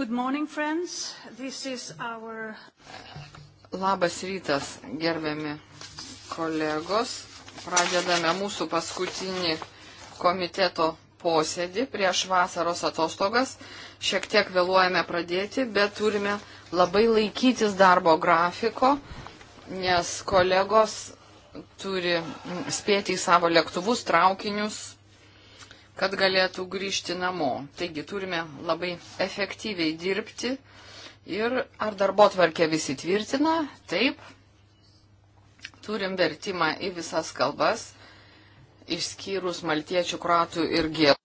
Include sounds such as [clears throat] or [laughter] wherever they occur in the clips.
Good morning, friends. This is our... Labas rytas, gerbiami kolegos. Pradedame mūsų paskutinį komiteto posėdį prieš vasaros atostogas. Šiek tiek vėluojame pradėti, bet turime labai laikytis darbo grafiko, nes kolegos turi spėti į savo lėktuvus, traukinius, kad galėtų grįžti namo. Taigi turime labai efektyviai dirbti. Ir ar darbo tvarkė visi tvirtina? Taip. Turim vertimą į visas kalbas, išskyrus maltiečių, kratų ir gėlų.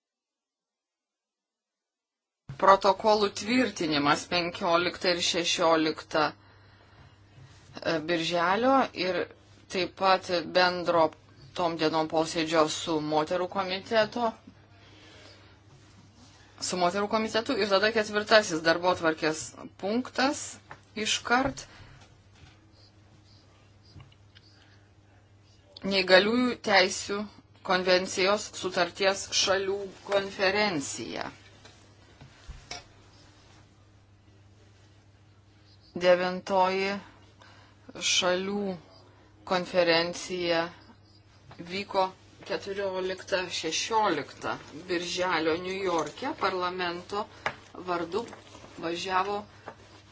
Protokolų tvirtinimas 15 ir 16 e, birželio ir taip pat bendro tom dienom posėdžio su moterų komiteto su moterų komitetu. Ir tada ketvirtasis darbo tvarkės punktas iškart. Neįgaliųjų teisių konvencijos sutarties šalių konferencija. Devintoji šalių konferencija vyko 14-16 birželio New York'e parlamento vardu važiavo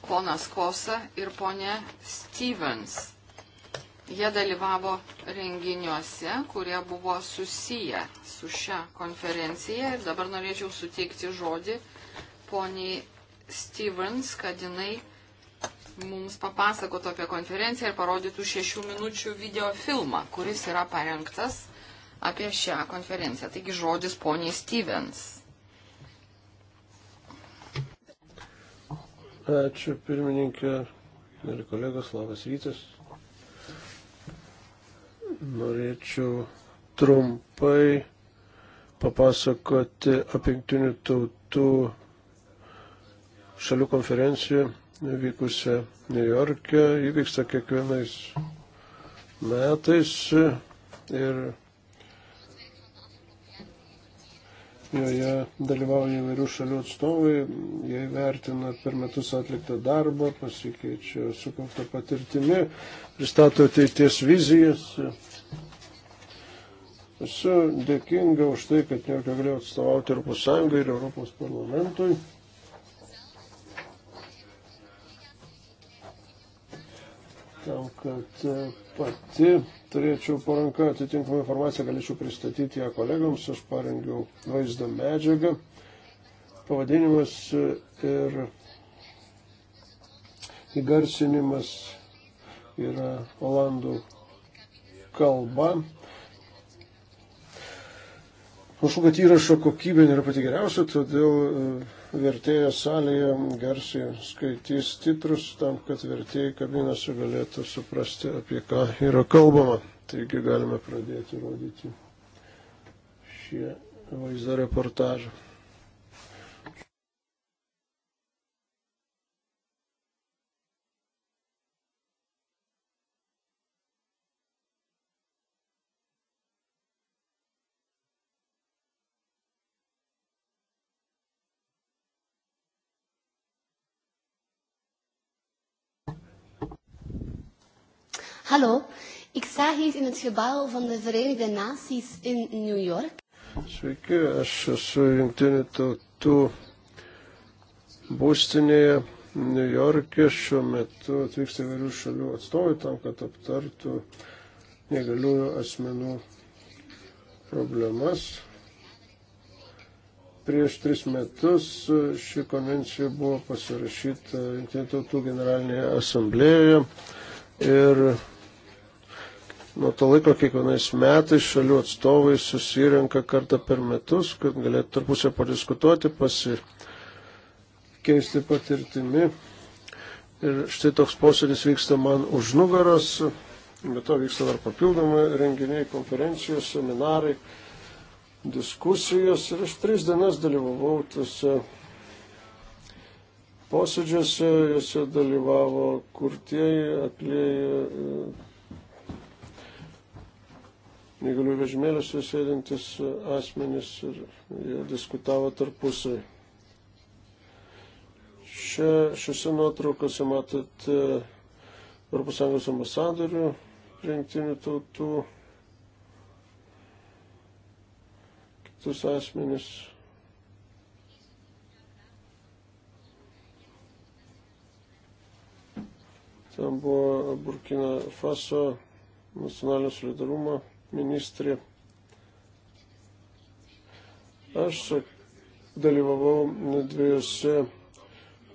ponas Kosa ir ponė Stevens. Jie dalyvavo renginiuose, kurie buvo susiję su šią konferenciją ir dabar norėčiau suteikti žodį poniai Stevens, kad jinai mums papasakotų apie konferenciją ir parodytų šešių minučių video filmą, kuris yra parengtas apie šią konferenciją. Taigi žodis poniai Stevens. Ačiū pirmininkė, mėly kolegos, labas rytas. Norėčiau trumpai papasakoti apie jungtinių tautų šalių konferenciją vykusią New York'e. Įvyksta kiekvienais metais ir joje dalyvauja įvairių šalių atstovai, jie vertina per metus atliktą darbą, pasikeičia sukauptą patirtimį, pristato ateities vizijas. Esu dėkinga už tai, kad jau galėjau atstovauti Europos Sąjungai ir Europos parlamentui. tam, kad e, pati turėčiau poranką atitinkamą informaciją, galėčiau pristatyti ją kolegams, aš parengiau vaizdo medžiagą, pavadinimas e, ir įgarsinimas yra olandų kalba. Prašau, kad įrašo kokybė nėra pati geriausia, todėl e, vertėjas salėje garsiai skaitys titrus tam, kad vertėjai kabinose galėtų suprasti, apie ką yra kalbama. Taigi galime pradėti rodyti šį vaizdo reportažą. Hallo, ik sta hier in het gebouw van de Verenigde Naties in New York. Sveiki, aš esu jungtinių tautų būstinėje New York'e. Šiuo metu atvyksta įvairių šalių atstovai tam, kad aptartų negaliųjų asmenų problemas. Prieš tris metus ši konvencija buvo pasirašyta Junktinių tautų generalinėje asamblėjoje ir Nuo to laiko kiekvienais metais šalių atstovai susirenka kartą per metus, kad galėtų tarpusio padiskutuoti, pasikeisti patirtimi. Ir štai toks posėdis vyksta man už nugaros, bet to vyksta dar papildomai renginiai, konferencijos, seminarai, diskusijos. Ir aš tris dienas dalyvavau tose posėdžiuose, juose dalyvavo kurtieji, aklieji negalių vežimėliuose sėdintis e, asmenys ir jie diskutavo tarpusai. Šiuose nuotraukose matote ES ambasadorių rinktinių tautų, kitus asmenys. Ten buvo Burkina Faso nacionalinio solidarumo ministrė. Aš dalyvavau dviejose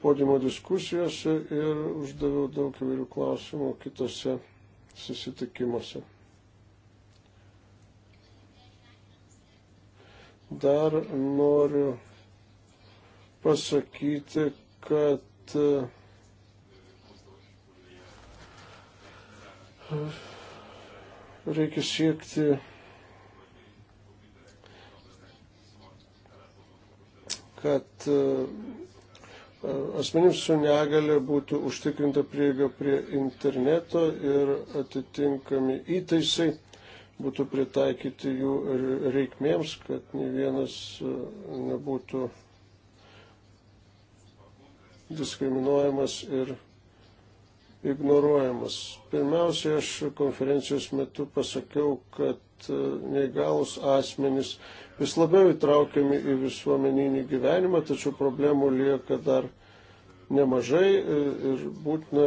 podimo diskusijose ir uždaviau daug įvairių klausimų kitose susitikimuose. Dar noriu pasakyti, kad reikia siekti kad e, asmenims su negale būtų užtikrinta prieiga prie interneto ir atitinkami įtaisai būtų pritaikyti jų reikmėms, kad ne vienas e, nebūtų diskriminuojamas ir ignoruojamas. Pirmiausia, aš konferencijos metu pasakiau, kad e, neįgalus asmenys vis labiau įtraukiami į visuomeninį gyvenimą, tačiau problemų lieka dar nemažai e, ir būtina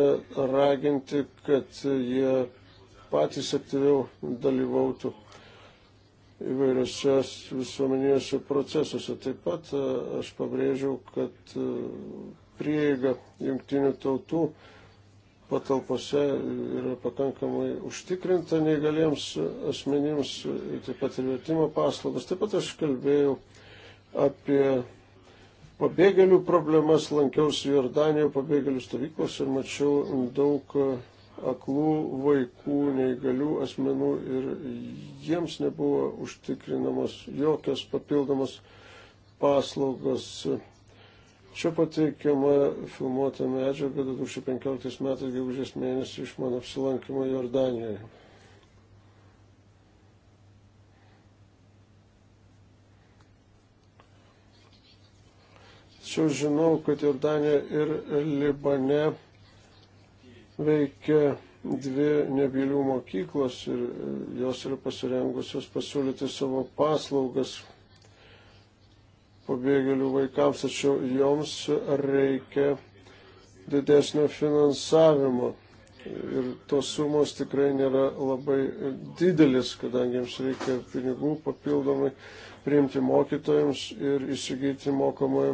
raginti, kad jie patys aktyviau dalyvautų įvairiose visuomeniniuose procesuose. Taip pat e, aš pabrėžiau, kad prieiga jungtinių tautų patalpose yra pakankamai užtikrinta neįgaliems asmenims, taip pat ir vertimo paslaugas. Taip pat aš kalbėjau apie pabėgėlių problemas, lankiausi Jordanijoje pabėgėlių stovyklos ir mačiau daug aklų vaikų, neįgalių asmenų ir jiems nebuvo užtikrinamos jokios papildomos paslaugos. Čia pateikiama filmuota medžiaga 2015 metais gegužės mėnesį iš mano apsilankimo Jordanijoje. Tačiau žinau, kad Jordanija ir Libane veikia dvi nebylių mokyklos ir jos yra pasirengusios pasiūlyti savo paslaugas pabėgėlių vaikams, tačiau joms reikia didesnio finansavimo. Ir tos sumos tikrai nėra labai didelis, kadangi jiems reikia pinigų papildomai priimti mokytojams ir įsigyti mokomai,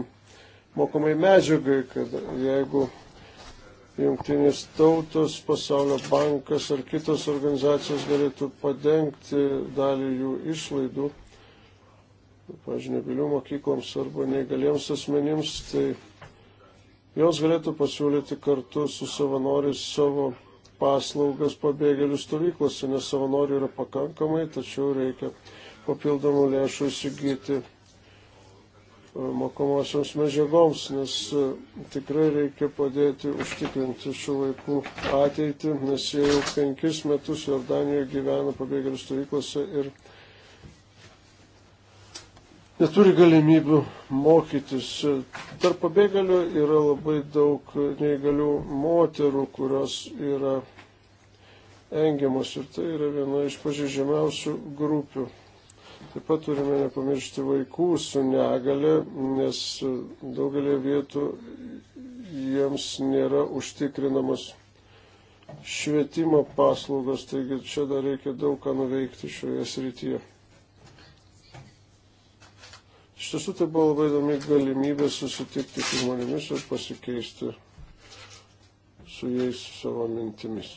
mokomai medžiagai, kad jeigu jungtinės tautos, pasaulio bankas ar kitos organizacijos galėtų padengti dalį jų išlaidų, pažiūrėjau, negalių mokykloms arba neįgaliems asmenims, tai jos galėtų pasiūlyti kartu su savanoriais savo paslaugas pabėgėlių stovyklose, nes savanorių yra pakankamai, tačiau reikia papildomų lėšų įsigyti e, mokomosioms medžiagoms, nes e, tikrai reikia padėti užtikrinti šių vaikų ateitį, nes jie jau penkis metus Jordanijoje gyvena pabėgėlių stovyklose ir neturi galimybių mokytis. Tarp pabėgalių yra labai daug neįgalių moterų, kurios yra engiamos ir tai yra viena iš pažeidžiamiausių grupių. Taip pat turime nepamiršti vaikų su negale, nes daugelį vietų jiems nėra užtikrinamas švietimo paslaugos, taigi čia dar reikia daug ką nuveikti šioje srityje. Iš tiesų tai buvo labai įdomi galimybė susitikti su žmonėmis ir pasikeisti su jais savo mintimis.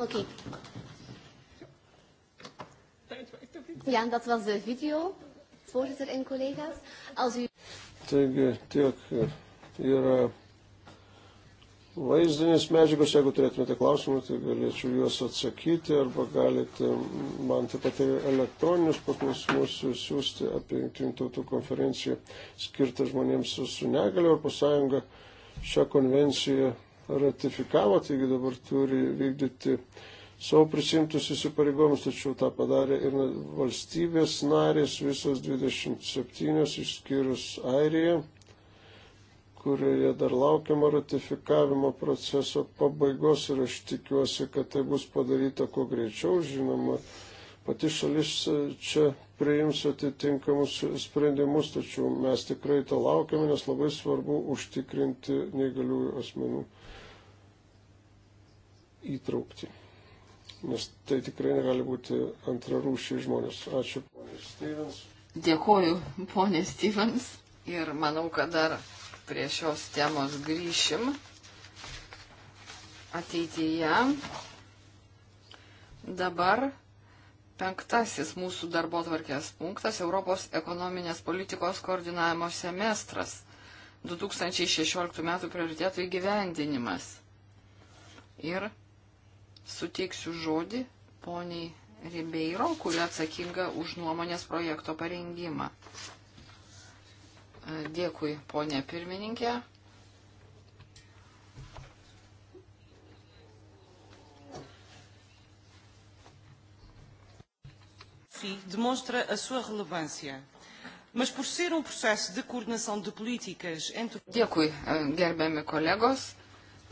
Oké. Okay. Ja, dat was de video, voorzitter en collega's. Als u... Taigi, tiek eh, yra vaizdinės medžiagos, jeigu turėtumėte klausimų, tai galėčiau juos atsakyti arba galite man taip pat ir elektroninius paklausimus siūsti apie Junktinių tautų konferenciją skirtą žmonėms su negaliu. Europos Sąjunga šią konvenciją ratifikavo, taigi dabar turi vykdyti savo prisimtus įsipareigojimus, tačiau tą padarė ir valstybės narės, visos 27 išskyrus Airiją kurioje dar laukiama ratifikavimo proceso pabaigos ir aš tikiuosi, kad tai bus padaryta kuo greičiau. Žinoma, pati šalis čia priims atitinkamus sprendimus, tačiau mes tikrai to laukiame, nes labai svarbu užtikrinti neįgaliųjų asmenų įtraukti. Nes tai tikrai negali būti antrarūšiai žmonės. Ačiū, ponė Stevens. Dėkoju, ponė Stevens. Ir manau, kad dar prie šios temos grįšim ateityje. Dabar penktasis mūsų darbo tvarkės punktas - Europos ekonominės politikos koordinavimo semestras 2016 m. prioritėtų įgyvendinimas. Ir suteiksiu žodį poniai Ribeiro, kuri atsakinga už nuomonės projekto parengimą. Dėkui, ponė pirmininkė. demonstra a sua relevância. Mas por ser um processo de coordenação de políticas entre... Dėkui, eh, gerbiami kolegos.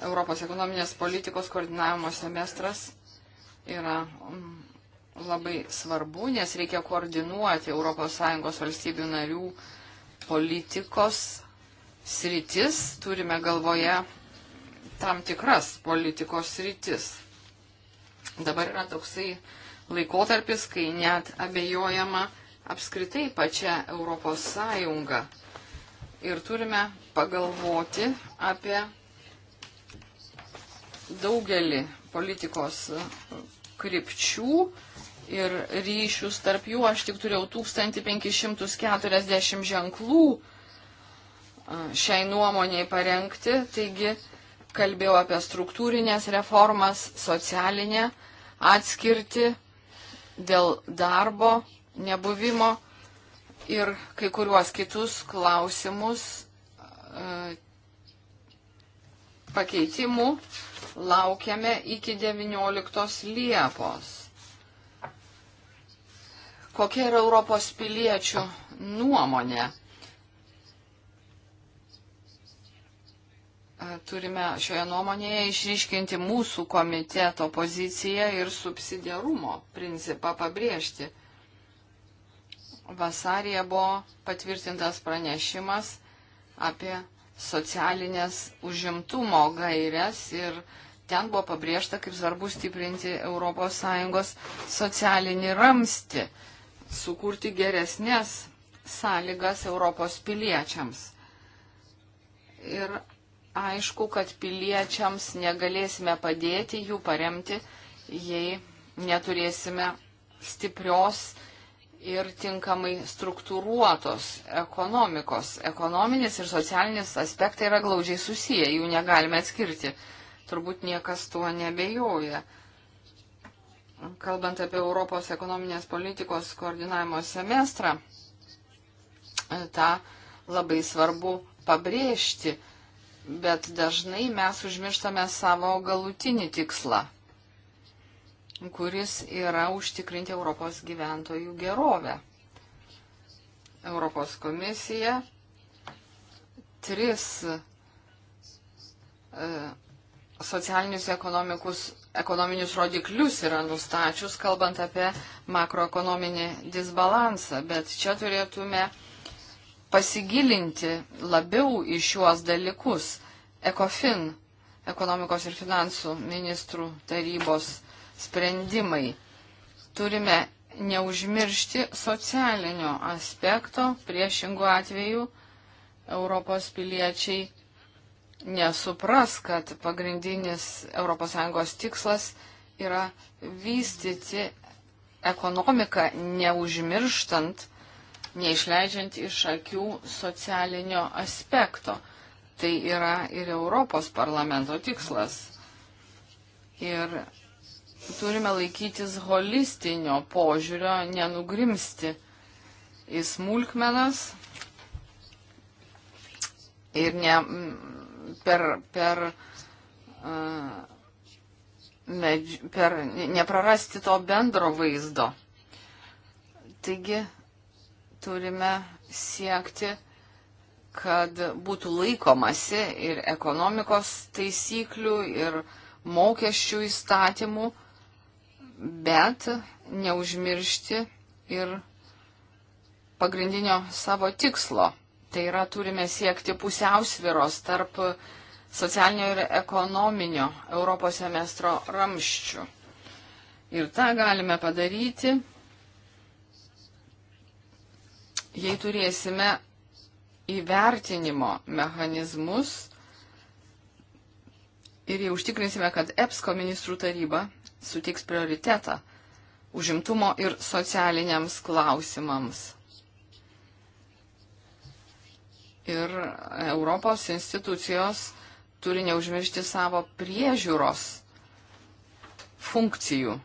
Europos ekonominės politikos koordinavimo semestras yra mm, labai svarbu, nes reikia koordinuoti ES valstybių narių uh, politikos sritis, turime galvoje tam tikras politikos sritis. Dabar yra toksai laikotarpis, kai net abejojama apskritai pačia Europos Sąjunga. Ir turime pagalvoti apie daugelį politikos krypčių, ir ryšius tarp jų. Aš tik turėjau 1540 ženklų šiai nuomoniai parengti, taigi kalbėjau apie struktūrinės reformas, socialinę atskirti dėl darbo nebuvimo ir kai kuriuos kitus klausimus pakeitimų laukiame iki 19 Liepos kokia yra Europos piliečių nuomonė. Turime šioje nuomonėje išryškinti mūsų komiteto poziciją ir subsidiarumo principą pabrėžti. Vasarėje buvo patvirtintas pranešimas apie socialinės užimtumo gairias ir ten buvo pabrėžta, kaip svarbu stiprinti ES socialinį ramsti. Uh, sukurti geresnės sąlygas Europos piliečiams. Ir aišku, kad piliečiams negalėsime padėti jų paremti, jei neturėsime stiprios ir tinkamai struktūruotos ekonomikos. Ekonominis ir socialinis aspektai yra glaudžiai susiję, jų negalime atskirti. Turbūt niekas tuo nebejoja kalbant apie Europos ekonominės politikos koordinavimo semestrą, tą labai svarbu pabrėžti, bet dažnai mes užmirštame savo galutinį tikslą, kuris yra užtikrinti Europos gyventojų gerovę. Europos komisija tris e, socialinius ekonomikus ekonominius rodiklius yra nustačius, kalbant apie makroekonominį disbalansą, bet čia turėtume pasigilinti labiau į šiuos dalykus. ECOFIN, ekonomikos ir finansų ministrų tarybos sprendimai. Turime neužmiršti socialinio aspekto, priešingų atvejų Europos piliečiai nesupras, kad pagrindinis ES tikslas yra vystyti ekonomiką, neužmirštant, neišleidžiant iš akių socialinio aspekto. Tai yra ir Europos parlamento tikslas. Ir turime laikytis holistinio požiūrio, nenugrimsti į smulkmenas ir ne, per, per, medž, per neprarasti to bendro vaizdo. Taigi turime siekti, kad būtų laikomasi ir ekonomikos taisyklių, ir mokesčių įstatymų, bet neužmiršti ir pagrindinio savo tikslo Tai yra, turime siekti pusiausviros tarp socialinio ir ekonominio Europos semestro ramščių. Ir tą galime padaryti, jei turėsime įvertinimo mechanizmus ir jei užtikrinsime, kad EPSCO ministrų taryba sutiks prioritetą užimtumo ir socialiniams klausimams. ir Europos institucijos turi neužmiršti savo priežiūros funkcijų.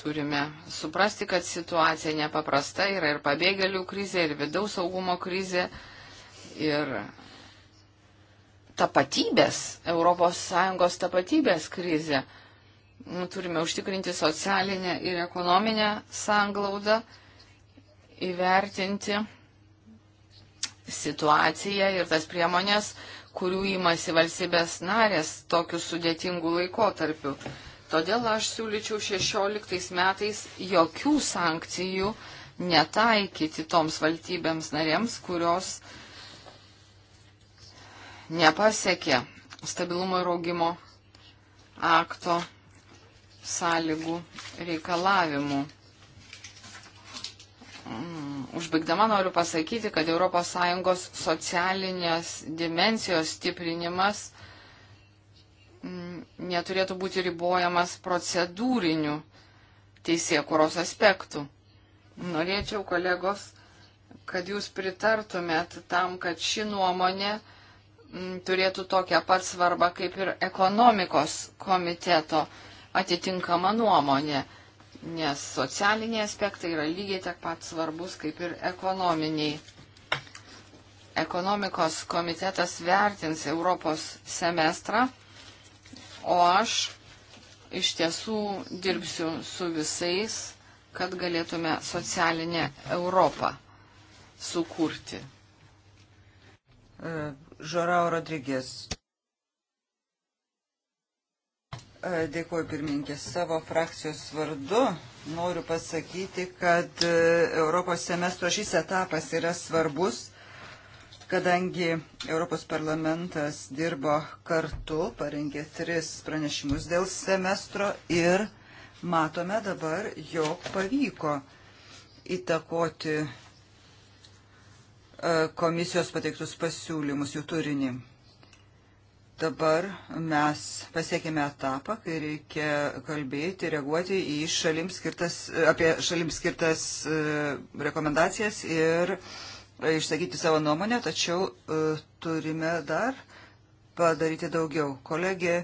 Turime suprasti, kad situacija nepaprasta yra ir pabėgėlių krizė, ir vidaus saugumo krizė, ir tapatybės, ES tapatybės krizė. Nu, turime užtikrinti socialinę ir ekonominę sanglaudą įvertinti situaciją ir tas priemonės, kurių įmasi valstybės narės tokiu sudėtingu laikotarpiu. Todėl aš siūlyčiau 16 metais jokių sankcijų netaikyti toms valstybėms narėms, kurios nepasiekė stabilumo ir augimo akto sąlygų reikalavimų. Mm, užbaigdama noriu pasakyti, kad ES socialinės dimensijos stiprinimas mm, neturėtų būti ribojamas procedūrinių teisėkuros aspektų. Norėčiau, kolegos, kad jūs pritartumėt tam, kad ši nuomonė mm, turėtų tokią pat svarbą kaip ir ekonomikos komiteto atitinkama nuomonė nes socialiniai aspektai yra lygiai tiek pat svarbus kaip ir ekonominiai. Ekonomikos komitetas vertins Europos semestrą, o aš iš tiesų dirbsiu su visais, kad galėtume socialinę Europą sukurti. E, Žorao Rodrygės. E, dėkuoju pirmininkė. Savo frakcijos vardu noriu pasakyti, kad e, Europos semestro šis etapas yra svarbus, kadangi Europos parlamentas dirbo kartu, parengė tris pranešimus dėl semestro ir matome dabar, jog pavyko įtakoti e, komisijos pateiktus pasiūlymus, jų turinį. Dabar mes pasiekėme etapą, kai reikia kalbėti, reaguoti į šalims skirtas, apie šalims skirtas e, rekomendacijas ir išsakyti savo nuomonę, tačiau e, turime dar padaryti daugiau. Kolegė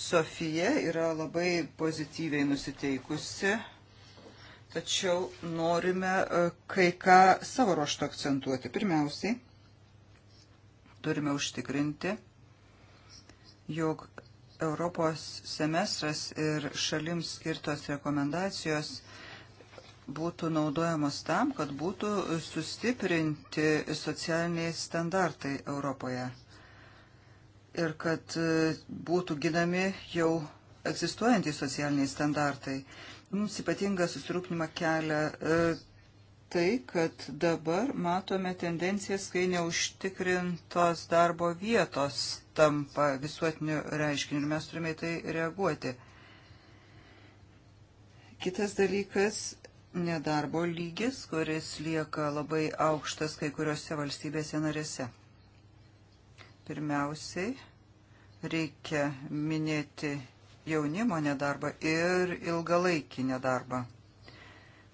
Sofija yra labai pozityviai nusiteikusi, tačiau norime e, kai ką savo ruoštą akcentuoti. Pirmiausiai, turime užtikrinti jog Europos semestras ir šalims skirtos rekomendacijos būtų naudojamos tam, kad būtų sustiprinti socialiniai standartai Europoje ir kad e, būtų ginami jau egzistuojantys socialiniai standartai. Mums ypatinga susirūpinimą kelia e, tai, kad dabar matome tendencijas, kai neužtikrintos darbo vietos tampa visuotiniu reiškiniu ir mes turime į tai reaguoti. Kitas dalykas - nedarbo lygis, kuris lieka labai aukštas kai kuriuose valstybėse narėse. Pirmiausiai reikia minėti jaunimo nedarbą ir ilgalaikį nedarbą.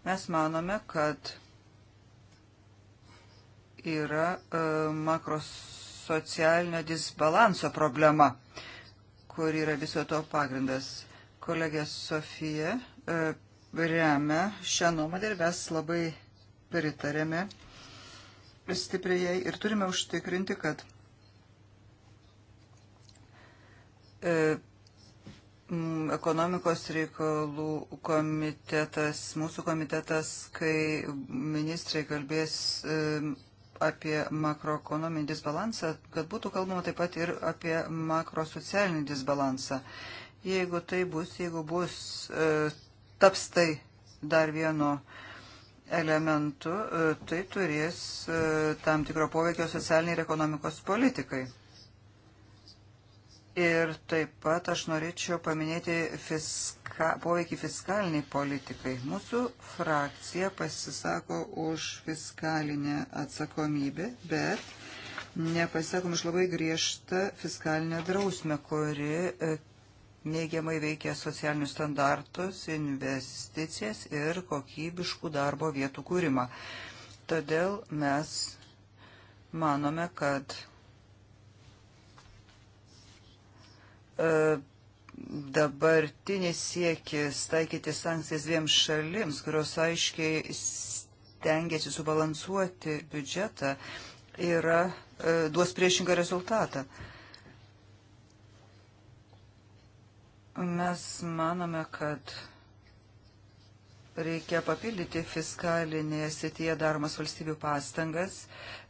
Mes manome, kad yra e, makrosocialinio disbalanso problema, kur yra viso to pagrindas. Kolegė Sofija e, remia šią nuomonę ir mes labai pritarėme stipriai ir turime užtikrinti, kad e, ekonomikos reikalų komitetas, mūsų komitetas, kai ministrai kalbės e, apie makroekonominį disbalansą, kad būtų kalbama taip pat ir apie makrosocialinį disbalansą. Jeigu tai bus, jeigu bus, e, taps tai dar vienu elementu, e, tai turės e, tam tikro poveikio socialiniai ir ekonomikos politikai. Ir taip pat aš norėčiau paminėti fisk fiska, poveikį fiskaliniai politikai. Mūsų frakcija pasisako už fiskalinę atsakomybę, bet nepasisakom už labai griežtą fiskalinę drausmę, kuri e, neigiamai veikia socialinius standartus, investicijas ir kokybiškų darbo vietų kūrimą. Todėl mes manome, kad e, dabartinis siekis taikyti sankcijas dviem šalims, kurios aiškiai tengiasi subalansuoti biudžetą, yra, e, duos priešingą rezultatą. Mes manome, kad reikia papildyti fiskalinėje srityje daromas valstybių pastangas,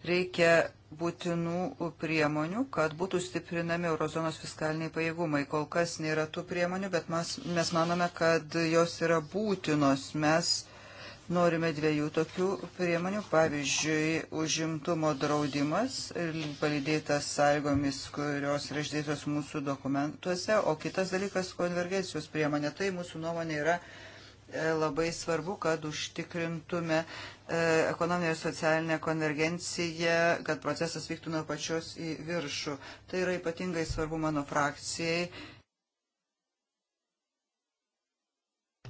reikia būtinų priemonių, kad būtų stiprinami eurozonos fiskaliniai pajėgumai. Kol kas nėra tų priemonių, bet mes, mes manome, kad jos yra būtinos. Mes norime dviejų tokių priemonių. Pavyzdžiui, užimtumo draudimas, palydėtas sąlygomis, kurios yra išdėtos mūsų dokumentuose, o kitas dalykas - konvergencijos priemonė. Tai mūsų nuomonė yra e, labai svarbu, kad užtikrintume E, ekonominė ir socialinė konvergencija, kad procesas vyktų nuo pačios į viršų. Tai yra ypatingai svarbu mano frakcijai.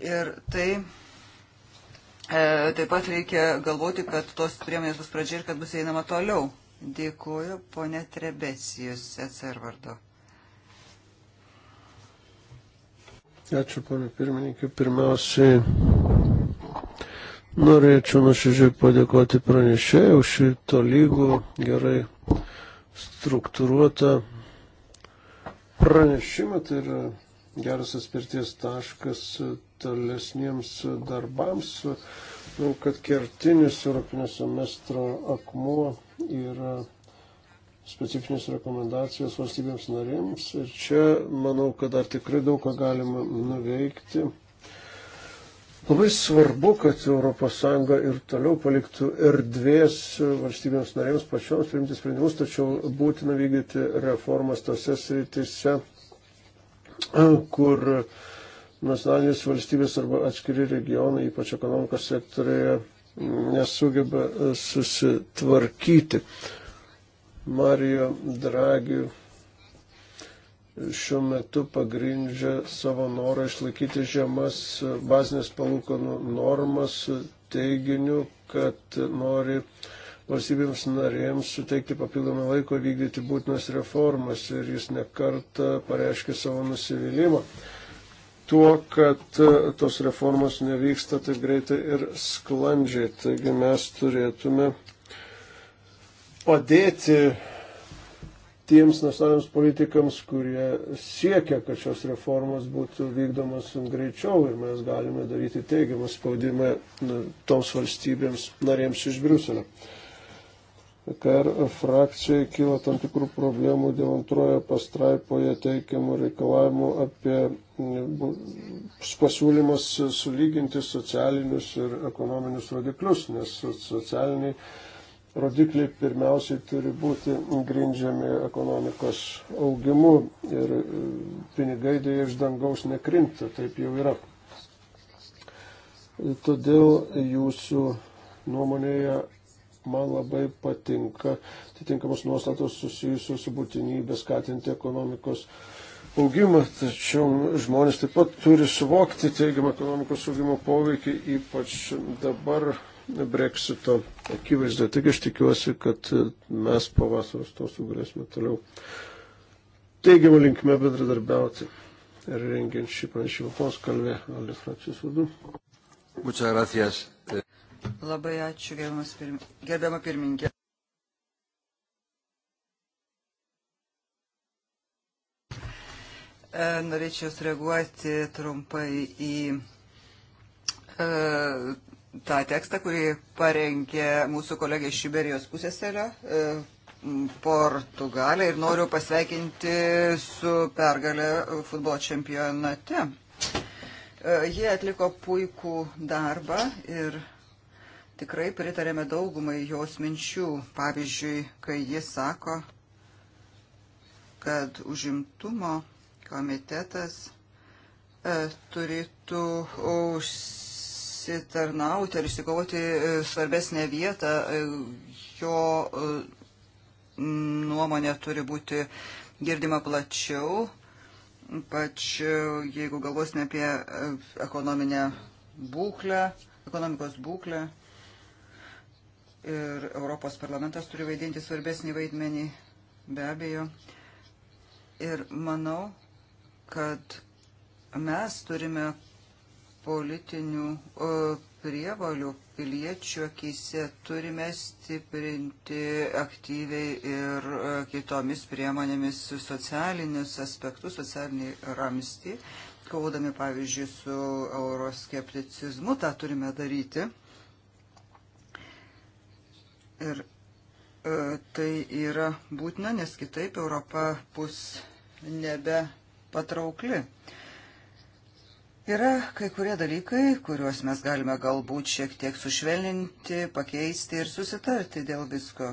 Ir tai e, taip pat reikia galvoti, kad tos priemonės bus pradžia ir kad bus einama toliau. Dėkuoju, ponė Trebesijus, ECR vardu. Ačiū, ponė pirmininkė. Pirmiausiai Norėčiau nuoširdžiai padėkoti pranešėjai už šį tolygų, gerai struktūruotą pranešimą. Tai yra geras atspirties taškas tolesniems darbams, nu, kad kertinis Europinio semestro akmuo yra specifinės rekomendacijos valstybėms narėms. Ir čia manau, kad dar tikrai daug ką galima nuveikti Labai svarbu, kad ES ir toliau paliktų erdvės valstybėms narėms pačioms priimti sprendimus, tačiau būtina vykdyti reformas tose sritise, kur nacionalinės valstybės arba atskiri regionai, ypač ekonomikos sektorėje, nesugeba susitvarkyti. Marijo Dragi šiuo metu pagrindžia savo norą išlaikyti žemas bazinės palūkanų normas teiginiu, kad nori valstybėms narėms suteikti papildomą laiko vykdyti būtinas reformas ir jis nekarta pareiškė savo nusivylimą. Tuo, kad tos reformos nevyksta taip greitai ir sklandžiai, taigi mes turėtume padėti tiems nacionaliniams politikams, kurie siekia, kad šios reformos būtų vykdomas greičiau ir mes galime daryti teigiamą spaudimą toms valstybėms narėms iš Briuselio. KR frakcijai kilo tam tikrų problemų dėl antrojo pastraipoje teikiamų reikalavimų apie pasiūlymas sulyginti socialinius ir ekonominius rodiklius, nes socialiniai rodikliai pirmiausiai turi būti grindžiami ekonomikos augimu ir e, pinigai dėja iš dangaus nekrinta, taip jau yra. Todėl jūsų nuomonėje man labai patinka atitinkamos nuostatos susijusios su būtinybė skatinti ekonomikos augimą, tačiau žmonės taip pat turi suvokti teigiamą ekonomikos augimo poveikį, ypač dabar breksito akivaizdoje. Tik aš tikiuosi, kad mes po vasaros to sugrėsime toliau teigiamą linkme bendradarbiauti ir rengiant šį pranešimą pos kalvė Aldės frakcijos vadu. Muchas gracias. Labai ačiū, pirmi... gerbiama pirmininkė. E, norėčiau sureaguoti trumpai į e, tą tekstą, kurį parengė mūsų kolegė iš Šiberijos pusėselio, e, Portugalė ir noriu pasveikinti su pergalė futbolo čempionate. E, jie atliko puikų darbą ir tikrai pritarėme daugumai jos minčių. Pavyzdžiui, kai jis sako, kad užimtumo komitetas e, turėtų užsikrėsti pasitarnauti ar išsikovoti e, svarbesnę vietą, e, jo e, nuomonė turi būti girdima plačiau, pač jeigu galvosime apie ekonominę būklę, ekonomikos būklę. Ir Europos parlamentas turi vaidinti svarbesnį vaidmenį, be abejo. Ir manau, kad mes turime politinių prievalių piliečių akise turime stiprinti aktyviai ir kitomis priemonėmis socialinius aspektus, socialinį ramstį, kovodami pavyzdžiui su euroskepticizmu, tą turime daryti. Ir tai yra būtina, nes kitaip Europa bus nebe patraukli. E, Yra kai kurie dalykai, kuriuos mes galime galbūt šiek tiek sušvelninti, pakeisti ir susitarti dėl visko.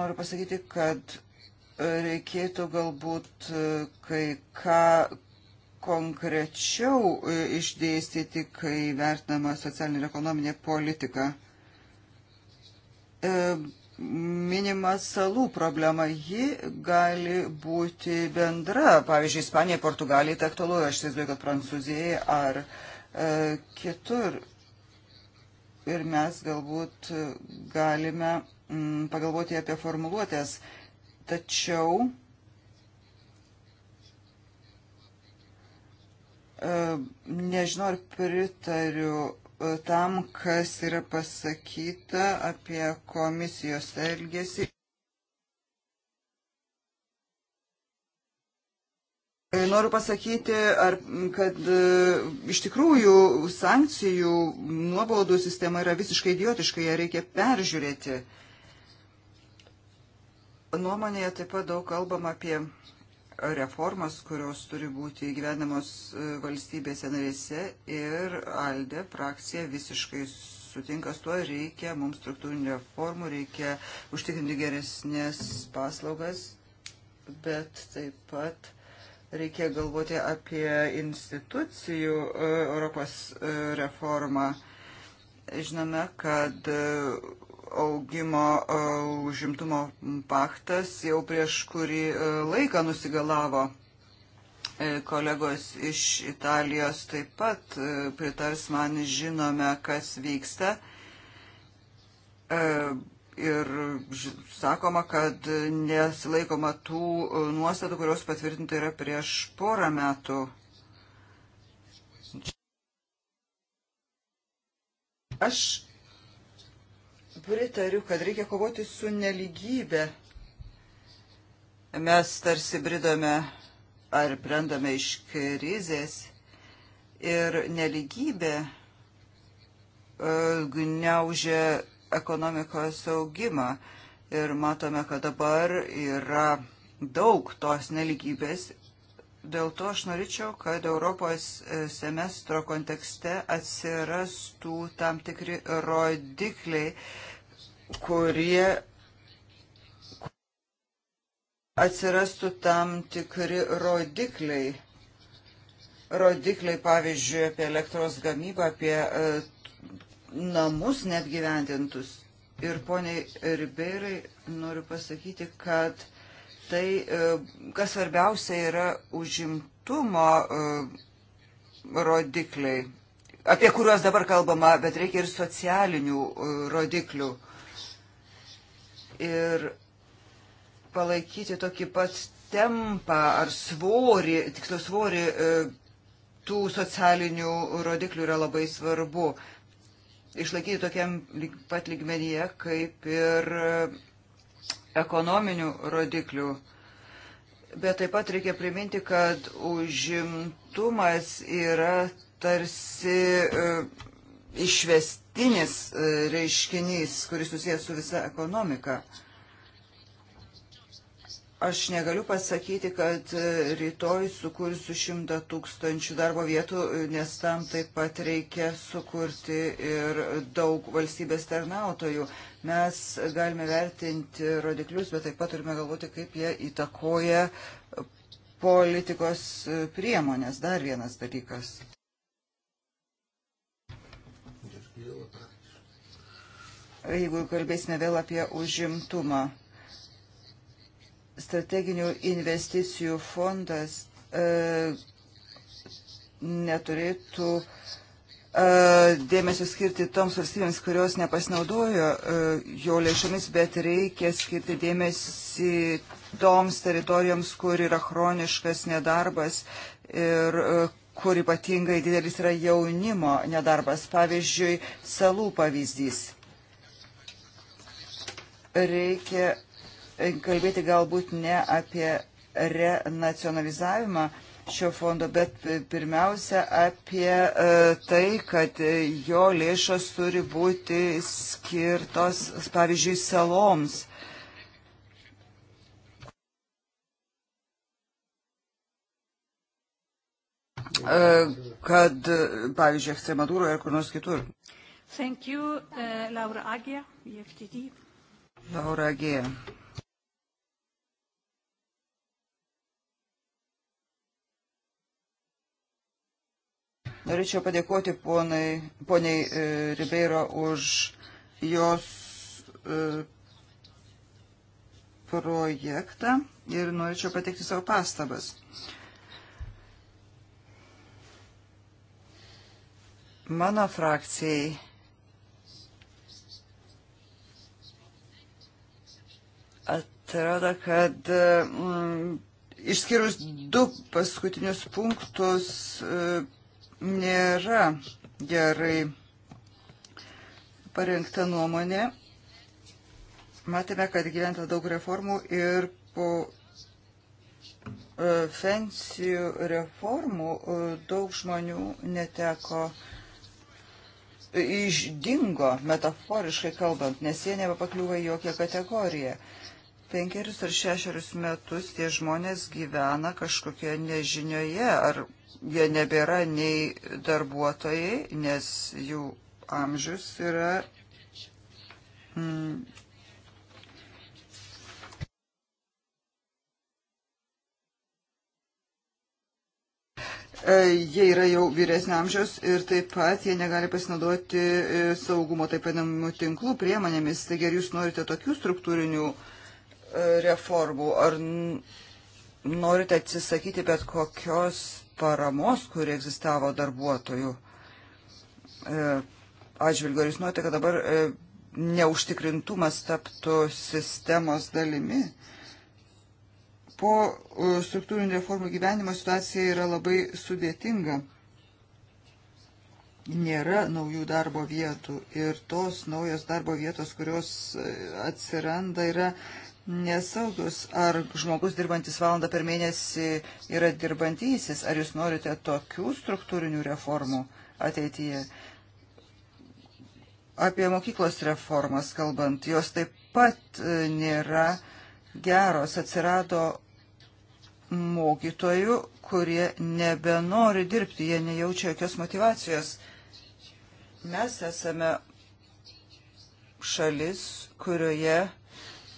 Noriu pasakyti, kad reikėtų galbūt kai ką konkrečiau išdėstyti, kai vertinama socialinė ir ekonominė politika e, minima salų problema. Ji gali būti bendra. Pavyzdžiui, Ispanija, Portugalija, tai aktualu, aš įsivaizduoju, kad Prancūzija ar e, kitur. Ir mes galbūt galime m, mm, pagalvoti apie formuluotės. Tačiau e, nežinau, ar pritariu tam, kas yra pasakyta apie komisijos elgesį. Noriu pasakyti, ar, kad e, iš tikrųjų sankcijų nuobaudų sistema yra visiškai idiotiška, ją reikia peržiūrėti. Nuomonėje taip pat daug kalbam apie reformas, kurios turi būti gyvenamos e, valstybėse narėse ir Alde frakcija visiškai sutinka su tuo, reikia mums struktūrinių reformų, reikia užtikrinti geresnės paslaugas, bet taip pat reikia galvoti apie institucijų e, Europos e, reformą. Žinome, kad augimo e, užimtumo paktas jau prieš kurį e, laiką nusigalavo. E, kolegos iš Italijos taip pat pritars man, žinome, kas vyksta. Ir sakoma, kad nesilaikoma tų nuostatų, kurios patvirtinta yra prieš porą metų Aš pritariu, kad reikia kovoti su neligybė. Mes tarsi bridome ar brendame iš krizės ir neligybė e, gniaužia ekonomikos augimą. Ir matome, kad dabar yra daug tos neligybės Dėl to aš norėčiau, kad Europos e, semestro kontekste atsirastų tam tikri rodikliai kurie atsirastų tam tikri rodikliai. Rodikliai, pavyzdžiui, apie elektros gamybą, apie e, namus net gyventintus. Ir poniai Ribeirai noriu pasakyti, kad tai, e, kas svarbiausia, yra užimtumo e, rodikliai, apie kuriuos dabar kalbama, bet reikia ir socialinių rodiklių ir palaikyti tokį pat tempą ar svorį, tiksliau svorį e, tų socialinių rodiklių yra labai svarbu. Išlaikyti tokiam pat lygmenyje kaip ir e, ekonominių rodiklių. Bet taip pat reikia priminti, kad užimtumas yra tarsi e, išvestinis e, reiškinys, kuris susijęs su visa ekonomika. Aš negaliu pasakyti, kad e, rytoj sukursiu šimtą tūkstančių darbo vietų, nes tam taip pat reikia sukurti ir daug valstybės tarnautojų. Mes galime vertinti rodiklius, bet taip pat turime galvoti, kaip jie įtakoja politikos e, priemonės. Dar vienas dalykas. jeigu kalbėsime vėl apie užimtumą. Strateginių investicijų fondas e, neturėtų e, dėmesio skirti toms valstybėms, kurios nepasinaudojo e, jo lėšomis, bet reikia skirti dėmesį toms teritorijoms, kur yra chroniškas nedarbas ir e, kur ypatingai didelis yra jaunimo nedarbas. Pavyzdžiui, salų pavyzdys reikia kalbėti galbūt ne apie renacionalizavimą šio fondo, bet pirmiausia apie e, tai, kad jo lėšos turi būti skirtos, pavyzdžiui, saloms. E, kad, pavyzdžiui, Ekstremadūroje ar kur nors kitur. Thank you, uh, Laura Agia, EFTD. Laura Gėja. Norėčiau padėkoti ponai, poniai e, Ribeiro už jos e, projektą ir norėčiau pateikti savo pastabas. Mano frakcijai atrodo, kad mm, išskyrus du paskutinius punktus e, nėra gerai parengta nuomonė. Matėme, kad gyventa daug reformų ir po e, pensijų reformų e, daug žmonių neteko išdingo, metaforiškai kalbant, nes jie nebepakliuva į jokią kategoriją penkerius ar šešerius metus tie žmonės gyvena kažkokioje nežinioje, ar jie nebėra nei darbuotojai, nes jų amžius yra. Mm, e, Jie yra jau vyresnio amžiaus ir taip pat jie negali pasinaudoti e, saugumo taip vadinamų tinklų priemonėmis. Taigi ar jūs norite tokių struktūrinių uh, reformų. Ar norite atsisakyti bet kokios paramos, kuri egzistavo darbuotojų e, atžvilgiu? Ar jūs norite, kad dabar e, neužtikrintumas taptų sistemos dalimi? Po e, struktūrinių reformų gyvenimo situacija yra labai sudėtinga nėra naujų darbo vietų ir tos naujos darbo vietos, kurios atsiranda, yra nesaugus, ar žmogus dirbantis valandą per mėnesį yra dirbantysis, ar jūs norite tokių struktūrinių reformų ateityje. Apie mokyklos reformas kalbant, jos taip pat e, nėra geros. Atsirado mokytojų, kurie nebenori dirbti, jie nejaučia jokios motivacijos. Mes esame šalis, kurioje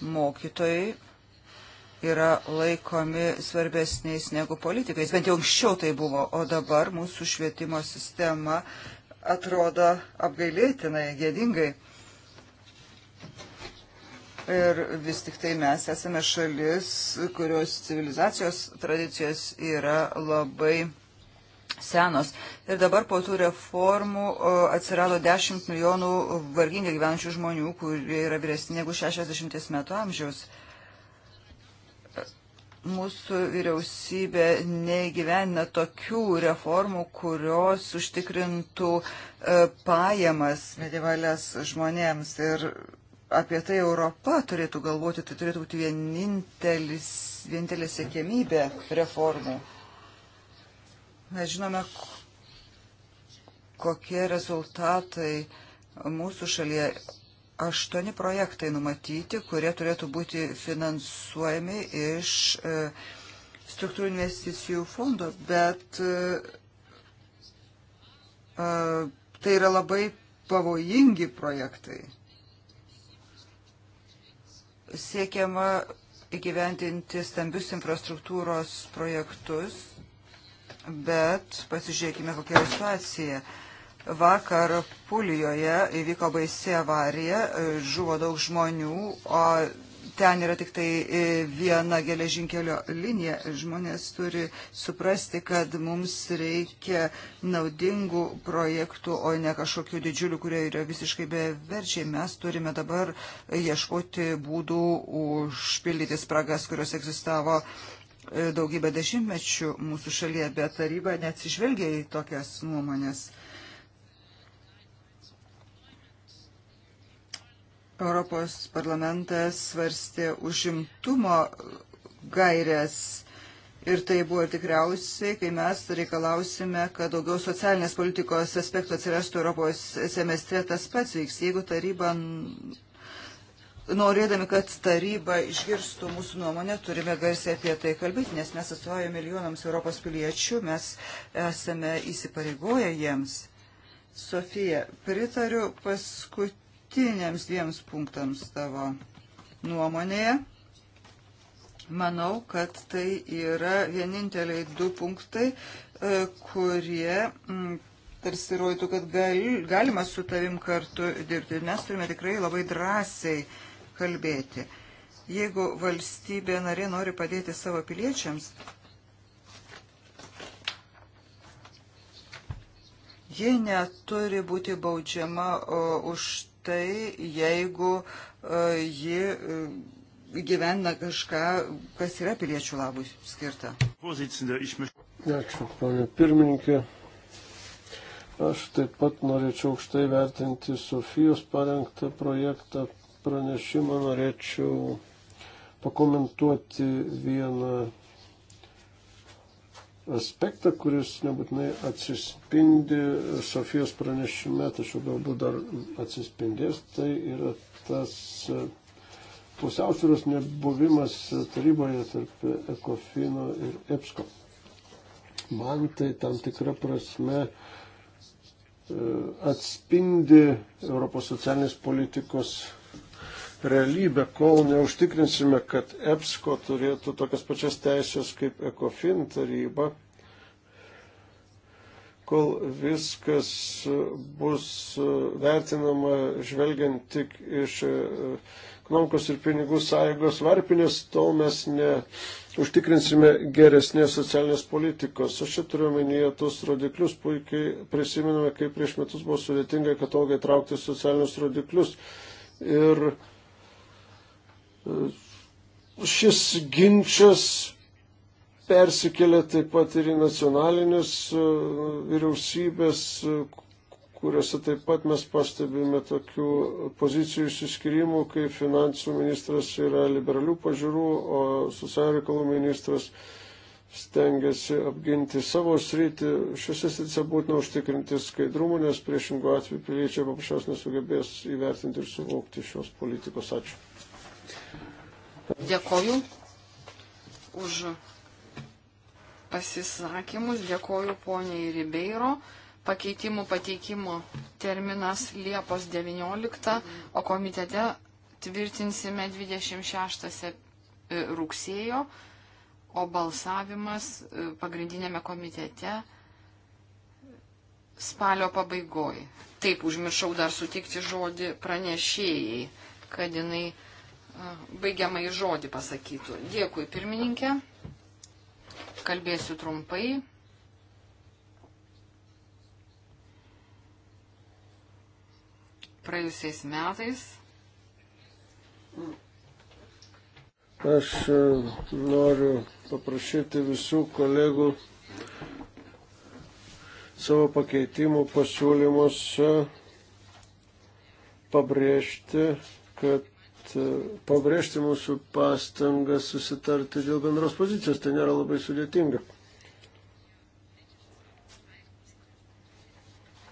mokytojai yra laikomi svarbesniais negu politikais. Bent jau anksčiau tai buvo, o dabar mūsų švietimo sistema atrodo apgailėtinai, gėdingai. Ir vis tik tai mes esame šalis, kurios civilizacijos tradicijos yra labai senos. Ir dabar po tų reformų atsirado 10 milijonų vargingai gyvenančių žmonių, kurie yra vyresni negu 60 metų amžiaus. Mūsų vyriausybė neįgyvenina tokių reformų, kurios užtikrintų e, pajamas medivalės žmonėms. Ir apie tai Europa turėtų galvoti, tai turėtų būti vienintelis, vienintelė sėkmybė reformų. Mes žinome, kokie rezultatai mūsų šalyje. Aštuoni projektai numatyti, kurie turėtų būti finansuojami iš e, struktūrų investicijų fondo, bet e, e, tai yra labai pavojingi projektai. Siekiama įgyventinti stambius infrastruktūros projektus bet pasižiūrėkime, kokia yra situacija. Vakar Pulijoje įvyko baisi avarija, žuvo daug žmonių, o ten yra tik tai e, viena geležinkelio linija. Žmonės turi suprasti, kad mums reikia naudingų projektų, o ne kažkokių didžiulių, kurie yra visiškai beverčiai. Mes turime dabar ieškoti būdų užpildyti spragas, kurios egzistavo E, daugybę dešimtmečių mūsų šalyje, bet taryba neatsižvelgia į tokias nuomonės. Europos parlamentas svarstė užimtumo gairias ir tai buvo tikriausiai, kai mes reikalausime, kad daugiau socialinės politikos aspektų atsirastų Europos semestre, tas pats vyks, jeigu taryba norėdami, kad taryba išgirstų mūsų nuomonę, turime garsiai apie tai kalbėti, nes mes atstovaujame milijonams Europos piliečių, mes esame įsipareigoję jiems. Sofija, pritariu paskutiniams dviems punktams tavo nuomonėje. Manau, kad tai yra vieninteliai du punktai, e, kurie mm, tarsi rodytų, kad gal, galima su tavim kartu dirbti. Mes turime tikrai labai drąsiai uh, kalbėti. Jeigu valstybė narė nori padėti savo piliečiams, ji neturi būti baudžiama už tai, jeigu ji e, gyvena kažką, kas yra piliečių labui skirta. Ačiū, ponė pirmininkė. Aš taip pat norėčiau aukštai vertinti Sofijos parengtą projektą pranešimą norėčiau pakomentuoti vieną aspektą, kuris nebūtinai atsispindi Sofijos pranešime, tačiau galbūt dar atsispindės, tai yra tas pusiausvėros nebuvimas taryboje tarp Ekofino ir EPSCO. Man tai tam tikra prasme e, atspindi Europos socialinės politikos realybę, kol neužtikrinsime, kad EPSCO turėtų tokias pačias teisės kaip ECOFIN taryba, kol viskas bus vertinama žvelgiant tik iš e, ekonomikos ir pinigų sąjungos varpinės, tol mes neužtikrinsime geresnės socialinės politikos. Aš čia turiu omenyje tos rodiklius, puikiai prisiminame, kaip prieš metus buvo sudėtinga, kad ilgai traukti socialinius rodiklius. Ir Šis ginčas persikėlė taip pat ir į nacionalinės e, vyriausybės, e, kuriuose taip pat mes pastebime tokių pozicijų išsiskirimų, kai finansų ministras yra liberalių pažiūrų, o socialinių reikalų ministras stengiasi apginti savo sritį. Šiuose srityse būtina užtikrinti skaidrumą, nes priešingų atveju piliečiai paprasčiausiai nesugebės įvertinti ir suvokti šios politikos. Ačiū. Dėkoju už pasisakymus, dėkoju poniai Ribeiro. Pakeitimų pateikimo terminas Liepos 19, o komitete tvirtinsime 26 e, rugsėjo, o balsavimas e, pagrindinėme komitete spalio pabaigoj. Taip, užmiršau dar sutikti žodį pranešėjai, kad jinai baigiamai žodį pasakytų. Dėkui, pirmininkė. Kalbėsiu trumpai. Praėjusiais metais. Aš e, noriu paprašyti visų kolegų savo pakeitimų pasiūlymus e, pabrėžti, kad E, pabrėžti mūsų pastangą susitarti dėl bendros pozicijos. Tai nėra labai sudėtinga.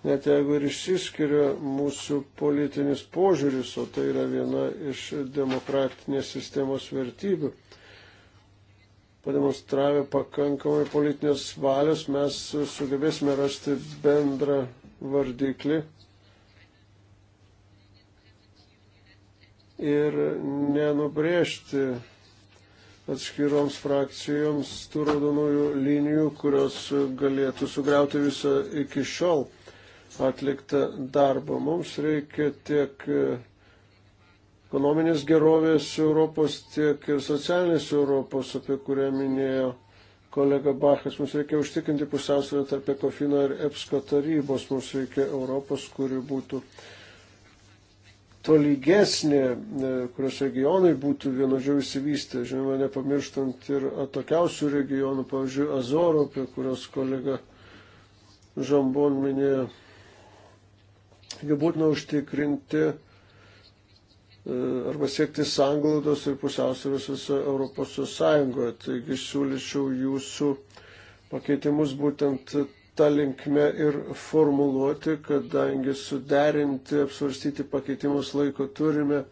Net jeigu ir išsiskiria mūsų politinis požiūris, o tai yra viena iš demokratinės sistemos vertybių, pademonstravę pakankamai politinės valios, mes sugebėsime rasti bendrą vardiklį ir nenubrėžti atskiroms frakcijoms tų raudonųjų linijų, kurios galėtų sugriauti visą iki šiol atliktą darbą. Mums reikia tiek ekonominės gerovės Europos, tiek ir socialinės Europos, apie kurią minėjo kolega Bachas. Mums reikia užtikrinti pusiausvyrą tarp Ekofino ir EPSCO tarybos. Mums reikia Europos, kuri būtų tolygesnė, e, kurios regionai būtų vienodžiau įsivystę. Žinoma, nepamirštant ir atokiausių regionų, pavyzdžiui, Azoro, apie kurios kolega Žambon minėjo. Taigi būtina užtikrinti e, arba siekti sanglaudos ir pusiausvėros visoje Europos Sąjungoje. Taigi siūlyčiau jūsų pakeitimus būtent tą linkmę ir formuluoti, kadangi suderinti, apsvarstyti pakeitimus laiko turime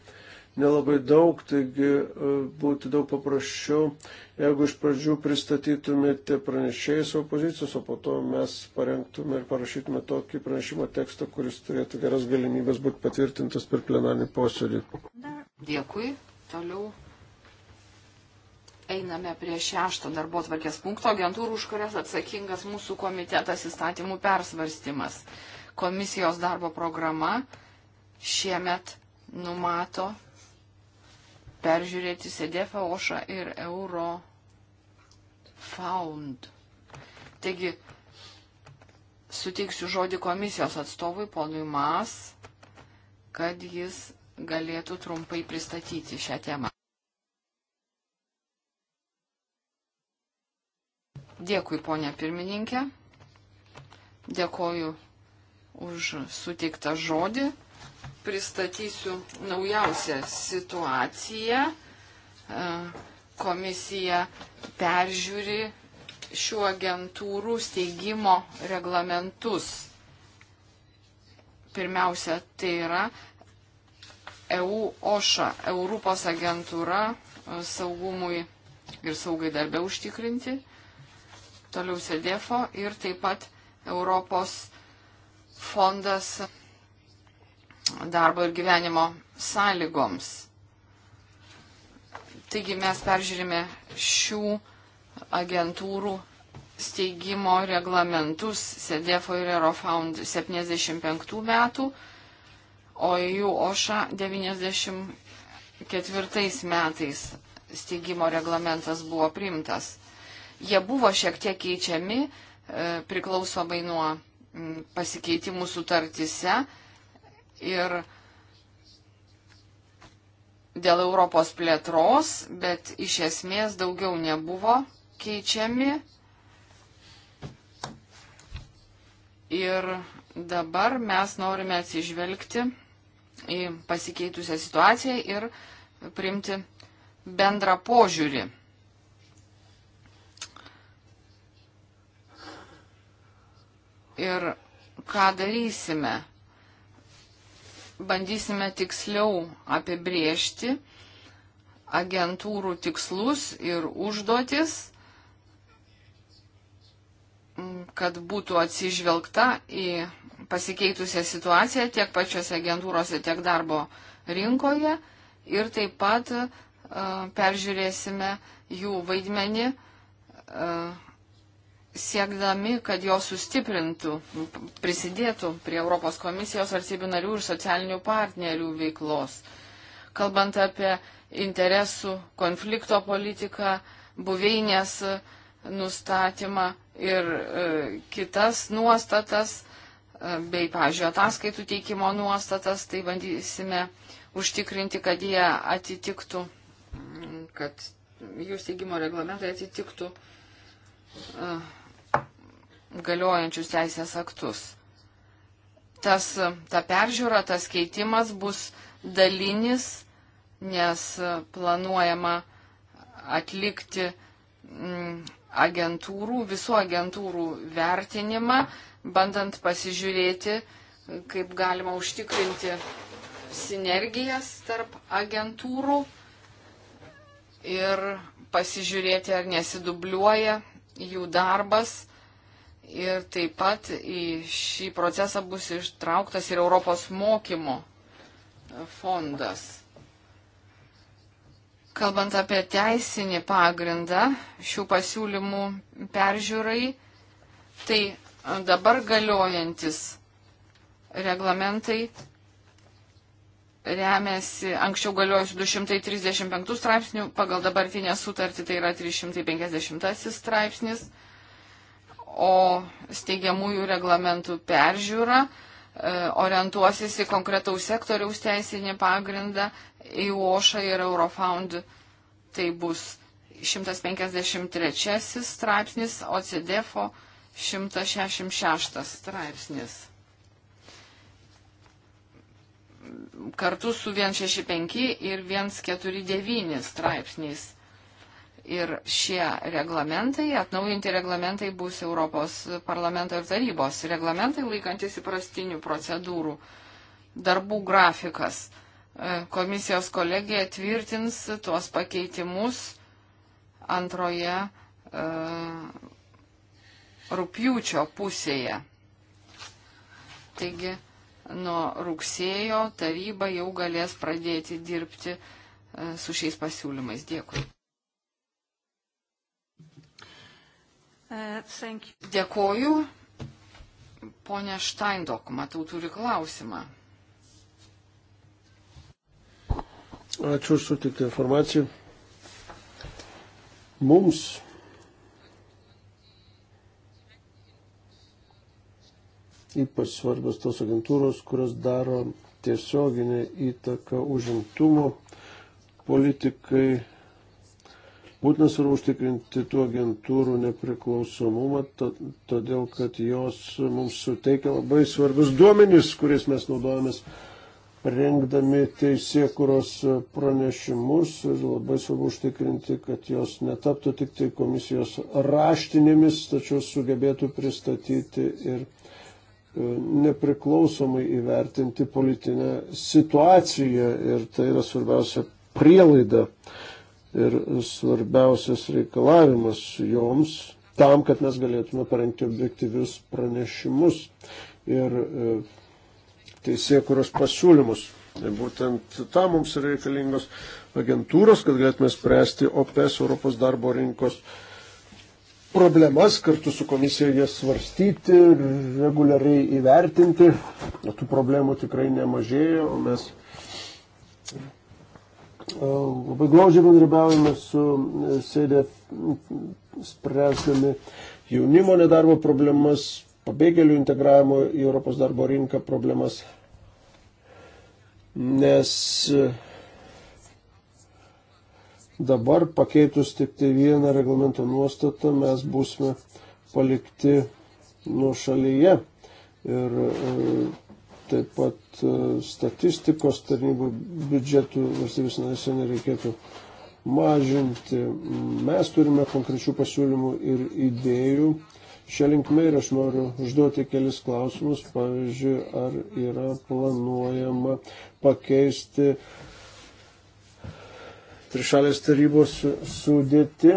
nelabai daug, taigi e, būtų daug paprasčiau, jeigu iš pradžių pristatytumėte pranešėjai savo pozicijos, o po to mes parengtume ir parašytume tokį pranešimo tekstą, kuris turėtų geras galimybės būti patvirtintas per plenarnį posėdį. Dėkui. Toliau Einame prie šešto darbo tvarkės punkto agentūrų, už kurias atsakingas mūsų komitetas įstatymų persvarstymas. Komisijos darbo programa šiemet numato peržiūrėti Sedefą Ošą ir Euro Found. Taigi, suteiksiu žodį komisijos atstovui ponui Mas, kad jis galėtų trumpai pristatyti šią temą. Dėkui, ponė pirmininkė. Dėkoju už suteiktą žodį. Pristatysiu naujausią situaciją. E, komisija peržiūri šių agentūrų steigimo reglamentus. Pirmiausia, tai yra EU OŠA, Europos agentūra e, saugumui ir saugai darbę užtikrinti toliau SEDEFO ir taip pat Europos fondas darbo ir gyvenimo sąlygoms. Taigi mes peržiūrime šių agentūrų steigimo reglamentus SEDEFO ir Eurofound 75 metų, o jų OŠA 94 metais steigimo reglamentas buvo priimtas. Jie buvo šiek tiek keičiami e, priklausomai nuo pasikeitimų sutartise ir dėl Europos plėtros, bet iš esmės daugiau nebuvo keičiami. Ir dabar mes norime atsižvelgti į pasikeitusią situaciją ir priimti bendrą požiūrį. ir ką darysime. Bandysime tiksliau apibriežti agentūrų tikslus ir užduotis, kad būtų atsižvelgta į pasikeitusią situaciją tiek pačiose agentūrose, tiek darbo rinkoje ir taip pat uh, peržiūrėsime jų vaidmenį uh, siekdami, kad jos sustiprintų, prisidėtų prie Europos komisijos valstybių narių ir socialinių partnerių veiklos. Kalbant apie interesų konflikto politiką, buveinės nustatymą ir e, kitas nuostatas, e, bei, pažiūrėjau, ataskaitų teikimo nuostatas, tai bandysime užtikrinti, kad jie atitiktų, kad jų steigimo reglamentai atitiktų e, galiojančius teisės aktus. Tas, ta peržiūra, tas keitimas bus dalinis, nes planuojama atlikti mm, agentūrų, visų agentūrų vertinimą, bandant pasižiūrėti, kaip galima užtikrinti sinergijas tarp agentūrų ir pasižiūrėti, ar nesidubliuoja jų darbas Ir taip pat į šį procesą bus ištrauktas ir Europos mokymo fondas. Kalbant apie teisinį pagrindą šių pasiūlymų peržiūrai, tai dabar galiojantis reglamentai remiasi anksčiau galiojusių 235 straipsnių, pagal dabartinę sutartį tai yra 350 straipsnis o steigiamųjų reglamentų peržiūra e, orientuosis į konkretaus sektoriaus teisinį pagrindą, į OŠA ir Eurofound. Tai bus 153 straipsnis, o CDFO 166 straipsnis. Kartu su 165 ir 149 straipsniais. Ir šie reglamentai, atnaujinti reglamentai bus Europos parlamento ir tarybos reglamentai laikantis įprastinių procedūrų. Darbų grafikas. E, komisijos kolegija tvirtins tuos pakeitimus antroje e, rūpjūčio pusėje. Taigi nuo rugsėjo taryba jau galės pradėti dirbti e, su šiais pasiūlymais. Dėkui. Dėkoju. Pone Štaindok, matau, turi klausimą. Ačiū už sutiktą informaciją. Mums ypač svarbios tos agentūros, kurios daro tiesioginę įtaką užimtumo politikai Būtinas yra užtikrinti tų agentūrų nepriklausomumą, todėl kad jos mums suteikia labai svarbus duomenys, kuriais mes naudojamės rengdami teisėkuros pranešimus ir labai svarbu užtikrinti, kad jos netaptų tik tai komisijos raštinėmis, tačiau sugebėtų pristatyti ir e, nepriklausomai įvertinti politinę situaciją ir tai yra svarbiausia prielaida ir svarbiausias reikalavimas joms tam, kad mes galėtume parengti objektyvius pranešimus ir e, teisėkuros pasiūlymus. Tai būtent tam mums yra reikalingos agentūros, kad galėtume spręsti OPS Europos darbo rinkos problemas kartu su komisija jas svarstyti, reguliariai įvertinti. Tų problemų tikrai nemažėjo, o mes Labai glaudžiai bendrabiaujame su e, SEDEF, spręsdami jaunimo nedarbo problemas, pabėgėlių integravimo į Europos darbo rinką problemas, nes e, dabar pakeitus tik tai vieną reglamento nuostatą mes būsime palikti nuo šalyje ir e, taip pat E, statistikos tarnybų biudžetų valstybės narėse nereikėtų mažinti. Mes turime konkrečių pasiūlymų ir idėjų. Šią linkmę ir aš noriu užduoti kelis klausimus. Pavyzdžiui, ar yra planuojama pakeisti trišalės tarybos sudėti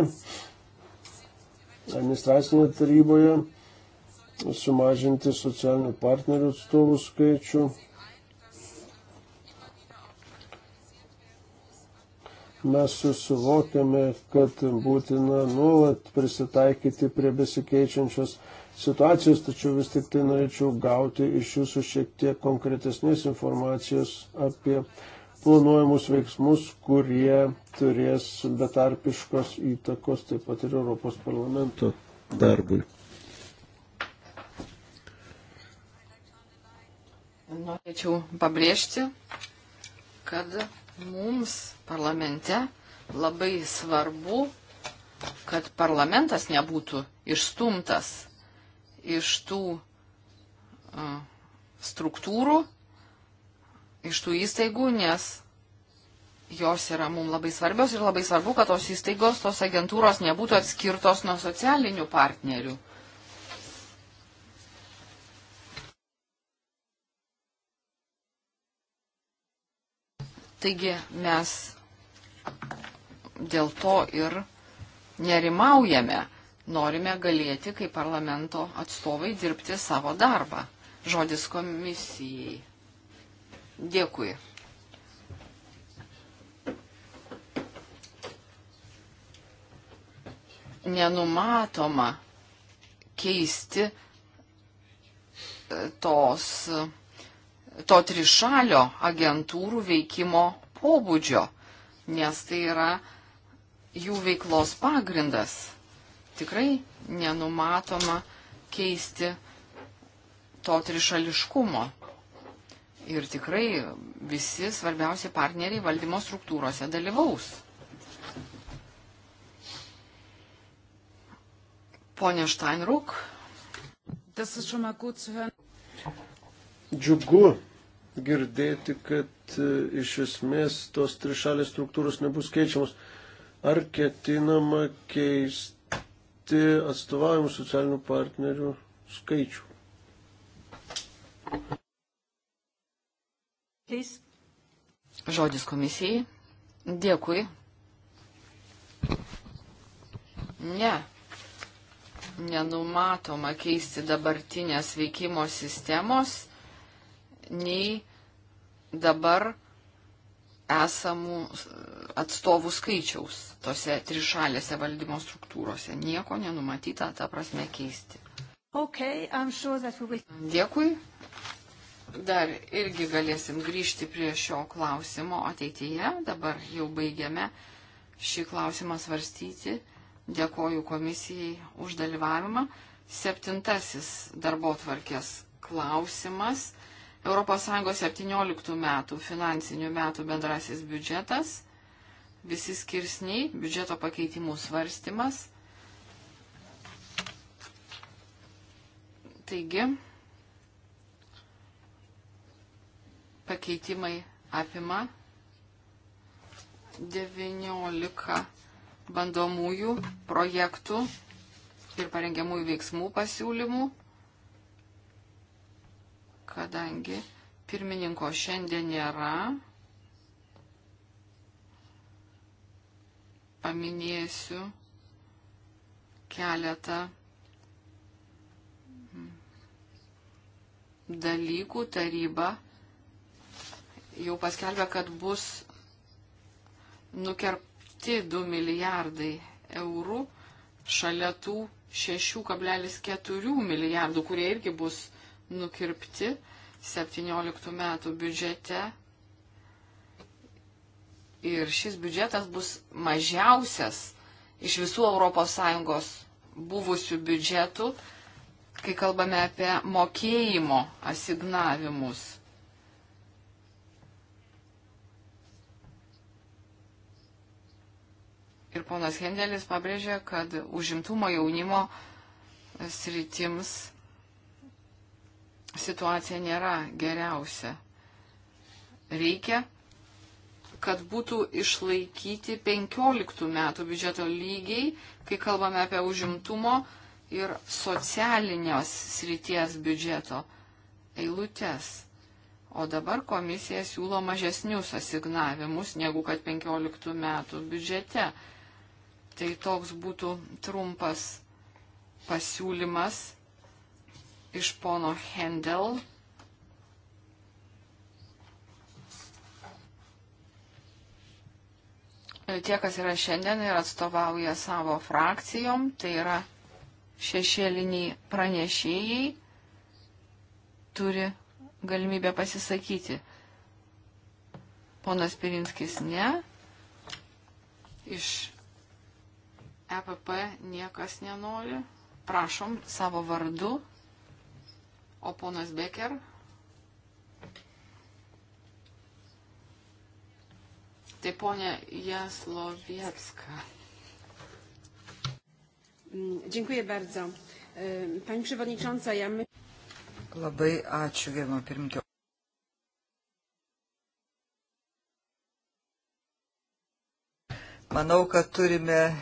administracinėje taryboje, sumažinti socialinių partnerių atstovų skaičių, mes susivokiame, kad būtina nuolat prisitaikyti prie besikeičiančios situacijos, tačiau vis tik tai norėčiau gauti iš jūsų šiek tiek konkretesnės informacijos apie planuojamus veiksmus, kurie turės betarpiškos įtakos taip pat ir Europos parlamento darbui. Norėčiau pabrėžti, kad mums parlamente labai svarbu, kad parlamentas nebūtų išstumtas iš tų uh, struktūrų, iš tų įstaigų, nes jos yra mums labai svarbios ir labai svarbu, kad tos įstaigos, tos agentūros nebūtų atskirtos nuo socialinių partnerių. Taigi mes dėl to ir nerimaujame, norime galėti kaip parlamento atstovai dirbti savo darbą. Žodis komisijai. Dėkui. Nenumatoma keisti e, tos to trišalio agentūrų veikimo pobūdžio, nes tai yra jų veiklos pagrindas. Tikrai nenumatoma keisti to trišališkumo. Ir tikrai visi svarbiausi partneriai valdymo struktūrose dalyvaus. Pone Steinruk. Džiugu girdėti, kad e, iš esmės tos trišalės struktūros nebus keičiamos. Ar ketinama keisti atstovavimų socialinių partnerių skaičių? Žodis komisijai. Dėkui. Ne. Nenumatoma keisti dabartinės veikimo sistemos nei dabar esamų atstovų skaičiaus tose trišalėse valdymo struktūrose. Nieko nenumatyta, ta prasme, keisti. Okay, sure will... Dėkui. Dar irgi galėsim grįžti prie šio klausimo ateityje. Dabar jau baigiame šį klausimą svarstyti. Dėkoju komisijai už dalyvavimą. Septintasis darbo tvarkės klausimas ES 17 metų finansinių metų bendrasis biudžetas, visi skirsniai, biudžeto pakeitimų svarstymas. Taigi, pakeitimai apima 19 bandomųjų projektų ir parengiamųjų veiksmų pasiūlymų kadangi pirmininko šiandien nėra, paminėsiu keletą dalykų taryba jau paskelbė, kad bus nukerpti 2 milijardai eurų šalia tų 6,4 milijardų, kurie irgi bus nukirpti 17 metų biudžete. Ir šis biudžetas bus mažiausias iš visų ES buvusių biudžetų, kai kalbame apie mokėjimo asignavimus. Ir ponas Hendelis pabrėžė, kad užimtumo jaunimo sritims situacija nėra geriausia. Reikia, kad būtų išlaikyti 15 metų biudžeto lygiai, kai kalbame apie užimtumo ir socialinės srities biudžeto eilutės. O dabar komisija siūlo mažesnius asignavimus negu kad 15 metų biudžete. Tai toks būtų trumpas pasiūlymas iš pono Hendel. Tie, kas yra šiandien ir atstovauja savo frakcijom, tai yra šešėliniai pranešėjai, turi galimybę pasisakyti. Ponas Pirinskis ne. Iš EPP niekas nenori. Prašom savo vardu O ponas Becker Tai ponia Jaslowiecka. Dziękuję bardzo. E, pani Przewodnicząca, ja my... Labai ačiū, gerbiamą pirmininkę. Manau, kad turime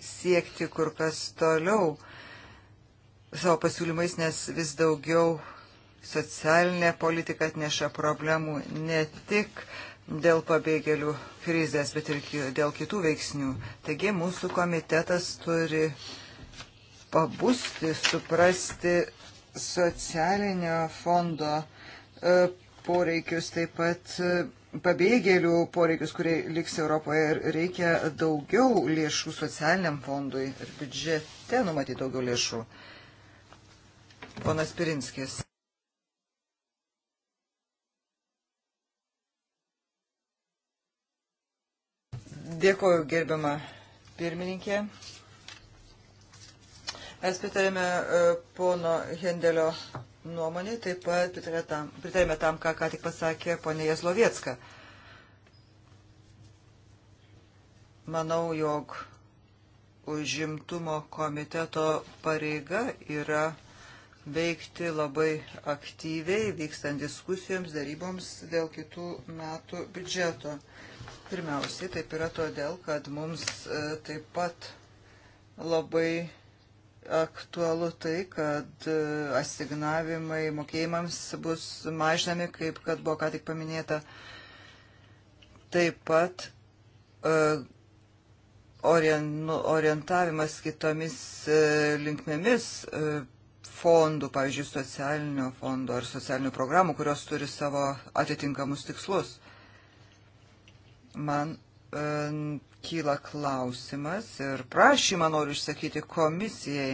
siekti kur kas toliau savo pasiūlymais, nes vis daugiau socialinė politika atneša problemų ne tik dėl pabėgėlių krizės, bet ir dėl kitų veiksnių. Taigi mūsų komitetas turi pabusti, suprasti socialinio fondo e, poreikius, taip pat e, pabėgėlių poreikius, kurie liks Europoje ir reikia daugiau lėšų socialiniam fondui ir biudžete numatyti daugiau lėšų. Uh, Ponas Pirinskis. Dėkuoju, gerbiama pirmininkė. Mes pritarėme e, pono Hendelio nuomonį, taip pat pritarėme tam, pritarėme tam ką ką tik pasakė ponė Jazlovietska. Manau, jog užimtumo komiteto pareiga yra veikti labai aktyviai, vykstant diskusijoms, daryboms dėl kitų metų biudžeto. Pirmiausiai, taip yra todėl, kad mums e, taip pat labai aktualu tai, kad e, asignavimai mokėjimams bus mažinami, kaip kad buvo ką tik paminėta. Taip pat e, orientavimas kitomis linkmėmis fondų, pavyzdžiui, socialinio fondo ar socialinių programų, kurios turi savo atitinkamus tikslus. Man e, kyla klausimas ir prašymą noriu išsakyti komisijai.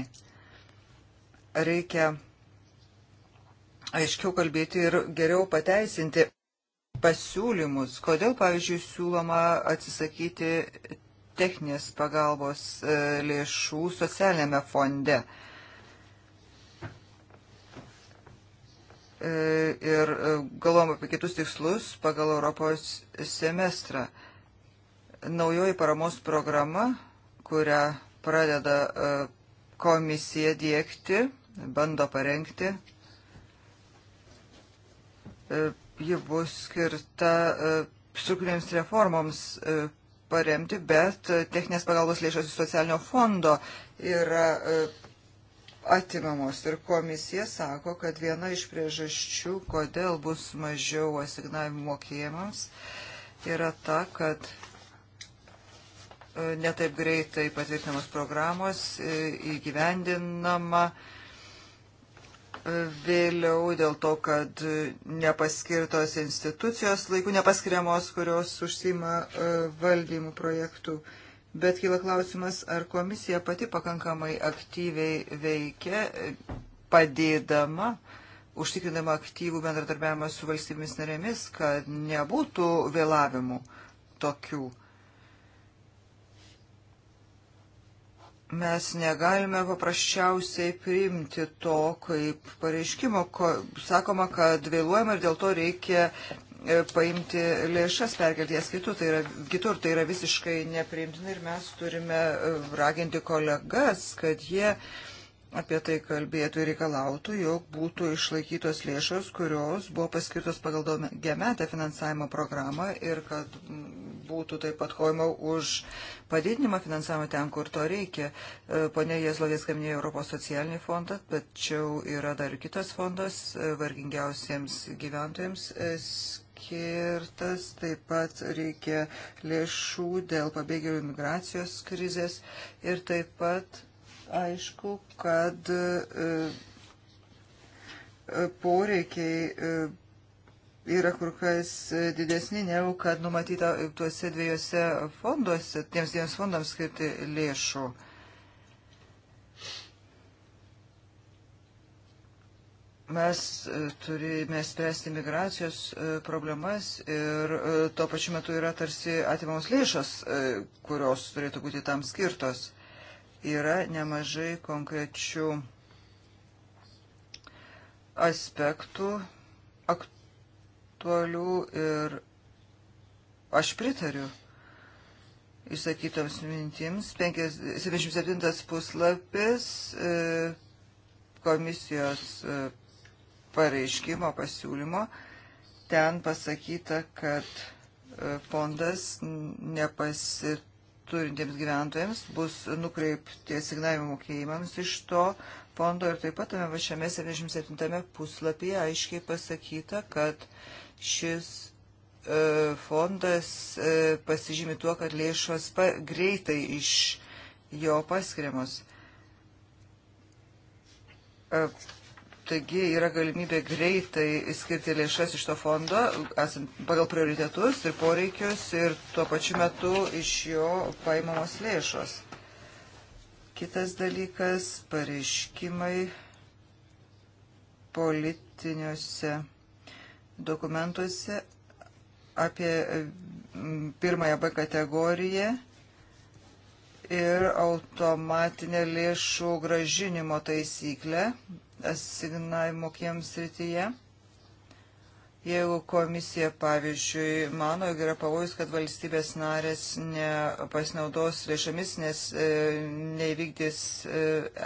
Reikia aiškiau kalbėti ir geriau pateisinti pasiūlymus. Kodėl, pavyzdžiui, siūloma atsisakyti techninės pagalbos e, lėšų socialinėme fonde? E, E, ir e, galvom apie kitus tikslus pagal Europos semestrą. Naujoji paramos programa, kurią pradeda e, komisija dėkti, bando parengti, ji bus skirta struktūrinėms reformoms paremti, bet techninės pagalbos lėšos iš socialinio fondo yra atimamos. Ir komisija sako, kad viena iš priežasčių, kodėl bus mažiau asignavimų mokėjimams, yra ta, kad e, netaip greitai patvirtinamos programos e, įgyvendinama e, vėliau dėl to, kad nepaskirtos institucijos laikų nepaskiriamos, kurios užsima valdymų projektų. Uh, bet kyla klausimas, ar komisija pati pakankamai aktyviai veikia, padėdama, užtikrindama aktyvų bendradarbiavimą su valstybėmis narėmis, kad nebūtų vėlavimų tokių. Mes negalime paprasčiausiai priimti to, kaip pareiškimo. Ko, sakoma, kad vėluojama ir dėl to reikia E, paimti lėšas, perkelti jas kitur, tai yra, kitur, tai yra visiškai nepriimtina ir mes turime e, raginti kolegas, kad jie apie tai kalbėtų ir reikalautų, jog būtų išlaikytos lėšos, kurios buvo paskirtos pagal gemetę finansavimo programą ir kad būtų taip pat hojama už padidinimą finansavimo ten, kur to reikia. E, Pone Jėzlovės kaminėjo Europos socialinį fondą, tačiau yra dar kitas fondas vargingiausiems gyventojams skirtas, taip pat reikia lėšų dėl pabėgėlių migracijos krizės ir taip pat aišku, kad e, e, poreikiai e, yra kur kas didesni, negu kad numatyta tuose dviejose fonduose, tiems dviems fondams skirti lėšų. mes e, turime spręsti migracijos e, problemas ir e, tuo pačiu metu yra tarsi atimamos lėšos, kurios turėtų būti tam skirtos. Yra nemažai konkrečių aspektų aktualių ir aš pritariu išsakytoms mintims. 77 puslapis komisijos pareiškimo pasiūlymo. Ten pasakyta, kad e, fondas nepasiturintiems gyventojams bus nukreipti asignavimo mokėjimams iš to fondo ir taip pat tame vačiame 77 puslapyje aiškiai pasakyta, kad šis e, fondas e, pasižymi tuo, kad lėšos pa, greitai iš jo paskiriamos Taigi yra galimybė greitai skirti lėšas iš to fondo, esant pagal prioritetus ir poreikius ir tuo pačiu metu iš jo paimamos lėšos. Kitas dalykas - pareiškimai politiniuose dokumentuose apie mm, pirmąją B kategoriją ir automatinę lėšų gražinimo taisyklę asignavimo kiems srityje. Jeigu komisija, pavyzdžiui, mano, jog yra pavojus, kad valstybės narės nepasinaudos lėšomis, nes e, neįvykdys e,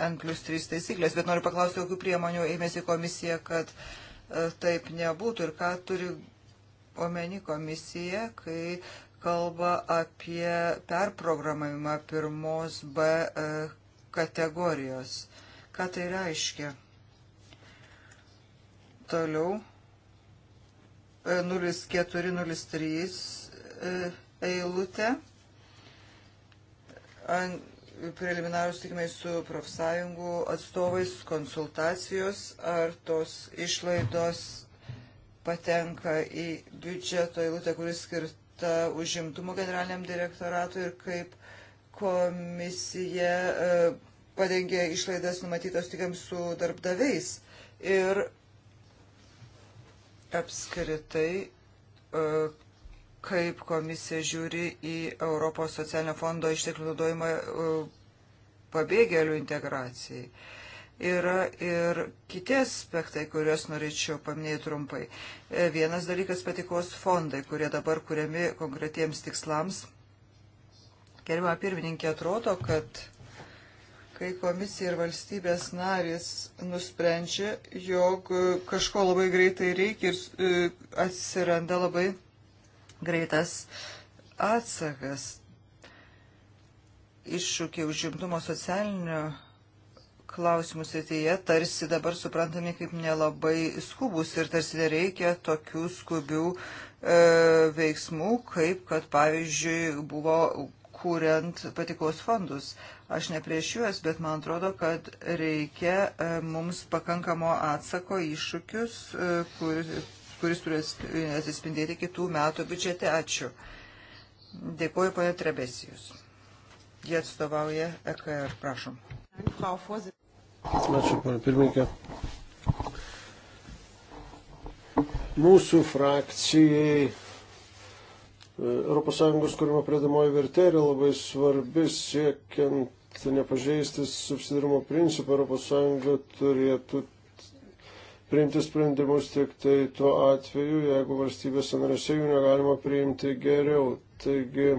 N plus 3 taisyklės, bet noriu paklausti, kokiu priemonių ėmėsi komisija, kad e, taip nebūtų ir ką turi omeny komisija, kai kalba apie perprogramavimą pirmos B e, kategorijos. Ką tai reiškia? Toliau 0403 e, e, eilutė. Preliminarus tikimai su profsąjungų atstovais konsultacijos, ar tos išlaidos patenka į biudžeto eilutę, kuris skirta užimtumo generaliniam direktoratui ir kaip komisija e, padengė išlaidas numatytos tikams su darbdaviais. Ir apskritai, e, kaip komisija žiūri į Europos socialinio fondo išteklių naudojimą e, pabėgėlių integracijai. Yra ir kiti aspektai, kuriuos norėčiau paminėti trumpai. E, vienas dalykas patikos fondai, kurie dabar kuriami konkretiems tikslams. Gerima pirmininkė atrodo, kad kai komisija ir valstybės narės nusprendžia, jog e, kažko labai greitai reikia ir e, atsiranda labai greitas atsakas. Iššūkiai užimtumo socialinio klausimų srityje tarsi dabar suprantami kaip nelabai skubus ir tarsi nereikia tokių skubių e, veiksmų, kaip kad pavyzdžiui buvo kuriant patikos fondus. Aš ne prieš juos, bet man atrodo, kad reikia e, mums pakankamo atsako iššūkius, e, kur, kuris turi atsispindėti kitų metų biudžete. Ačiū. Dėkuoju, ponė Trebesijus. Jie atstovauja EKR. Prašom. Ačiū, ponė pirmininkė. Mūsų frakcijai ES kūrimo pridedamoji vertė yra labai svarbi siekiant tai nepažeisti subsidarumo principą, ES turėtų priimti sprendimus tik tai tuo atveju, jeigu valstybės narėse jų negalima priimti geriau. Taigi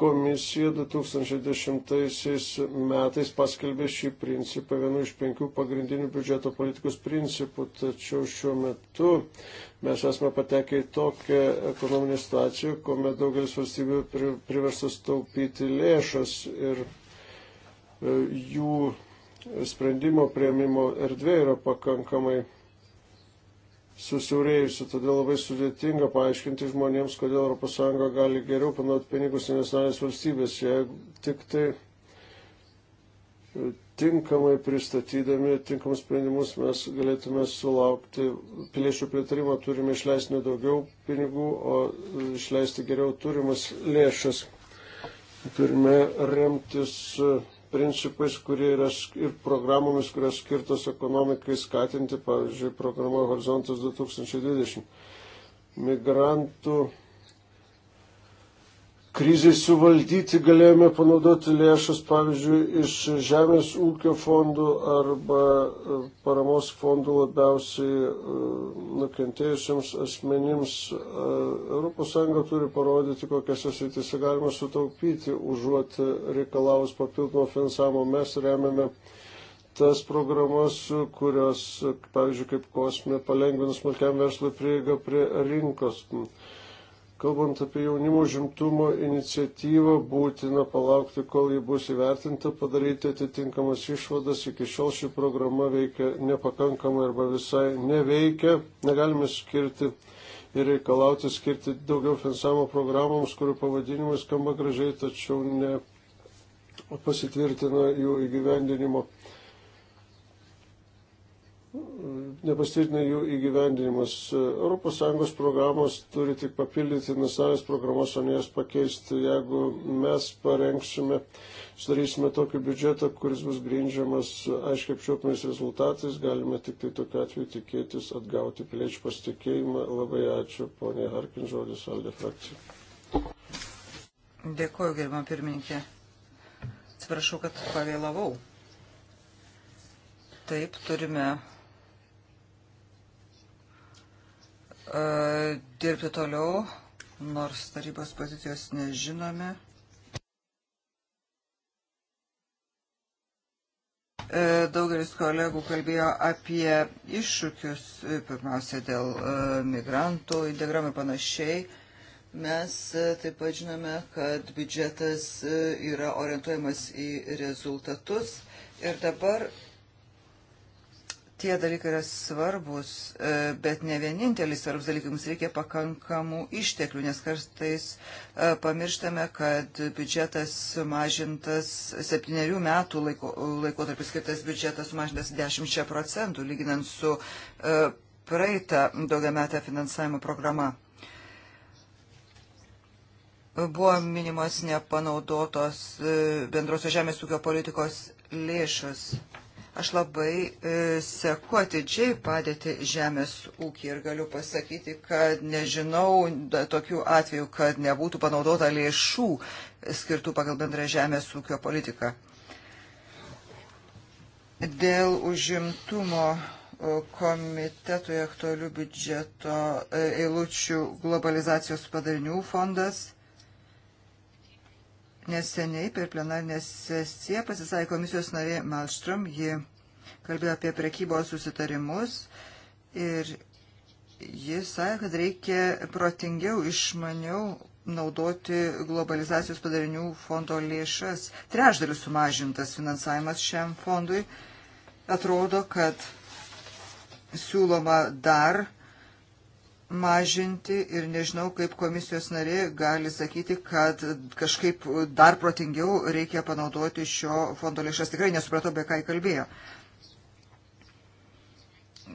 Komisija 2010 metais paskelbė šį principą vienu iš penkių pagrindinių biudžeto politikos principų, tačiau šiuo metu mes esame patekę į tokią ekonominę situaciją, kuomet daugelis valstybių priverstas taupyti lėšas ir e, jų sprendimo prieimimo erdvė yra pakankamai susiaurėjusi, todėl labai sudėtinga paaiškinti žmonėms, kodėl ES gali geriau panaudoti pinigus nei nacionalinės valstybės, jeigu tik tai e, tinkamai pristatydami tinkamus sprendimus mes galėtume sulaukti piliečių pritarimo, turime išleisti nedaugiau pinigų, o e, išleisti geriau turimas lėšas. Turime remtis e, principais, kurie yra ir programomis, kurios skirtos ekonomikai skatinti, pavyzdžiui, programa Horizontas 2020. Migrantų krizai suvaldyti galėjome panaudoti lėšas, pavyzdžiui, iš Žemės ūkio fondų arba e, paramos fondų labiausiai e, nukentėjusiems asmenims. ES turi parodyti, kokiose srityse galima sutaupyti, užuot reikalavus papildomo finansavimo. Mes remiame tas programas, kurios, pavyzdžiui, kaip kosmė, palengvins smulkiam verslui prieigą prie rinkos. Kalbant apie jaunimo žimtumo iniciatyvą, būtina palaukti, kol ji bus įvertinta, padaryti atitinkamas išvadas. Iki šiol ši programa veikia nepakankamai arba visai neveikia. Negalime skirti ir reikalauti skirti daugiau finansavimo programoms, kurių pavadinimas skamba gražiai, tačiau ne pasitvirtina jų įgyvendinimo nepastvirtina jų įgyvendinimas. ES programos turi tik papildyti nacionalinės programas, o ne jas pakeisti. Jeigu mes parengsime, sudarysime tokį biudžetą, kuris bus grindžiamas aiškiai apčiopnais rezultatais, galime tik tai tokiu atveju tikėtis atgauti piliečių pasitikėjimą. Labai ačiū, ponė Harkin, žodis Aldė frakcija. Dėkuoju, gerbama pirmininkė. Atsiprašau, kad pavėlavau. Taip, turime dirbti toliau, nors tarybos pozicijos nežinome. E, daugelis kolegų kalbėjo apie iššūkius, e, pirmiausia, dėl e, migrantų integramų ir panašiai. Mes taip pat žinome, kad biudžetas yra orientuojamas į rezultatus. Ir dabar tie dalykai yra svarbus, e, bet ne vienintelis svarbus dalykai. Mums reikia pakankamų išteklių, nes kartais e, pamirštame, kad biudžetas sumažintas septyniarių metų laiko, laikotarpis skirtas biudžetas sumažintas 10 procentų, lyginant su e, praeitą daugiametę finansavimo programą. Buvo minimos nepanaudotos bendrosios žemės ūkio politikos lėšos Aš labai e, seku atidžiai padėti žemės ūkį ir galiu pasakyti, kad nežinau da, tokių atvejų, kad nebūtų panaudota lėšų skirtų pagal bendrą žemės ūkio politiką. Dėl užimtumo komitetui aktualių biudžeto e, eilučių globalizacijos padarinių fondas Neseniai per plenarinę sesiją pasisakė komisijos narė Malstrom, ji kalbėjo apie prekybos susitarimus ir jis sakė, kad reikia protingiau, išmaniau naudoti globalizacijos padarinių fondo lėšas. Trešdalis sumažintas finansavimas šiam fondui. Atrodo, kad siūloma dar mažinti ir nežinau, kaip komisijos narė gali sakyti, kad kažkaip dar protingiau reikia panaudoti šio fondo lėšas. Tikrai nesupratau, be ką įkalbėjo.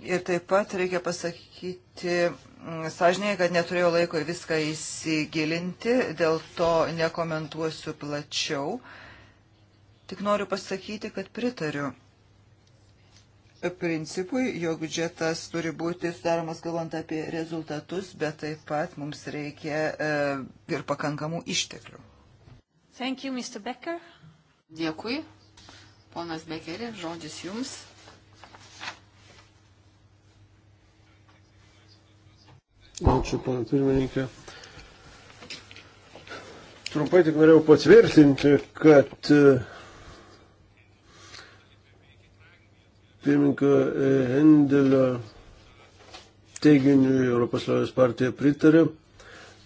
Ir taip pat reikia pasakyti mm, sąžinėje, kad neturėjau laiko viską įsigilinti, dėl to nekomentuosiu plačiau. Tik noriu pasakyti, kad pritariu principui, jog biudžetas turi būti sudaromas galvant apie rezultatus, bet taip pat mums reikia e, ir pakankamų išteklių. Thank you, Mr. Becker. Dėkui. Ponas Bekeri, žodis jums. Ačiū, pana pirmininkė. Trumpai tik norėjau patvirtinti, kad e, pirmininko e, Hendelio teiginiui Europos Liaudės partija pritarė,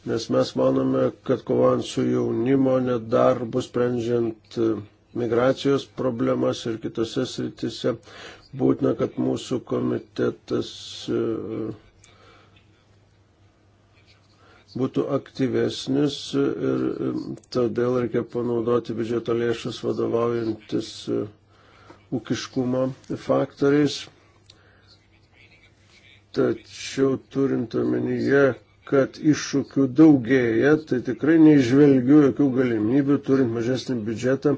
nes mes manome, kad kovant su jaunimo nedarbu sprendžiant e, migracijos problemas ir kitose sritise būtina, kad mūsų komitetas e, būtų aktyvesnis ir todėl reikia panaudoti biudžeto lėšas vadovaujantis ūkiškumo faktoriais. Tačiau turint omenyje, kad iššūkių daugėja, tai tikrai neižvelgiu jokių galimybių, turint mažesnį biudžetą,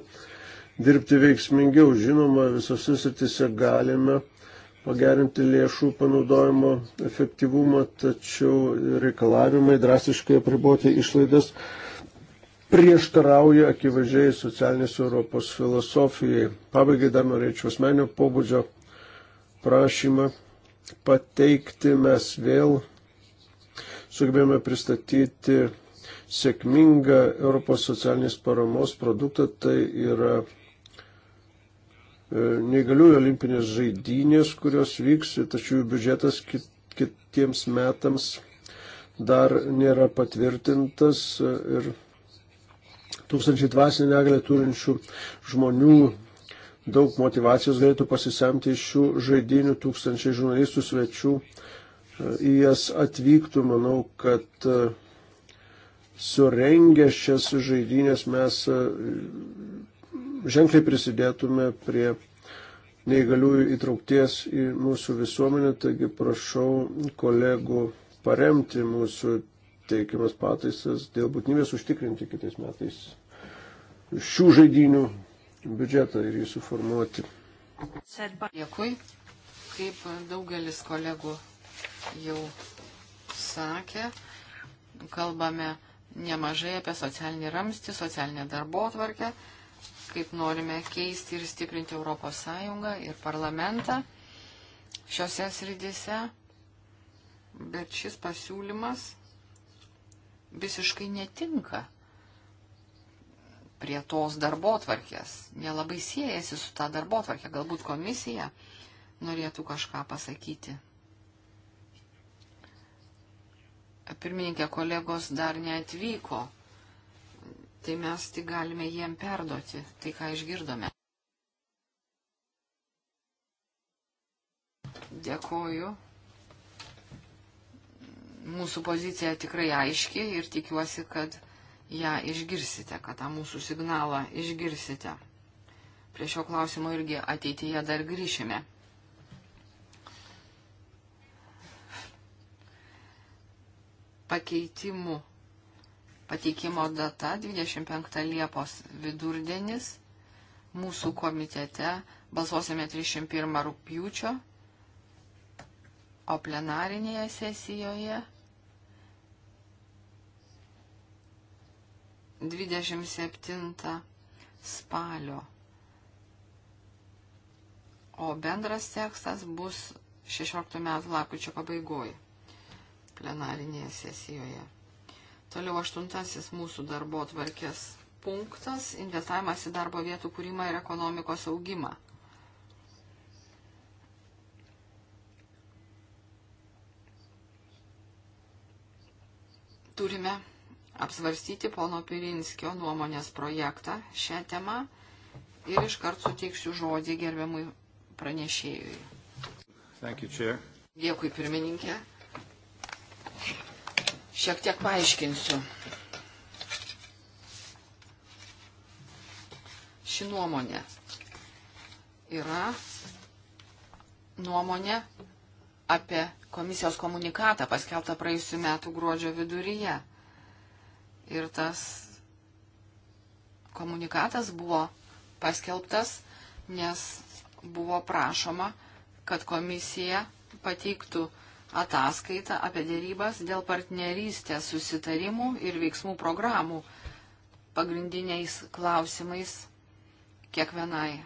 dirbti veiksmingiau. Žinoma, visose sritise galime pagerinti lėšų panaudojimo efektyvumą, tačiau reikalavimai drastiškai apriboti išlaidas prieštarauja akivaizdžiai socialinės Europos filosofijai. Pabaigai dar norėčiau asmenio pobūdžio prašymą pateikti. Mes vėl sugebėjome pristatyti sėkmingą Europos socialinės paramos produktą. Tai yra e, neįgaliųjų olimpinės žaidynės, kurios vyks, tačiau jų biudžetas kit, kitiems metams dar nėra patvirtintas e, ir tūkstančiai dvasinį negalę turinčių žmonių daug motivacijos galėtų pasisemti iš šių žaidinių, tūkstančiai žurnalistų svečių e, į jas atvyktų. Manau, kad e, surengę šias žaidynės mes e, ženkliai prisidėtume prie neįgaliųjų įtraukties į mūsų visuomenę, taigi prašau kolegų paremti mūsų teikiamas pataisas dėl būtinybės užtikrinti kitais metais šių žaidinių biudžetą ir jį suformuoti. Dėkui, kaip daugelis kolegų jau sakė, kalbame nemažai apie socialinį ramstį, socialinę darbo atvarkę, kaip norime keisti ir stiprinti Europos Sąjungą ir parlamentą šiuose sridise, bet šis pasiūlymas visiškai netinka prie tos darbo tvarkės. Nelabai siejasi su tą darbo tvarkė. Galbūt komisija norėtų kažką pasakyti. Pirmininkė kolegos dar neatvyko. Tai mes tik galime jiem perduoti tai, ką išgirdome. Dėkoju. Mūsų pozicija tikrai aiški ir tikiuosi, kad ją išgirsite, kad tą mūsų signalą išgirsite. Prie šio klausimo irgi ateityje dar grįšime. Pakeitimų pateikimo data 25 Liepos vidurdienis. Mūsų komitete balsuosime 31 rūpjūčio, o plenarinėje sesijoje 27 spalio. O bendras tekstas bus 16 metų lapkričio pabaigoje plenarinėje sesijoje. Toliau aštuntasis mūsų darbo tvarkės punktas - investavimas į darbo vietų kūrimą ir ekonomikos augimą. Turime apsvarstyti pono Pirinskio nuomonės projektą šią temą ir iškart suteiksiu žodį gerbiamui pranešėjui. Thank you, chair. Dėkui, pirmininkė. Šiek tiek paaiškinsiu. Ši nuomonė yra nuomonė apie komisijos komunikatą paskelbtą praėjusiu metu gruodžio viduryje ir tas komunikatas buvo paskelbtas, nes buvo prašoma, kad komisija pateiktų ataskaitą apie dėrybas dėl partnerystės susitarimų ir veiksmų programų pagrindiniais klausimais kiekvienai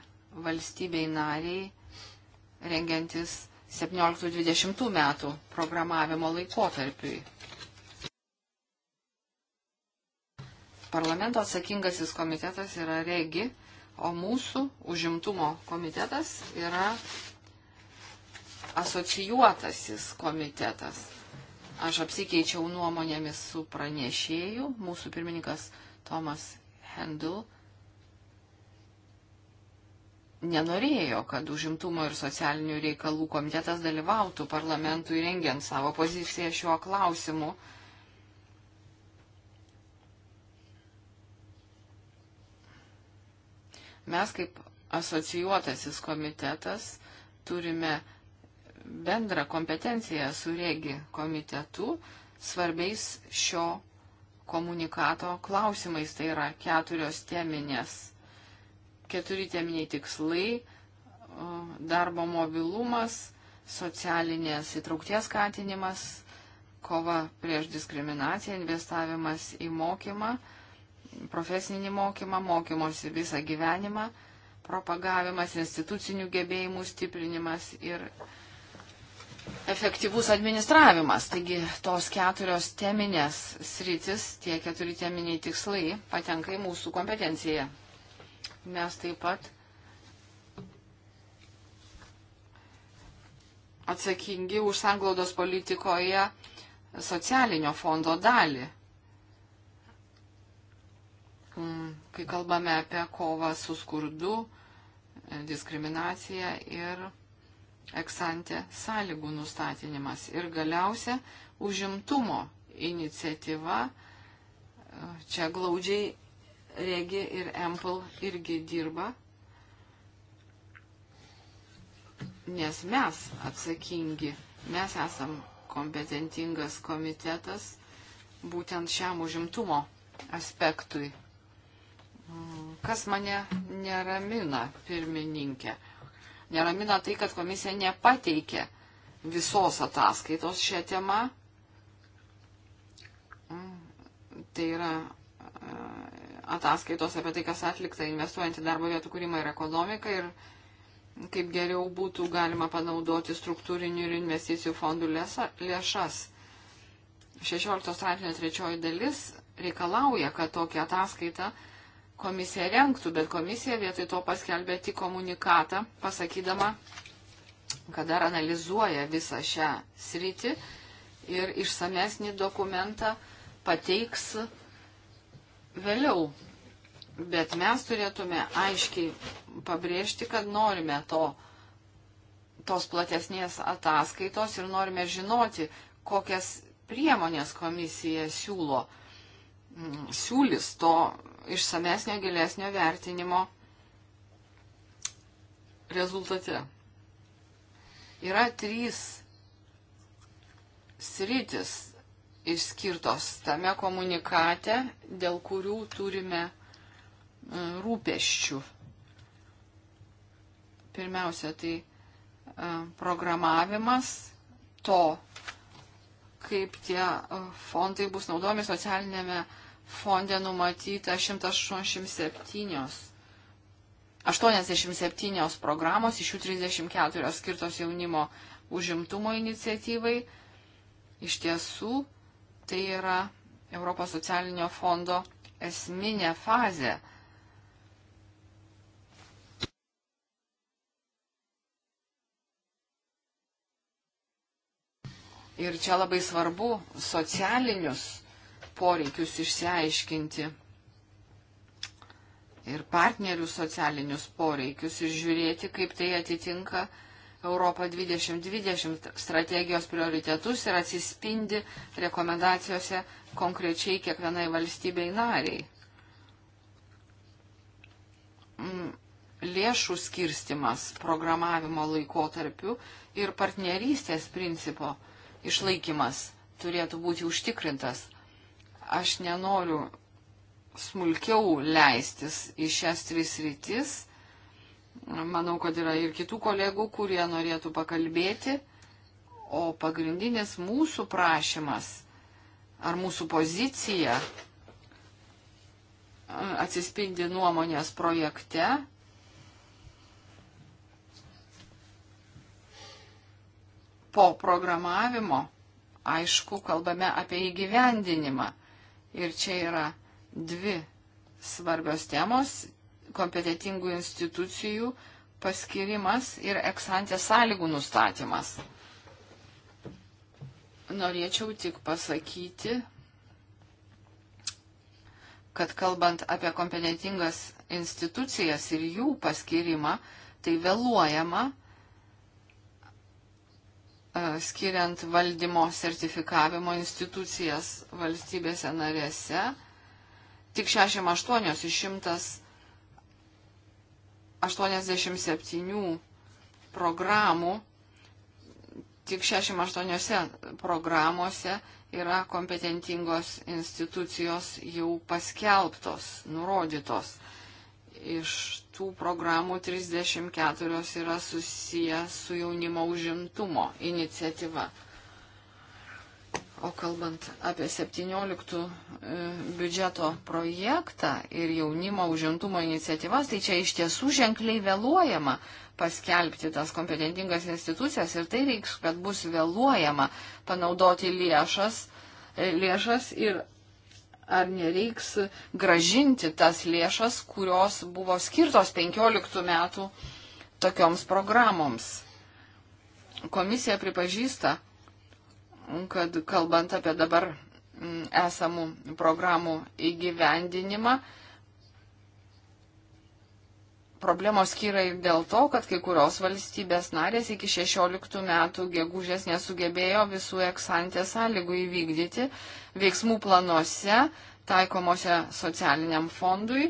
valstybei nariai rengiantis 17-20 metų programavimo laikotarpiui. Parlamento atsakingasis komitetas yra regi, o mūsų užimtumo komitetas yra asocijuotasis komitetas. Aš apsikeičiau nuomonėmis su pranešėju, mūsų pirmininkas Tomas Hendel nenorėjo, kad užimtumo ir socialinių reikalų komitetas dalyvautų parlamentui rengiant savo poziciją šiuo klausimu. Mes kaip asocijuotasis komitetas turime bendrą kompetenciją su regi komitetu svarbiais šio komunikato klausimais. Tai yra keturios teminės, keturi teminiai tikslai, darbo mobilumas, socialinės įtraukties skatinimas, kova prieš diskriminaciją, investavimas į mokymą profesinį mokymą, mokymosi visą gyvenimą, propagavimas, institucinių gebėjimų stiprinimas ir efektyvus administravimas. Taigi tos keturios teminės sritis, tie keturi teminiai tikslai patenka į mūsų kompetenciją. Mes taip pat atsakingi už sanglaudos politikoje socialinio fondo dalį. Mm, kai kalbame apie kovą su skurdu, e, diskriminacija ir eksantė sąlygų nustatinimas. Ir galiausia, užimtumo iniciatyva. E, čia glaudžiai Regi ir Empel irgi dirba, nes mes atsakingi, mes esam kompetentingas komitetas būtent šiam užimtumo aspektui. Kas mane neramina, pirmininkė? Neramina tai, kad komisija nepateikė visos ataskaitos šią temą. Tai yra e, ataskaitos apie tai, kas atlikta investuojant į darbo vietų kūrimą ir ekonomiką ir kaip geriau būtų galima panaudoti struktūrinių ir investicijų fondų lėsa, lėšas. 16 straipsnio trečioji dalis reikalauja, kad tokia ataskaita uh, komisija renktų, bet komisija vietoj to paskelbė tik komunikatą, pasakydama, kad dar analizuoja visą šią sritį ir išsamesnį dokumentą pateiks vėliau. Bet mes turėtume aiškiai pabrėžti, kad norime to, tos platesnės ataskaitos ir norime žinoti, kokias priemonės komisija siūlo siūlys to išsamesnio, gilesnio vertinimo rezultate. Yra trys sritis išskirtos tame komunikate, dėl kurių turime e, rūpeščių. Pirmiausia, tai e, programavimas to, kaip tie e, fondai bus naudojami socialinėme fonde numatyta 187. 87 programos, iš jų 34 skirtos jaunimo užimtumo iniciatyvai. Iš tiesų, tai yra Europos socialinio fondo esminė fazė. Ir čia labai svarbu socialinius poreikius išsiaiškinti ir partnerių socialinius poreikius ir žiūrėti, kaip tai atitinka Europą 2020 strategijos prioritetus ir atsispindi rekomendacijose konkrečiai kiekvienai valstybei nariai. Mm, lėšų skirstimas programavimo laikotarpiu ir partnerystės principo išlaikimas turėtų būti užtikrintas. Aš nenoriu smulkiau leistis į šias tris rytis. Manau, kad yra ir kitų kolegų, kurie norėtų pakalbėti. O pagrindinis mūsų prašymas ar mūsų pozicija atsispindi nuomonės projekte. Po programavimo, aišku, kalbame apie įgyvendinimą. Ir čia yra dvi svarbios temos - kompetitingų institucijų paskirimas ir eksantės sąlygų nustatymas. Norėčiau tik pasakyti, kad kalbant apie kompetentingas institucijas ir jų paskirimą, tai vėluojama, skiriant valdymo sertifikavimo institucijas valstybėse narėse, tik 68 iš 187 programų, tik 68 programuose yra kompetentingos institucijos jau paskelbtos, nurodytos iš tų programų 34 yra susiję su jaunimo užimtumo iniciatyva. O kalbant apie 17 e, biudžeto projektą ir jaunimo užimtumo iniciatyvas, tai čia iš tiesų ženkliai vėluojama paskelbti tas kompetentingas institucijas ir tai reiks, kad bus vėluojama panaudoti lėšas, e, lėšas ir ar nereiks gražinti tas lėšas, kurios buvo skirtos 15 metų tokioms programoms. Komisija pripažįsta, kad kalbant apie dabar mm, esamų programų įgyvendinimą, problemos kyra ir dėl to, kad kai kurios valstybės narės iki 16 metų gegužės nesugebėjo visų eksantės sąlygų įvykdyti veiksmų planuose taikomose socialiniam fondui,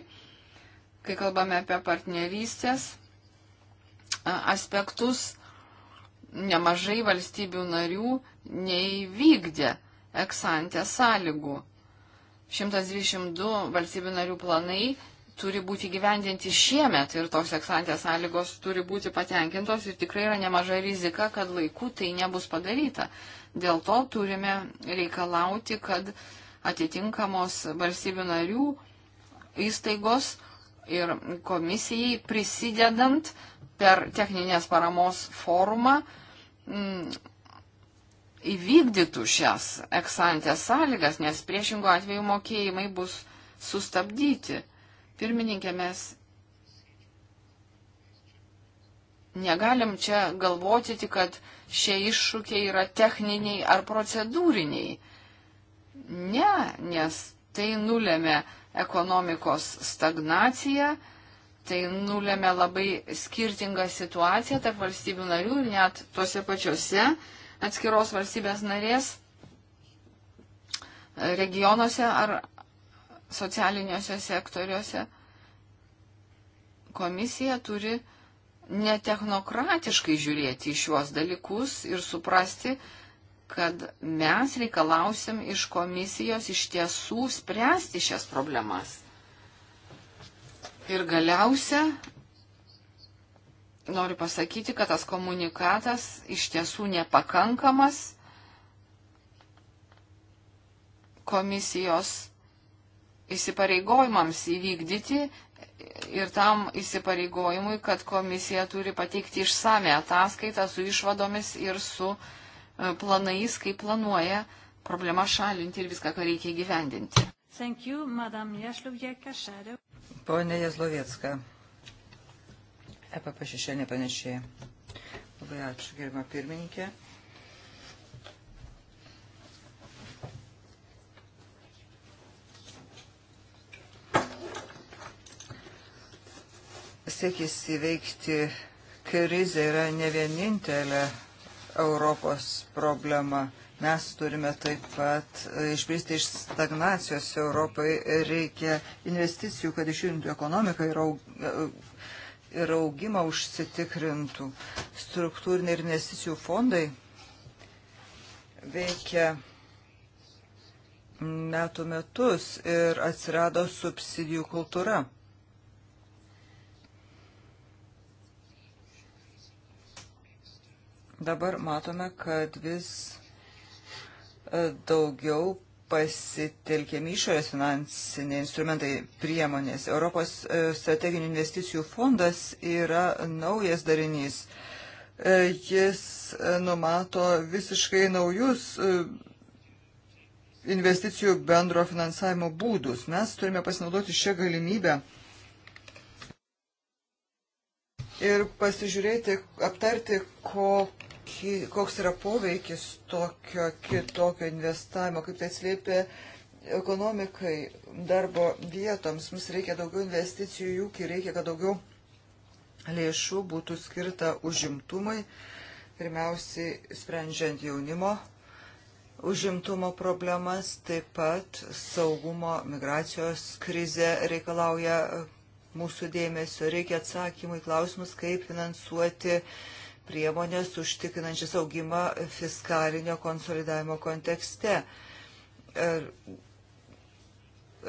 kai kalbame apie partnerystės aspektus, nemažai valstybių narių neįvykdė eksantės sąlygų. 122 valstybių narių planai turi būti gyvendinti šiemet ir tos eksantės sąlygos turi būti patenkintos ir tikrai yra nemaža rizika, kad laiku tai nebus padaryta. Dėl to turime reikalauti, kad atitinkamos valstybių narių įstaigos ir komisijai prisidedant per techninės paramos forumą m, mm, įvykdytų šias eksantės sąlygas, nes priešingo atveju mokėjimai bus sustabdyti. Pirmininkė, mes negalim čia galvoti tik, kad šie iššūkiai yra techniniai ar procedūriniai. Ne, nes tai nulėmė ekonomikos stagnaciją, tai nulėmė labai skirtingą situaciją tarp valstybių narių ir net tuose pačiuose atskiros valstybės narės regionuose ar socialiniuose sektoriuose, komisija turi netechnokratiškai žiūrėti į šiuos dalykus ir suprasti, kad mes reikalausim iš komisijos iš tiesų spręsti šias problemas. Ir galiausia, noriu pasakyti, kad tas komunikatas iš tiesų nepakankamas komisijos įsipareigojimams įvykdyti ir tam įsipareigojimui, kad komisija turi pateikti išsame ataskaitą su išvadomis ir su e, planais, kaip planuoja problemą šalinti ir viską, ką reikia gyvendinti. Thank you, Madam Jaslovjeka, Shadow. Pone Jaslovjecka, EPP šešėlė panešėja. Labai ačiū, gerima pirmininkė. siekis įveikti krizę yra ne vienintelė Europos problema. Mes turime taip pat e, išbristi iš stagnacijos Europai. Reikia investicijų, kad išjungtų ekonomiką ir, aug, e, ir augimą užsitikrintų. Struktūriniai ir investicijų fondai veikia metų metus ir atsirado subsidijų kultūra. Dabar matome, kad vis e, daugiau pasitelkiami išorės finansiniai instrumentai priemonės. Europos e, strateginių investicijų fondas yra naujas darinys. E, jis numato visiškai naujus investicijų bendro finansavimo būdus. Mes turime pasinaudoti šią galimybę ir pasižiūrėti, aptarti, ko kokį, koks yra poveikis tokio kitokio investavimo, kaip tai slėpia ekonomikai, darbo vietoms. Mums reikia daugiau investicijų į ūkį, reikia, kad daugiau lėšų būtų skirta užimtumui, pirmiausiai sprendžiant jaunimo užimtumo problemas, taip pat saugumo migracijos krize reikalauja mūsų dėmesio, reikia atsakymų į klausimus, kaip finansuoti uh, priemonės užtikrinančias augimą fiskalinio konsolidavimo kontekste.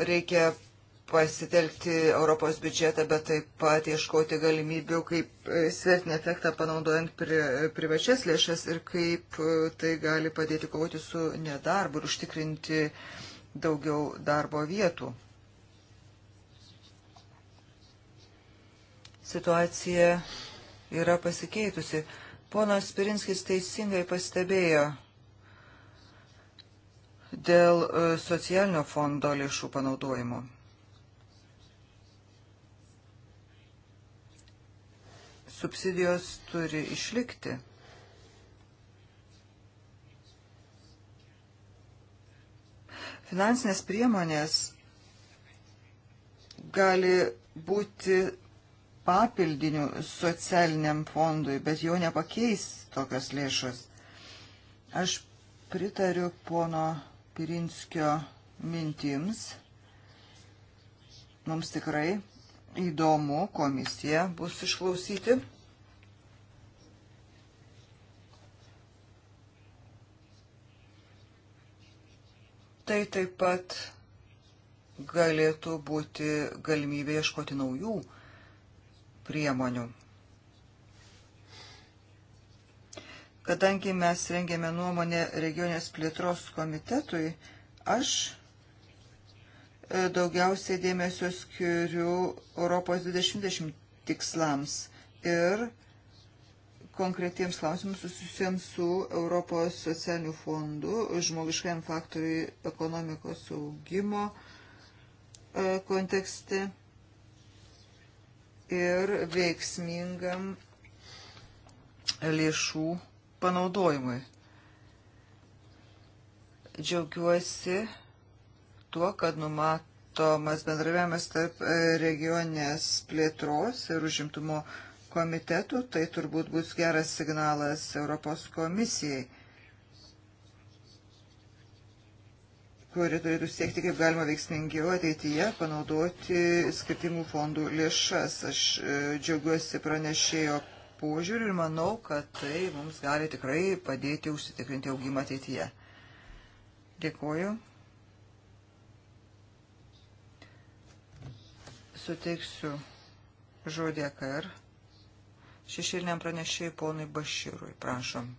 Reikia pasitelkti Europos biudžetą, bet taip pat ieškoti galimybių, kaip svertinį efektą panaudojant pri, privačias lėšas ir kaip tai gali padėti kovoti su nedarbu ir užtikrinti daugiau darbo vietų. Situacija yra pasikeitusi. Ponas Pirinskis teisingai pastebėjo dėl e, socialinio fondo lėšų panaudojimo. Subsidijos turi išlikti. Finansinės priemonės gali būti papildiniu socialiniam fondui, bet jo nepakeis tokios lėšos. Aš pritariu pono Pirinskio mintims. Mums tikrai įdomu komisija bus išklausyti. Tai taip pat galėtų būti galimybė ieškoti naujų priemonių. Kadangi mes rengėme nuomonę regionės plėtros komitetui, aš e, daugiausiai dėmesio skiriu Europos 2020 tikslams ir konkretiems klausimams susijusiems su Europos socialiniu fondu, žmogiškajam faktoriui ekonomikos augimo e, kontekste ir veiksmingam lėšų panaudojimui. Džiaugiuosi tuo, kad numatomas bendravimas tarp regionės plėtros ir užimtumo komitetų, tai turbūt bus geras signalas Europos komisijai kuri turėtų siekti kaip galima veiksmingiau ateityje panaudoti skirtingų fondų lėšas. Aš e, džiaugiuosi pranešėjo požiūrį ir manau, kad tai mums gali tikrai padėti užsitikrinti augimą ateityje. Dėkuoju. Suteiksiu žodį AKR. Šešėliniam pranešėjai ponui Baširui. Prašom.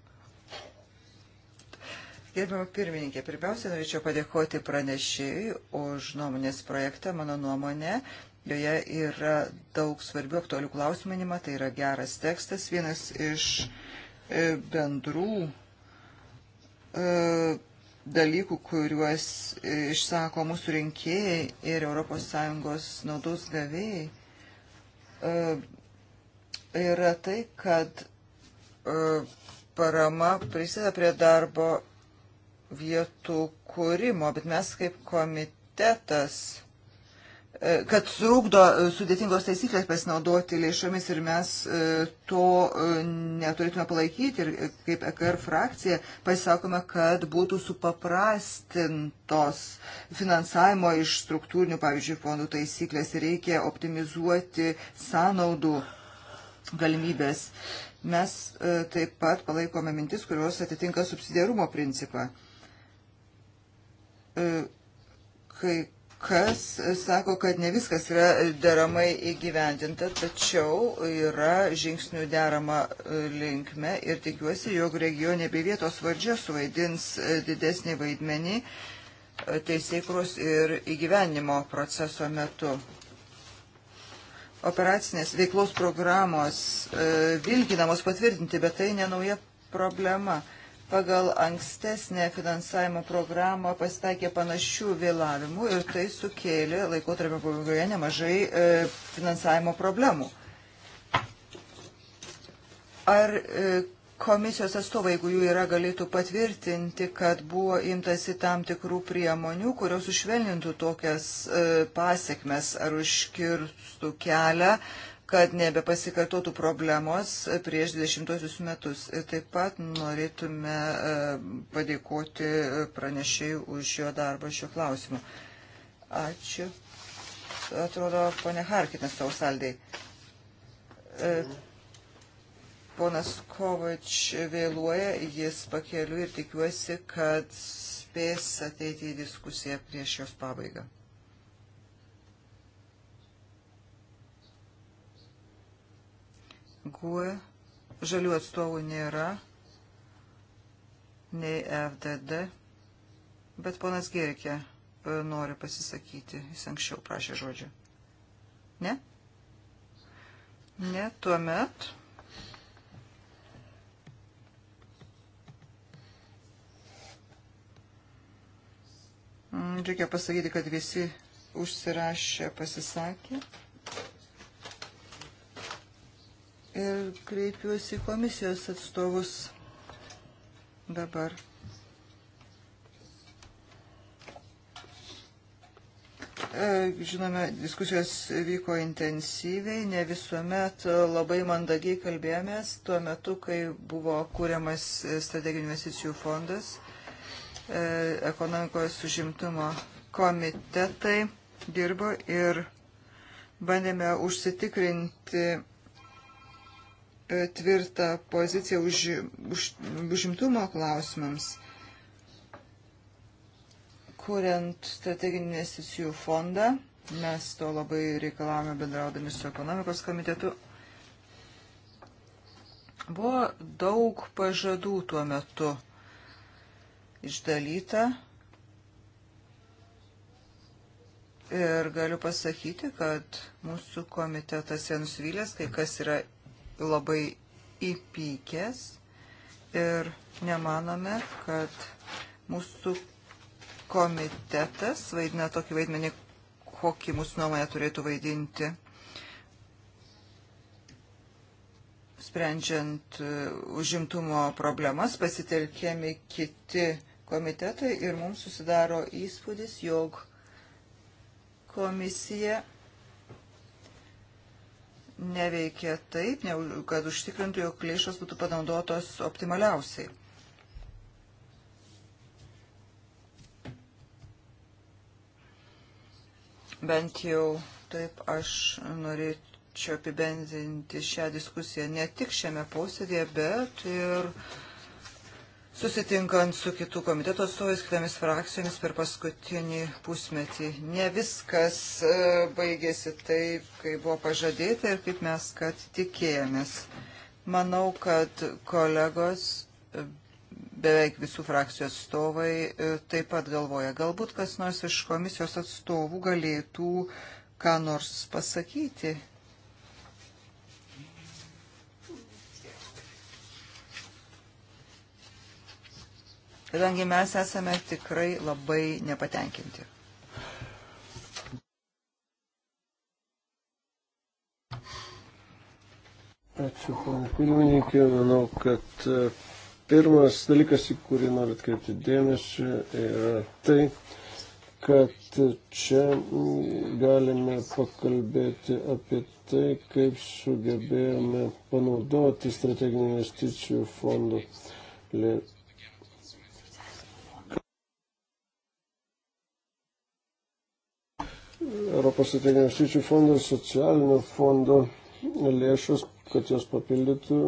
Gerbiamą pirmininkę, pirmiausia, norėčiau padėkoti pranešėjui už nuomonės projektą. Mano nuomonė, joje yra daug svarbių aktualių klausimų, manima, tai yra geras tekstas, vienas iš e, bendrų e, dalykų, kuriuos e, išsako mūsų rinkėjai ir ES naudos gavėjai, yra tai, kad parama prisideda prie darbo vietų kūrimo, bet mes kaip komitetas, e, kad trukdo e, sudėtingos taisyklės pasinaudoti lėšomis ir mes e, to neturėtume palaikyti ir kaip EKR frakcija pasisakome, kad būtų supaprastintos finansavimo iš struktūrinių, pavyzdžiui, fondų taisyklės ir reikia optimizuoti sąnaudų galimybės. Mes taip pat palaikome mintis, kurios atitinka subsidiarumo principą kai kas sako, kad ne viskas yra deramai įgyvendinta, tačiau yra žingsnių derama linkme ir tikiuosi, jog regionė bei vietos valdžia suvaidins didesnį vaidmenį teisėkros ir įgyvenimo proceso metu. Operacinės veiklos programos e, vilginamos patvirtinti, bet tai nenauja problema. problema Pagal ankstesnę finansavimo programą pasitaikė panašių vėlavimų ir tai sukėlė laikotarpio pabaigoje nemažai e, finansavimo problemų. Ar e, komisijos atstovai, jeigu jų yra, galėtų patvirtinti, kad buvo imtasi tam tikrų priemonių, kurios užvelnintų tokias e, pasiekmes ar užkirstų kelią kad nebepasikartotų problemos prieš 20 metus. Ir taip pat norėtume e, padėkoti pranešėjų už jo darbą šiuo klausimu. Ačiū. Atrodo, ponė Harkinas tau saldai. E, ponas Kovač vėluoja, jis pakeliu ir tikiuosi, kad spės ateiti į diskusiją prieš jos pabaigą. GUE, žalių atstovų nėra, nei FDD, bet ponas Gerikė e, nori pasisakyti, jis anksčiau prašė žodžio. Ne? Ne, tuomet... Mm, reikia pasakyti, kad visi užsirašę pasisakė. ir kreipiuosi komisijos atstovus dabar. E, žinome, diskusijos vyko intensyviai, ne visuomet labai mandagiai kalbėjomės tuo metu, kai buvo kūriamas strateginių investicijų fondas, e, ekonomikos užimtumo komitetai dirbo ir bandėme užsitikrinti tvirtą poziciją už, už, užimtumo klausimams, kuriant strateginį investicijų fondą. Mes to labai reikalavome bendraudami su ekonomikos komitetu. Buvo daug pažadų tuo metu išdalyta. Ir galiu pasakyti, kad mūsų komitetas yra nusivylęs, kai kas yra labai įpykęs ir nemanome, kad mūsų komitetas vaidina tokį vaidmenį, kokį mūsų nuomonė turėtų vaidinti, sprendžiant e, užimtumo problemas, pasitelkėmi kiti komitetai ir mums susidaro įspūdis, jog komisija neveikia taip, kad užtikrintų, jog lėšos būtų panaudotos optimaliausiai. Bent jau taip aš norėčiau apibendinti šią diskusiją ne tik šiame posėdėje, bet ir uh, susitinkant su kitų komiteto atstovais, kitomis frakcijomis per paskutinį pusmetį. Ne viskas e, baigėsi taip, kaip buvo pažadėta ir kaip mes kad tikėjomės. Manau, kad kolegos, e, beveik visų frakcijų atstovai e, taip pat galvoja, galbūt kas nors iš komisijos atstovų galėtų ką nors pasakyti kadangi mes esame tikrai labai nepatenkinti. Ačiū, pana pirmininkė. Manau, kad e, pirmas dalykas, į kurį noriu atkreipti dėmesį, yra tai, kad čia galime pakalbėti apie tai, kaip sugebėjome panaudoti strateginių investicijų fondų lėšas Europos strateginių štyčių fondo ir socialinio fondo lėšos, kad jos papildytų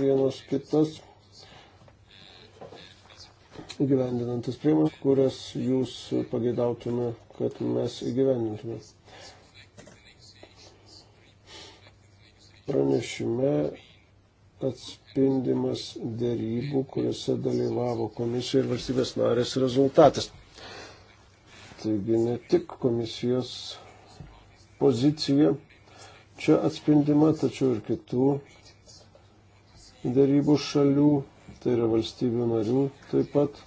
vienos kitas įgyvendinantis priemonės, kurias jūs pageidautume, kad mes įgyvendintume. Pranešime atspindimas dėrybų, kuriuose dalyvavo komisija ir valstybės narės rezultatas. Taigi ne tik komisijos pozicija čia atspindima, tačiau ir kitų dėrybų šalių, tai yra valstybių narių taip pat,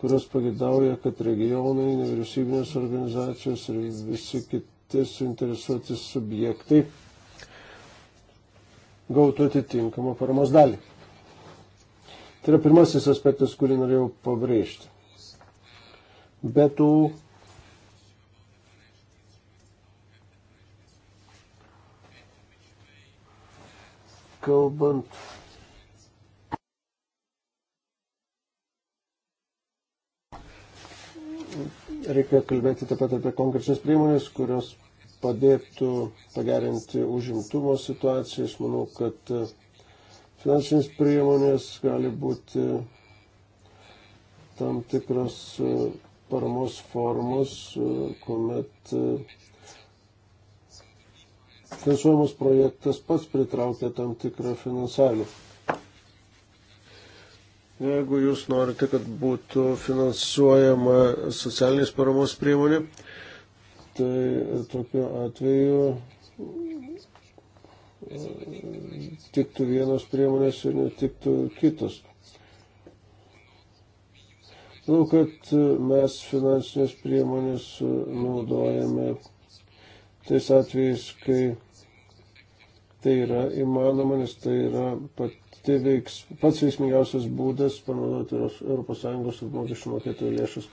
kurios pagidauja, kad regionai, nevyriausybinės organizacijos ir visi kiti suinteresuoti subjektai gautų atitinkamą paramos dalį. Tai yra pirmasis aspektas, kurį norėjau pabrėžti. Be tų kalbant reikia kalbėti taip pat apie konkrečias priemonės, kurios padėtų pagerinti užimtumo situaciją. Aš manau, kad e, finansinės priemonės gali būti e, tam tikros e, paramos formos, kuomet finansuojamas projektas pats pritraukia tam tikrą finansavimą. Jeigu jūs norite, kad būtų finansuojama socialinės paramos priemonė, tai tokiu atveju e, tiktų vienos priemonės ir netiktų kitos. Manau, kad mes finansinės priemonės naudojame tais atvejais, kai tai yra įmanoma, nes tai yra pati veiks, pats veiksmingiausias būdas panaudoti ES ir mokesčių mokėtojų lėšas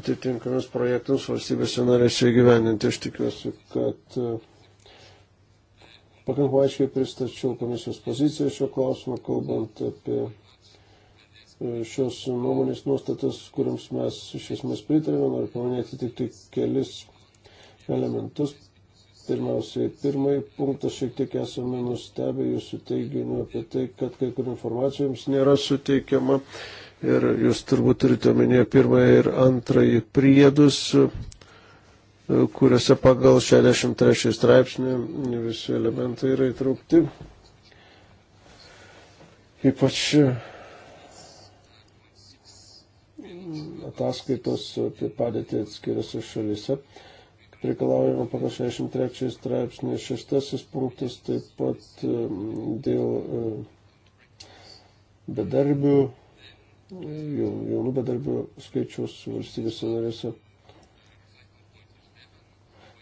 atitinkamus projektus valstybėse norėčiau įgyveninti. Aš tikiuosi, kad e, pakankamai aiškiai pristačiau komisijos poziciją šio klausimo, kalbant apie e, šios nuomonės nuostatas, kuriams mes iš esmės pritarėme. Noriu paminėti tik, tik kelis elementus. Pirmiausiai, pirmąjį punktą šiek tiek esame nustebę jūsų teiginių apie tai, kad kai kur informacija jums nėra suteikiama. Ir jūs turbūt turite omenyje pirmąjį ir antrąjį priedus, kuriuose pagal 63 straipsnį visi elementai yra įtraukti. Ypač ataskaitos apie padėtį atskiriasi šalyse reikalaujama pagal 63 straipsnį šeštasis punktas taip pat dėl e, bedarbių, e, jaunų bedarbių skaičius valstybėse narėse.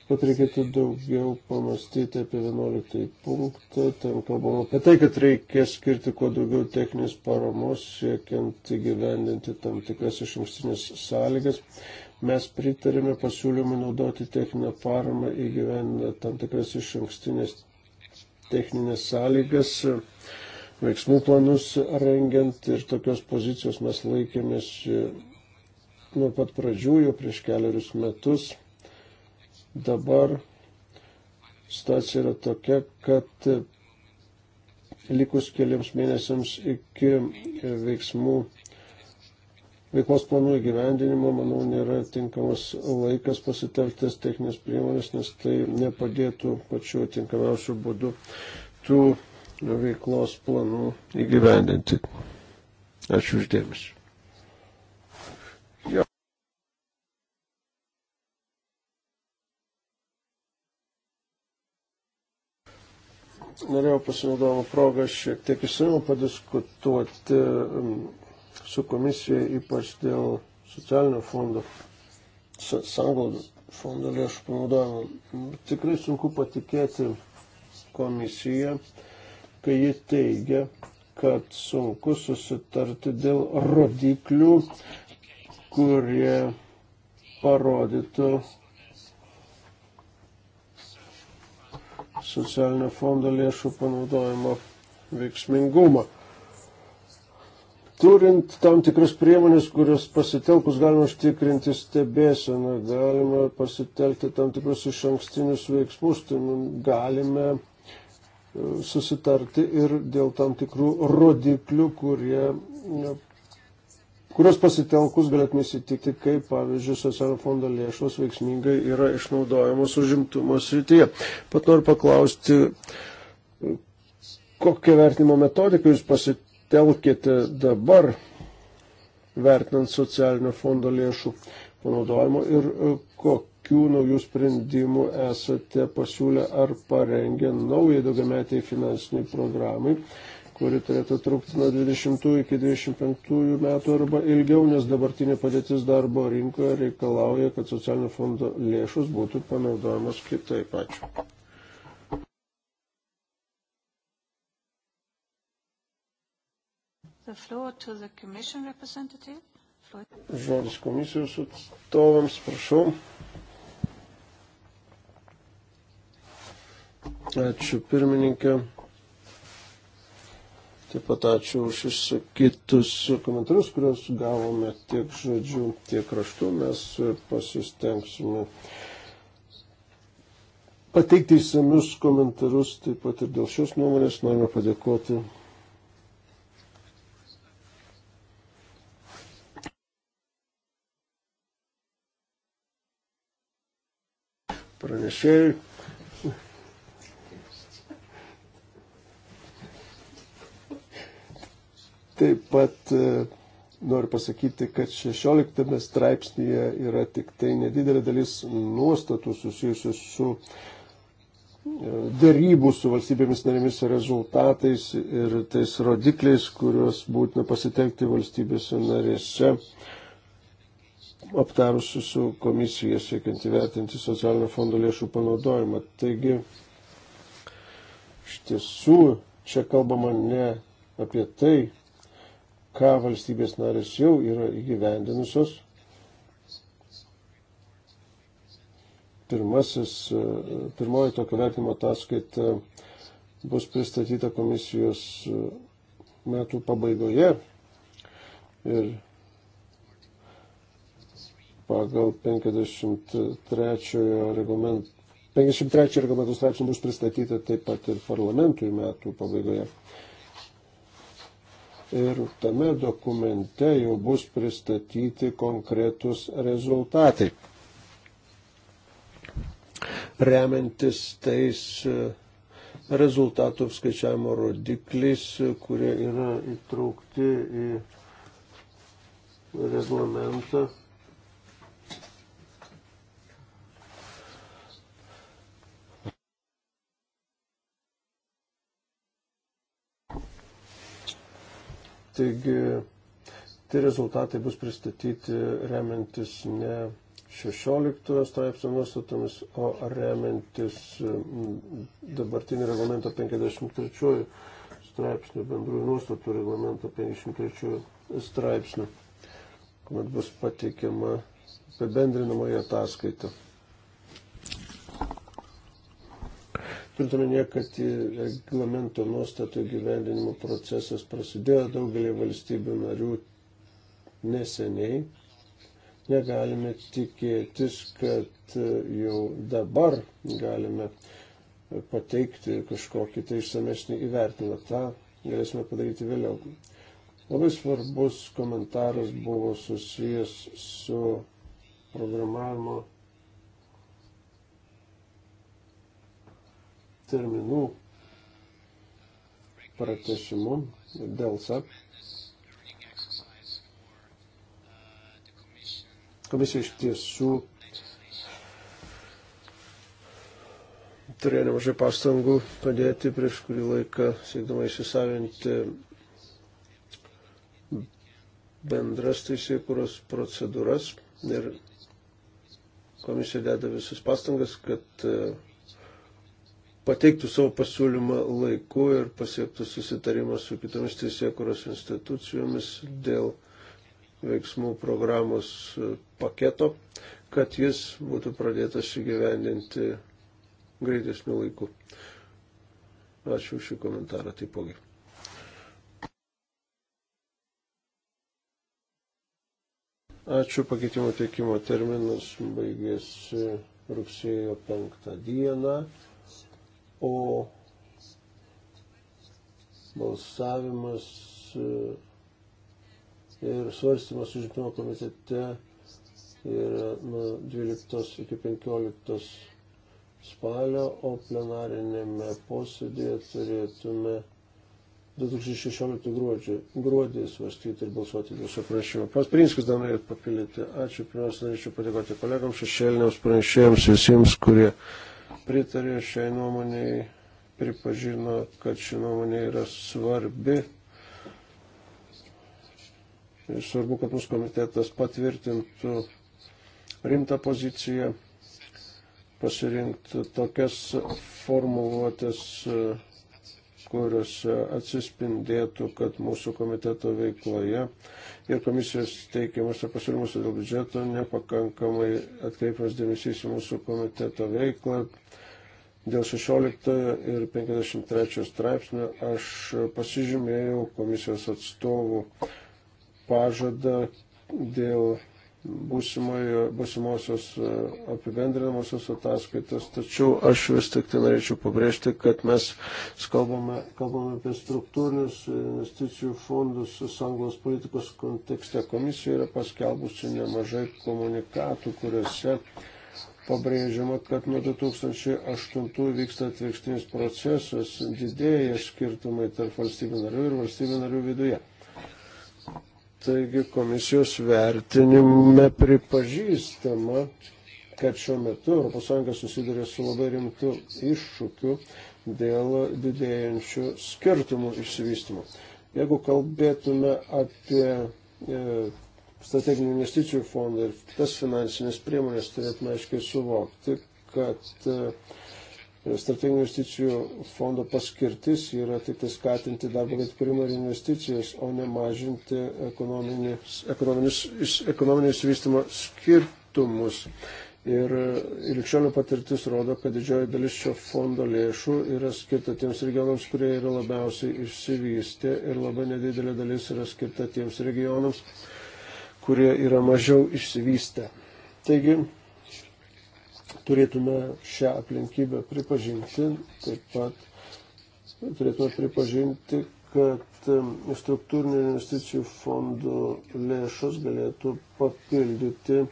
Pat reikėtų daugiau pamastyti apie 11 punktą, ten kalbama apie tai, kad reikia skirti kuo daugiau techninės paramos, siekiant įgyvendinti tam tikras iš ankstinės sąlygas. Mes pritarėme pasiūlymui naudoti techninę paramą įgyvendinant tam tikras iš ankstinės techninės sąlygas, veiksmų planus rengiant ir tokios pozicijos mes laikėmės nuo pat pradžių, jau prieš keliarius metus. Dabar situacija yra tokia, kad likus keliams mėnesiams iki veiksmų veiklos planų įgyvendinimo, manau, nėra tinkamas laikas pasitelktas techninės priemonės, nes tai nepadėtų pačiu tinkamiausiu būdu tų veiklos planų įgyvendinti. Ačiū uždėmesi. norėjau pasinaudodama progą šiek tiek išsamiau padiskutuoti su komisija, ypač dėl socialinio fondo, sągaudų fondo lėšų panaudojimo. Tikrai sunku patikėti komisiją, kai ji teigia, kad sunku susitarti dėl rodiklių, kurie parodytų socialinio fondo lėšų panaudojimo veiksmingumą. Turint tam tikras priemonės, kurias pasitelkus galima užtikrinti stebėseną, galima pasitelkti tam tikrus iš ankstinius veiksmus, tai nu, galime e, susitarti ir dėl tam tikrų rodiklių, kurie, kurios pasitelkus galėtume įsitikti, kaip, pavyzdžiui, socialinio fondo lėšos veiksmingai yra išnaudojamos užimtumo srityje. Pat noriu paklausti, kokią vertinimo metodiką jūs pasitelkite telkite dabar, vertinant socialinio fondo lėšų panaudojimo ir e, kokių naujų sprendimų esate pasiūlę ar parengę naujai daugiametiai finansiniai programai kuri turėtų trukti nuo 20 iki 25 metų arba ilgiau, nes dabartinė padėtis darbo rinkoje reikalauja, kad socialinio fondo lėšus būtų panaudojamos kitaip. Ačiū. Žodis komisijos atstovams, prašau. Ačiū pirmininkė. Taip pat ačiū už išsakytus komentarus, kuriuos gavome tiek žodžių, tiek raštų. Mes pasistengsime pateikti įsamius komentarus, taip pat ir dėl šios nuomonės norime padėkoti pranešėjui. Taip pat e, noriu pasakyti, kad 16 straipsnėje yra tik tai nedidelė dalis nuostatų susijusių su e, dėrybų su valstybėmis narėmis rezultatais ir tais rodikliais, kuriuos būtina pasitelkti valstybėse narėse aptarus su komisija siekiant įvertinti socialinio fondo lėšų panaudojimą. Taigi, iš tiesų, čia kalbama ne apie tai, ką valstybės narės jau yra įgyvendinusios. Pirmasis, pirmoji tokio vertimo ataskaita bus pristatyta komisijos metų pabaigoje ir pagal 53 reglamento. 53 reglamentų straipsnių bus pristatyta taip pat ir parlamentui metų pabaigoje. Ir tame dokumente jau bus pristatyti konkretus rezultatai. Remiantis tais e, rezultatų apskaičiavimo rodikliais, e, kurie yra įtraukti į reglamentą Taigi, tie rezultatai bus pristatyti remiantis ne 16 straipsnio nuostatomis, o remiantis dabartinį reglamento 53 straipsnių, bendrųjų nuostatų reglamento 53 straipsnių, kuomet bus pateikiama apibendrinamoji ataskaita. Turintuomenė, kad reglamento nuostatų gyvendinimo procesas prasidėjo daugelį valstybių narių neseniai. Negalime tikėtis, kad e, jau dabar galime pateikti kažkokį tai išsamesnį įvertinimą. Ta galėsime padaryti vėliau. Labai svarbus komentaras buvo susijęs su programavimo terminų pratesimu dėl SAP. Komisija iš tiesų turėjo nemažai pastangų padėti prieš kurį laiką, siekdama įsisavinti bendras teisėkuros procedūras ir komisija deda visus pastangas, kad pateiktų savo pasiūlymą laiku ir pasiektų susitarimą su kitomis teisėkuros institucijomis dėl veiksmų programos paketo, kad jis būtų pradėtas įgyvendinti greitesnių laikų. Ačiū šį komentarą taipogi. Ačiū pakeitimo teikimo terminas baigėsi rugsėjo 5 dieną o balsavimas e, ir svarstymas užimtumo komitete yra nuo 12 iki 15 spalio, o plenarinėme posėdėje turėtume 2016 gruodžio, gruodį svarstyti ir balsuoti dėl šio pranešimo. Pas Prinskis dar norėt papildyti. Ačiū, pirmiausia, norėčiau padėkoti kolegams, šešėliniams pranešėjams, visiems, kurie pritarė šiai nuomonėjai, pripažino, kad ši nuomonė yra svarbi. Ir svarbu, kad mūsų komitetas patvirtintų rimtą poziciją, pasirinktų tokias formuluotės kuriuose atsispindėtų, kad mūsų komiteto veikloje ir komisijos teikiamuose pasiūlymuose dėl biudžeto nepakankamai atkreipimas dėmesys į mūsų komiteto veiklą. Dėl 16 ir 53 straipsnio aš pasižymėjau komisijos atstovų pažadą dėl būsimosios e, apibendrinamosios ataskaitos, tačiau aš vis tik tai norėčiau pabrėžti, kad mes kalbame, kalbame apie struktūrinius investicijų fondus sanglos politikos kontekste. Komisija yra paskelbusi nemažai komunikatų, kuriuose pabrėžiama, kad nuo 2008 vyksta atvirkštinis procesas, didėja skirtumai tarp valstybių narių ir valstybių narių viduje. Taigi komisijos vertinime pripažįstama, kad šiuo metu ES susiduria su labai rimtu iššūkiu dėl didėjančių skirtumų išsivystymų. Jeigu kalbėtume apie e, strateginių investicijų fondą ir tas finansinės priemonės, turėtume aiškiai suvokti, kad e, strateginių investicijų fondo paskirtis yra tik tai skatinti darbo vietų kūrimą ir investicijas, o ne mažinti ekonominio įsivystymo skirtumus. Ir e, likščionio patirtis rodo, kad didžioji dalis šio fondo lėšų yra skirta tiems regionams, kurie yra labiausiai išsivystę ir labai nedidelė dalis yra skirta tiems regionams, kurie yra mažiau išsivystę. Taigi, turėtume šią aplinkybę pripažinti, taip pat turėtume pripažinti, kad struktūrinių investicijų fondų lėšos galėtų papildyti e,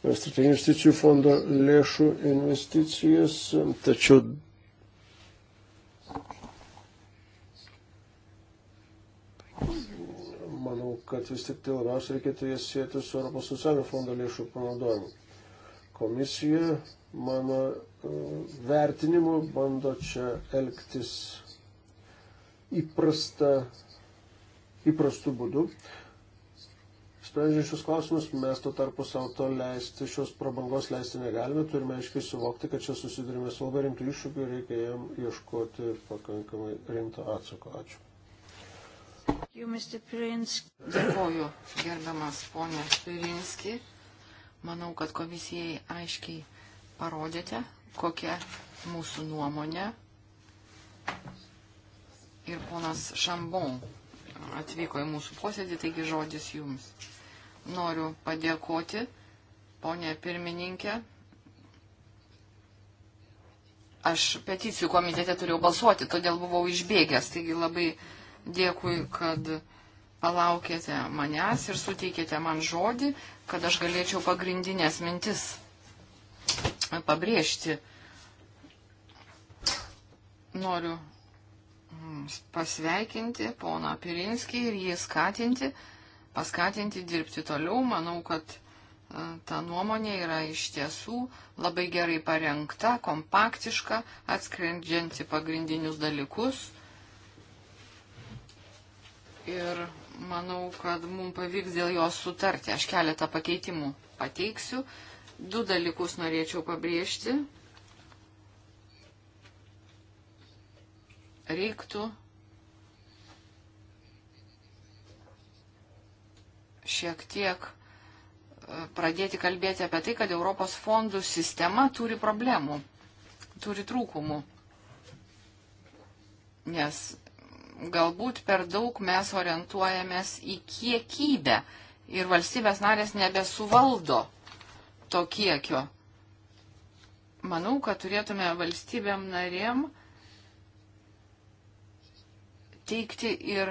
strateginių investicijų fondo lėšų investicijas, tačiau manau, kad vis tik tai labiausiai reikėtų jas sėti su Europos socialinio fondo lėšų panaudojimu. Komisija, mano e, vertinimu, bando čia elgtis įprasta, įprastu būdu. Sprendžiant šius klausimus, mes to tarpu savo to leisti, šios prabangos leisti negalime, turime aiškiai suvokti, kad čia susidurime su labai rimtų iššūkių ir reikia jam ieškoti pakankamai rimto atsako. Ačiū. You, Dėkoju, gerbiamas ponė Pirinski. Manau, kad komisijai aiškiai parodėte, kokia mūsų nuomonė. Ir ponas Šambon atvyko į mūsų posėdį, taigi žodis jums. Noriu padėkoti, ponė pirmininkė. Aš peticijų komitete turėjau balsuoti, todėl buvau išbėgęs, taigi labai dėkui, kad. Mm palaukėte manęs ir suteikėte man žodį, kad aš galėčiau pagrindinės mintis pabrėžti. Noriu mm, pasveikinti poną Pirinskį ir jį skatinti, paskatinti dirbti toliau. Manau, kad e, ta nuomonė yra iš tiesų labai gerai parengta, kompaktiška, atskrendžianti pagrindinius dalykus. Ir manau, kad mums pavyks dėl jos sutarti. Aš keletą pakeitimų pateiksiu. Du dalykus norėčiau pabrėžti. Reiktų šiek tiek e, pradėti kalbėti apie tai, kad Europos fondų sistema turi problemų, turi trūkumų. Nes galbūt per daug mes orientuojamės į kiekybę ir valstybės narės nebesuvaldo to kiekio. Manau, kad turėtume valstybėm narėm teikti ir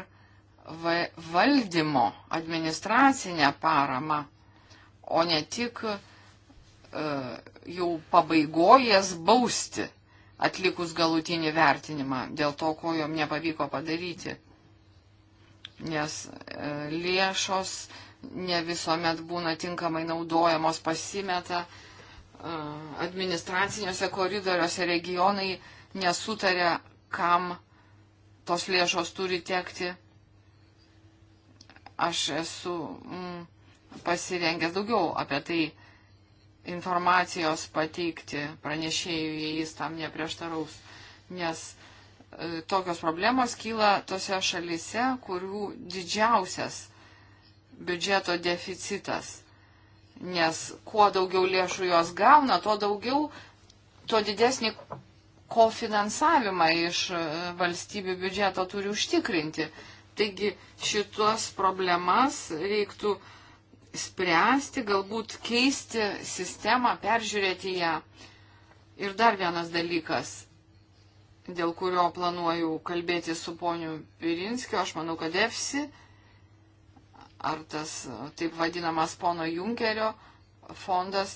valdymo administracinę paramą, o ne tik uh, jau pabaigojas bausti atlikus galutinį vertinimą dėl to, ko jom nepavyko padaryti. Nes e, lėšos ne visuomet būna tinkamai naudojamos, pasimeta e, administraciniuose koridoriuose regionai nesutarė, kam tos lėšos turi tekti. Aš esu mm, pasirengęs daugiau apie tai informacijos pateikti pranešėjų, jei jis tam neprieštaraus. Nes e, tokios problemos kyla tose šalise, kurių didžiausias biudžeto deficitas. Nes kuo daugiau lėšų jos gauna, tuo daugiau, tuo didesnį kofinansavimą iš e, valstybių biudžeto turi užtikrinti. Taigi šitos problemas reiktų uh, spręsti, galbūt keisti sistemą, peržiūrėti ją. Ir dar vienas dalykas, dėl kurio planuoju kalbėti su poniu Pirinskiu, aš manau, kad EFSI, ar tas taip vadinamas pono Junkerio fondas,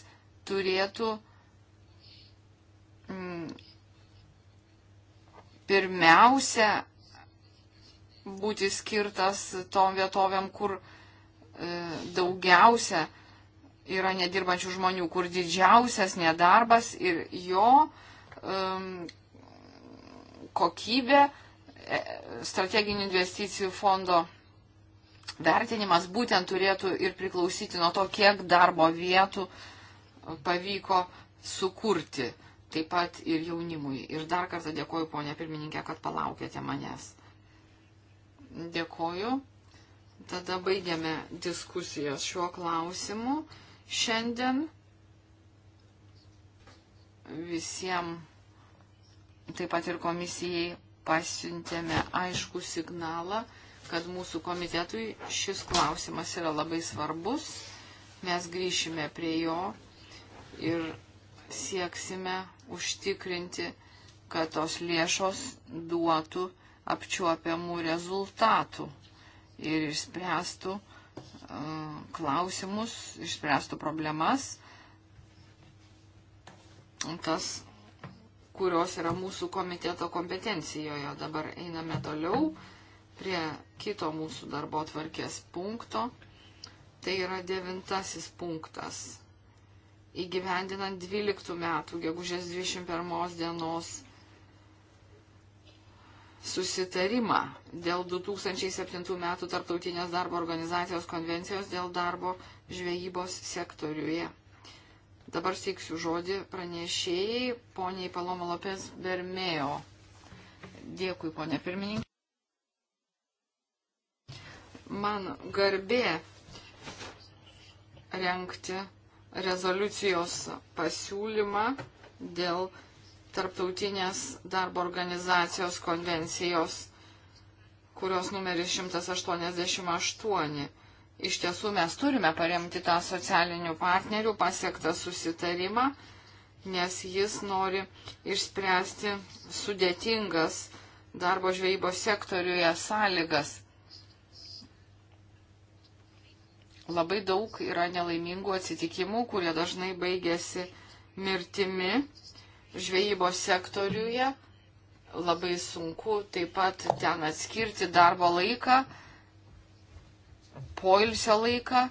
turėtų mm, pirmiausia būti skirtas tom vietovėm, kur uh, E, daugiausia yra nedirbančių žmonių, kur didžiausias nedarbas ir jo um, kokybė e, strateginių investicijų fondo vertinimas būtent turėtų ir priklausyti nuo to, kiek darbo vietų pavyko sukurti. Taip pat ir jaunimui. Ir dar kartą dėkoju, ponė pirmininkė, kad palaukėte manęs. Dėkoju. Tada baigiame diskusijas šiuo klausimu. Šiandien visiems, taip pat ir komisijai, pasiuntėme aišku signalą, kad mūsų komitetui šis klausimas yra labai svarbus. Mes grįšime prie jo ir sieksime užtikrinti, kad tos lėšos duotų apčiuopiamų rezultatų ir išspręstų e, klausimus, išspręstų problemas, tas, kurios yra mūsų komiteto kompetencijoje. Dabar einame toliau prie kito mūsų darbo tvarkės punkto. Tai yra devintasis punktas. Įgyvendinant 12 metų, gegužės 21 dienos susitarimą dėl 2007 metų Tartautinės darbo organizacijos konvencijos dėl darbo žvejybos sektoriuje. Dabar steiksiu žodį pranešėjai poniai Paloma Lopės Bermėjo. Dėkui, ponė pirmininkė. Man garbė renkti rezoliucijos pasiūlymą dėl Tarptautinės darbo organizacijos konvencijos, kurios numeris 188. Iš tiesų mes turime paremti tą socialinių partnerių pasiektą susitarimą, nes jis nori išspręsti sudėtingas darbo žvejybos sektoriuje sąlygas. Labai daug yra nelaimingų atsitikimų, kurie dažnai baigėsi mirtimi žvejybos sektoriuje. Labai sunku taip pat ten atskirti darbo laiką, poilsio laiką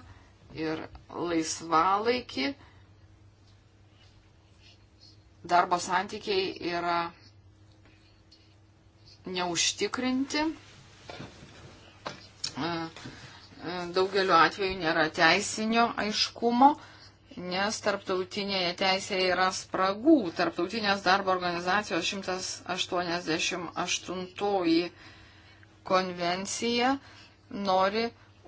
ir laisvalaikį. Darbo santykiai yra neužtikrinti. Daugeliu atveju nėra teisinio aiškumo nes tarptautinėje teisėje yra spragų. Tarptautinės darbo organizacijos 188 konvencija nori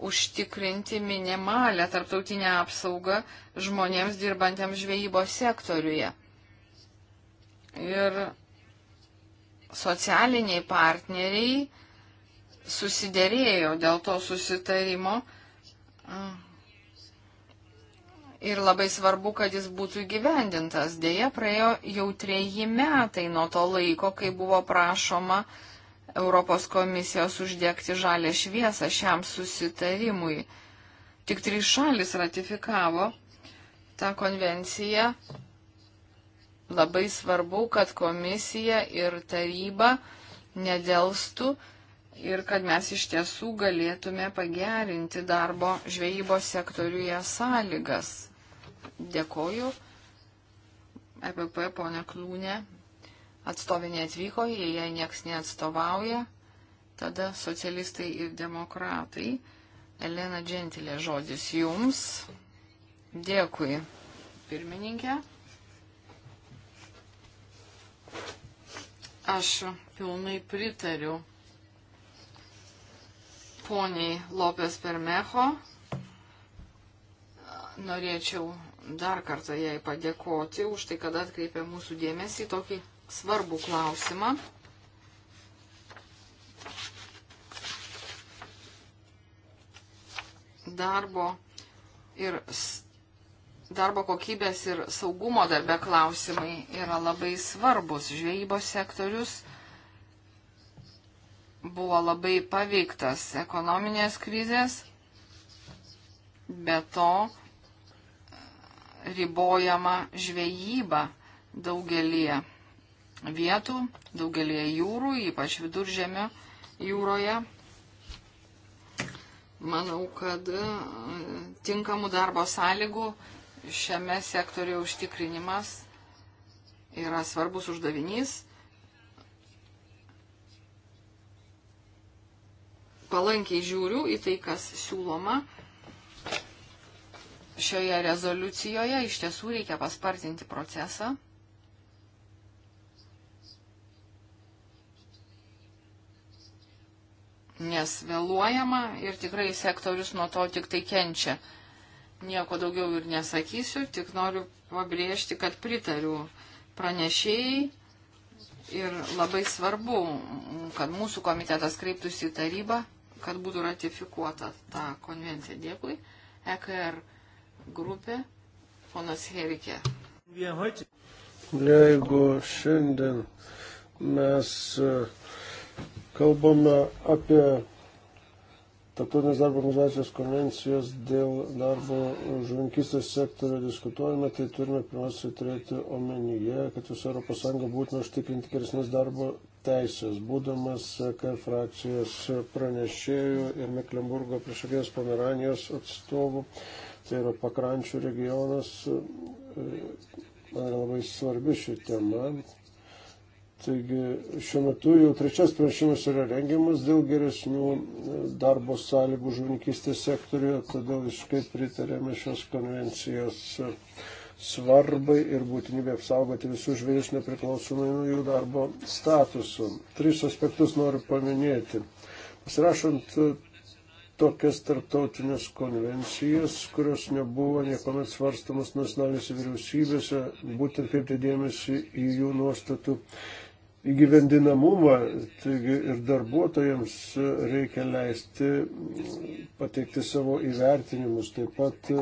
užtikrinti minimalę tarptautinę apsaugą žmonėms dirbantiems žvejybos sektoriuje. Ir socialiniai partneriai susidėrėjo dėl to susitarimo. Uh ir labai svarbu, kad jis būtų gyvendintas. Deja, praėjo jau treji metai nuo to laiko, kai buvo prašoma Europos komisijos uždegti žalę šviesą šiam susitarimui. Tik trys šalis ratifikavo tą konvenciją. Labai svarbu, kad komisija ir taryba nedelstų ir kad mes iš tiesų galėtume pagerinti darbo žvejybos sektoriuje sąlygas. Dėkoju. EPP ponė Klūnė atstovė neatvyko, jei jai nieks neatstovauja, tada socialistai ir demokratai. Elena Džentilė žodis jums. Dėkui, pirmininkė. Aš pilnai pritariu poniai Lopės Permecho. Norėčiau dar kartą jai padėkoti už tai, kad atkreipė mūsų dėmesį į tokį svarbų klausimą. Darbo ir darbo kokybės ir saugumo darbe klausimai yra labai svarbus. Žvejybos sektorius buvo labai paveiktas ekonominės krizės, be to ribojama žvejyba daugelie vietų, daugelie jūrų, ypač viduržėmio jūroje. Manau, kad e, tinkamų darbo sąlygų šiame sektoriu užtikrinimas yra svarbus uždavinys. Palankiai žiūriu į tai, kas siūloma šioje rezoliucijoje. Iš tiesų reikia paspartinti procesą. Nes vėluojama ir tikrai sektorius nuo to tik tai kenčia. Nieko daugiau ir nesakysiu, tik noriu pabrėžti, kad pritariu pranešėjai ir labai svarbu, kad mūsų komitetas kreiptųsi į tarybą, kad būtų ratifikuota ta konvencija. Dėkui. EKR grupė, ponas Herikė. Jeigu šiandien mes e, kalbame apie Tartutinės darbo organizacijos konvencijos dėl darbo žuvinkistės sektorio diskutuojame, tai turime pirmiausia turėti omenyje, kad visą ES būtina užtikrinti geresnės darbo teisės. Būdamas K frakcijos pranešėjų ir Meklenburgo priešakės pomeranijos atstovų, tai yra pakrančių regionas, man e, yra labai svarbi ši tema. Taigi šiuo metu jau trečias pranešimas yra rengiamas dėl geresnių e, darbo sąlygų žuvininkystės sektoriuje, todėl iškai pritarėme šios konvencijos e, svarbai ir būtinybė apsaugoti visus žvėjus nepriklausomai nuo jų darbo statusų. Tris aspektus noriu paminėti. Pasirašant tokias tarptautinės konvencijas, kurios nebuvo niekuomet svarstamas nacionalinėse vyriausybėse, būtent kreipti dėmesį į jų nuostatų įgyvendinamumą. Taigi ir darbuotojams reikia leisti pateikti savo įvertinimus. Taip pat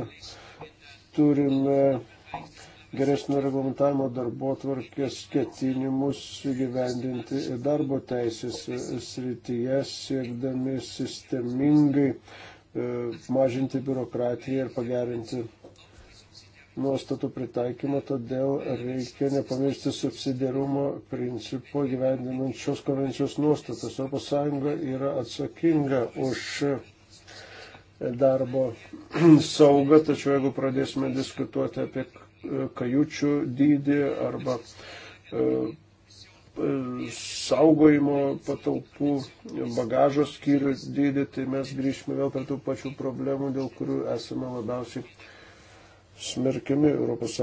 turime geresnio reglamentavimo darbo tvarkės ketinimus gyvendinti darbo teisės srityje, siekdami sistemingai e, mažinti biurokratiją ir pagerinti nuostatų pritaikymą, todėl reikia nepamiršti subsidiarumo principo gyvendinant šios konvencijos nuostatas. Europos Sąjunga yra atsakinga už darbo [clears throat] saugą, tačiau jeigu pradėsime diskutuoti apie kajučių dydį arba e, e, saugojimo patalpų bagažo skyrių dydį, tai mes grįžtume vėl prie tų pačių problemų, dėl kurių esame labiausiai smerkiami ES.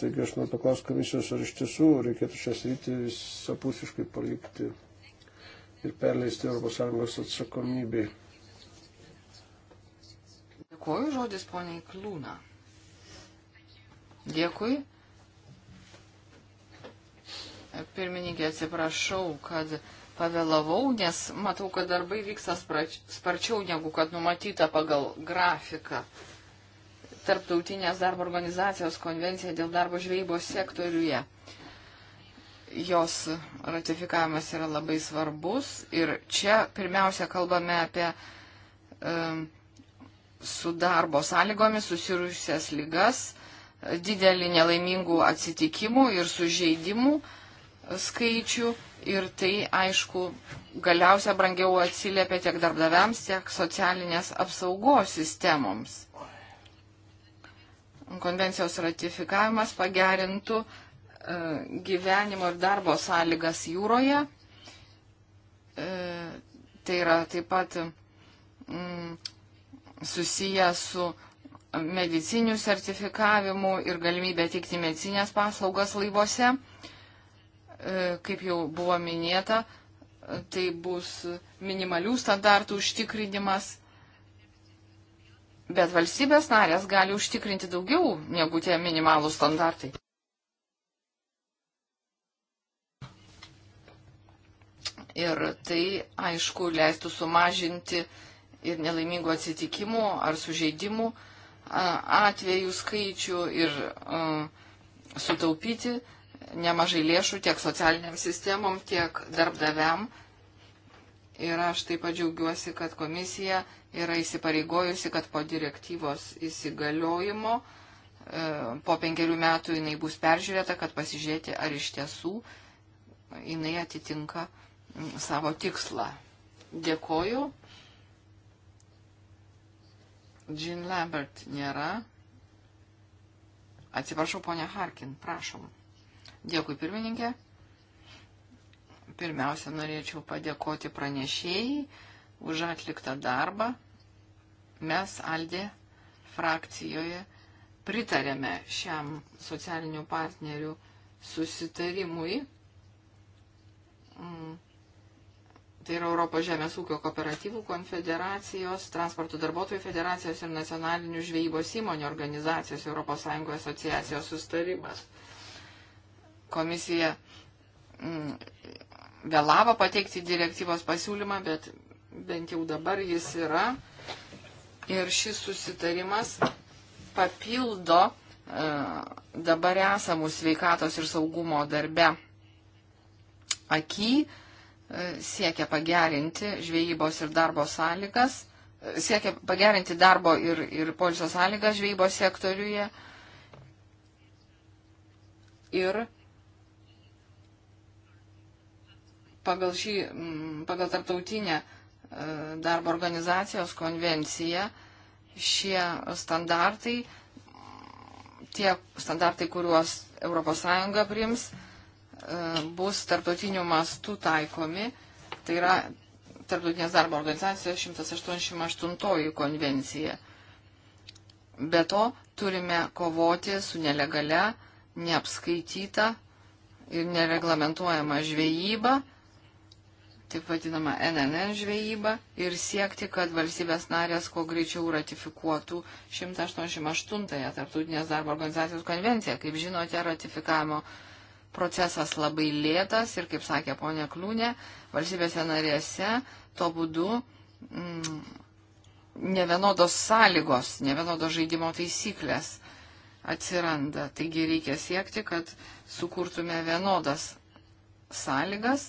Taigi aš noriu paklausti komisijos, ar iš tiesų reikėtų šią sritį visapusiškai palikti ir perleisti ES atsakomybei. Dėkuoju žodis poniai Klūna. Dėkui. Pirmininkė, atsiprašau, kad pavėlavau, nes matau, kad darbai vyksta sparčiau negu kad numatyta pagal grafiką. Tarptautinės darbo organizacijos konvencija dėl darbo žvejybos sektoriuje. Jos ratifikavimas yra labai svarbus ir čia pirmiausia kalbame apie um, su darbo sąlygomis susirusias lygas, didelį nelaimingų atsitikimų ir sužeidimų skaičių ir tai, aišku, galiausia brangiau atsiliepia tiek darbdaviams, tiek socialinės apsaugos sistemoms. Konvencijos ratifikavimas pagerintų e, gyvenimo ir darbo sąlygas jūroje. E, tai yra taip pat mm, susiję su medicinių sertifikavimų ir galimybę teikti medicinės paslaugas laivuose. E, kaip jau buvo minėta, tai bus minimalių standartų užtikrinimas. Bet valstybės narės gali užtikrinti daugiau negu tie minimalų standartai. Ir tai, aišku, leistų sumažinti ir nelaimingų atsitikimų ar sužeidimų uh, atvejų skaičių ir sutaupyti nemažai lėšų tiek socialiniam sistemom, tiek darbdaviam. Ir aš taip pat džiaugiuosi, kad komisija yra įsipareigojusi, kad po direktyvos įsigaliojimo e, po penkerių metų jinai bus peržiūrėta, kad pasižiūrėti, ar iš tiesų jinai atitinka savo tikslą. Dėkoju. Jean Lambert nėra. Atsiprašau, ponia Harkin, prašom. Dėkui, pirmininkė. Pirmiausia, norėčiau padėkoti pranešėjai už atliktą darbą. Mes, Aldė, frakcijoje pritarėme šiam socialinių partnerių susitarimui. Mm Tai yra Europos žemės ūkio kooperatyvų konfederacijos, transporto darbuotojų federacijos ir nacionalinių žvejybos įmonių organizacijos ES asociacijos sustarimas. Komisija mm, vėlavo pateikti direktyvos pasiūlymą, bet bent jau dabar jis yra. Ir šis susitarimas papildo e, dabar esamų sveikatos ir saugumo darbe akį E, siekia pagerinti žvejybos ir darbo sąlygas, e, siekia pagerinti darbo ir, ir polisio sąlygas žvejybos sektoriuje ir pagal, šį, pagal tarptautinę e, darbo organizacijos konvenciją šie standartai, tie standartai, kuriuos ES priims, E, bus tarptautinių mastų taikomi. Tai yra Tarptautinės darbo organizacijos 188 konvencija. Be to turime kovoti su nelegale, neapskaityta ir nereglamentuojama žvejyba, taip vadinama NNN žvejyba, ir siekti, kad valstybės narės kuo greičiau ratifikuotų 188 Tarptautinės darbo organizacijos konvenciją. Kaip žinote, ratifikavimo procesas labai lėtas ir, kaip sakė ponia Kliūnė, valstybėse narėse to būdu mm, nevienodos sąlygos, nevienodos žaidimo taisyklės atsiranda. Taigi reikia siekti, kad sukurtume vienodas sąlygas.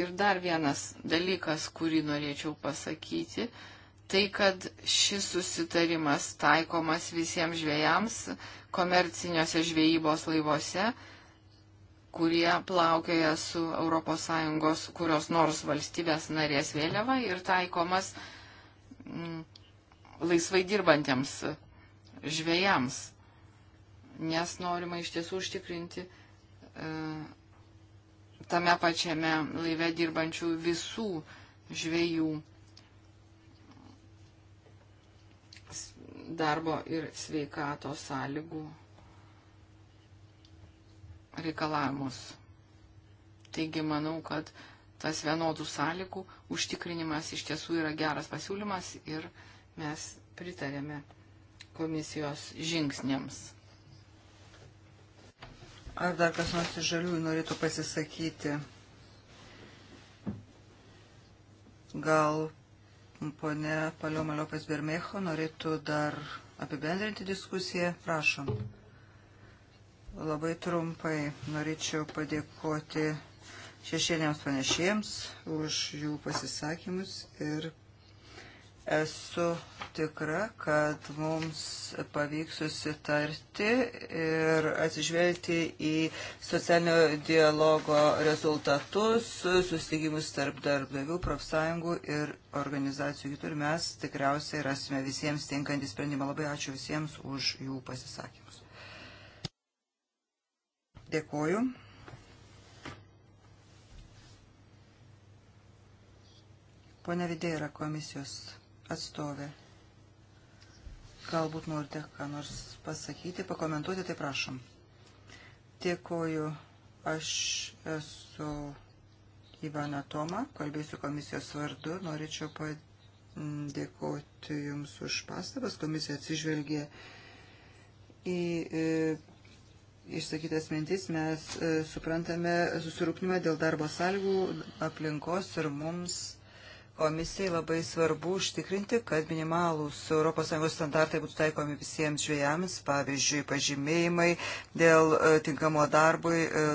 Ir dar vienas dalykas, kurį norėčiau pasakyti, tai kad šis susitarimas taikomas visiems žvėjams komerciniuose žvejybos laivuose, kurie plaukioja su ES kurios nors valstybės narės vėliava ir taikomas mm, laisvai dirbantiems žvėjams, nes norima iš tiesų užtikrinti e, tame pačiame laive dirbančių visų žvėjų darbo ir sveikatos sąlygų reikalavimus. Taigi manau, kad tas vienodų sąlygų užtikrinimas iš tiesų yra geras pasiūlymas ir mes pritarėme komisijos žingsniams. Ar dar kas nors iš žaliųjų norėtų pasisakyti? Gal ponė Paliomaliopas Bermecho norėtų dar apibendrinti diskusiją? Prašom. Labai trumpai norėčiau padėkoti šešėliams panešėjams už jų pasisakymus ir esu tikra, kad mums pavyks susitarti ir atsižvelgti į socialinio dialogo rezultatus, susitikimus tarp darbdavių, profsąjungų ir organizacijų kitur. Mes tikriausiai rasime visiems tinkantį sprendimą. Labai ačiū visiems už jų pasisakymą. Dėkoju. Pone Vidė yra komisijos atstovė. Galbūt norite ką nors pasakyti, pakomentuoti, tai prašom. Dėkoju. Aš esu Ivana Toma, kalbėsiu komisijos vardu. Norėčiau padėkoti Jums už pastabas. Komisija atsižvelgė į e, išsakytas mintis, mes e, suprantame susirūpnimą dėl darbo sąlygų, aplinkos ir mums komisijai labai svarbu užtikrinti, kad minimalūs ES standartai būtų taikomi visiems žvėjams, pavyzdžiui, pažymėjimai dėl e, tinkamo darbui, e,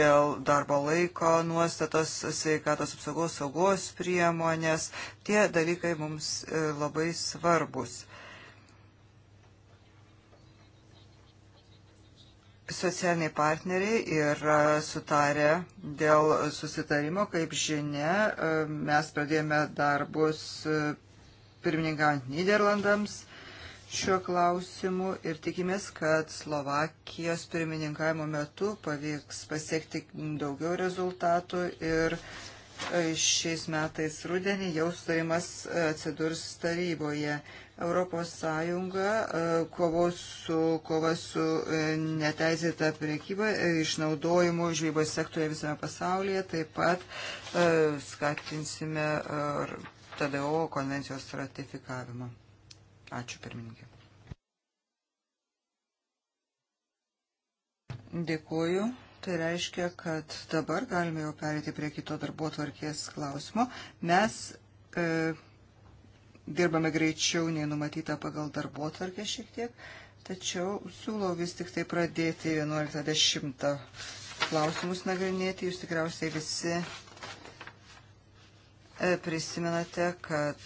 dėl darbo laiko nuostatos, sveikatos apsaugos saugos priemonės. Tie dalykai mums labai svarbus. Socialiniai partneriai yra sutarę dėl susitarimo, kaip žinia, e, mes pradėjome darbus e, pirmininkant Niderlandams šiuo klausimu ir tikimės, kad Slovakijos pirmininkavimo metu pavyks pasiekti daugiau rezultatų ir e, šiais metais rudenį jau sutarimas atsidurs taryboje. Europos Sąjunga e, kovos su, kova su e, neteisėta priekyba, e, išnaudojimu žvejybos sektorėje visame pasaulyje, taip pat skatinsime TDO konvencijos ratifikavimą. Ačiū pirmininkė. Dėkuoju. Tai reiškia, kad dabar galime jau perėti prie kito darbo tvarkės klausimo. Mes e, dirbame greičiau nei numatyta pagal darbo tvarkę šiek tiek, tačiau siūlau vis tik tai pradėti 11.10 klausimus nagrinėti. Jūs tikriausiai visi e, prisimenate, kad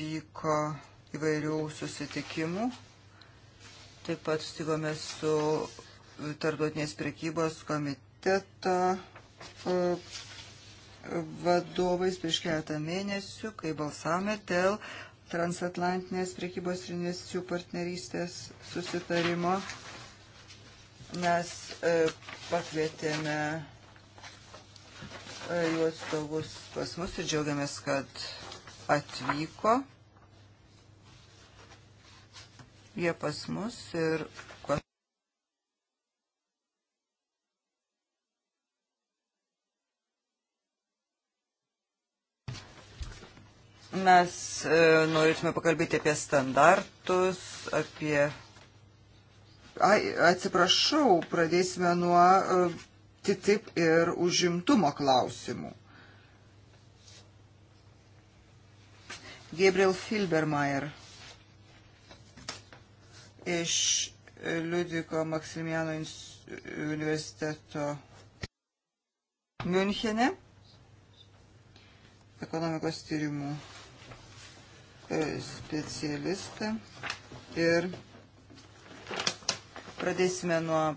vyko įvairių susitikimų. Taip pat sustikome su tarptautinės prekybos komiteto e, vadovais prieš keletą mėnesių, kai balsavome dėl transatlantinės priekybos ir investicijų partnerystės susitarimo. Mes e, pakvietėme e, jų atstovus pas mus ir džiaugiamės, kad atvyko. Jie pas mus ir Mes e, norėtume pakalbėti apie standartus, apie... Ai, atsiprašau, pradėsime nuo e, TTIP ir užimtumo klausimų. Gabriel Filbermeier iš Liudviko Maksimiliano universiteto Münchene ekonomikos tyrimų E, specialistą ir pradėsime nuo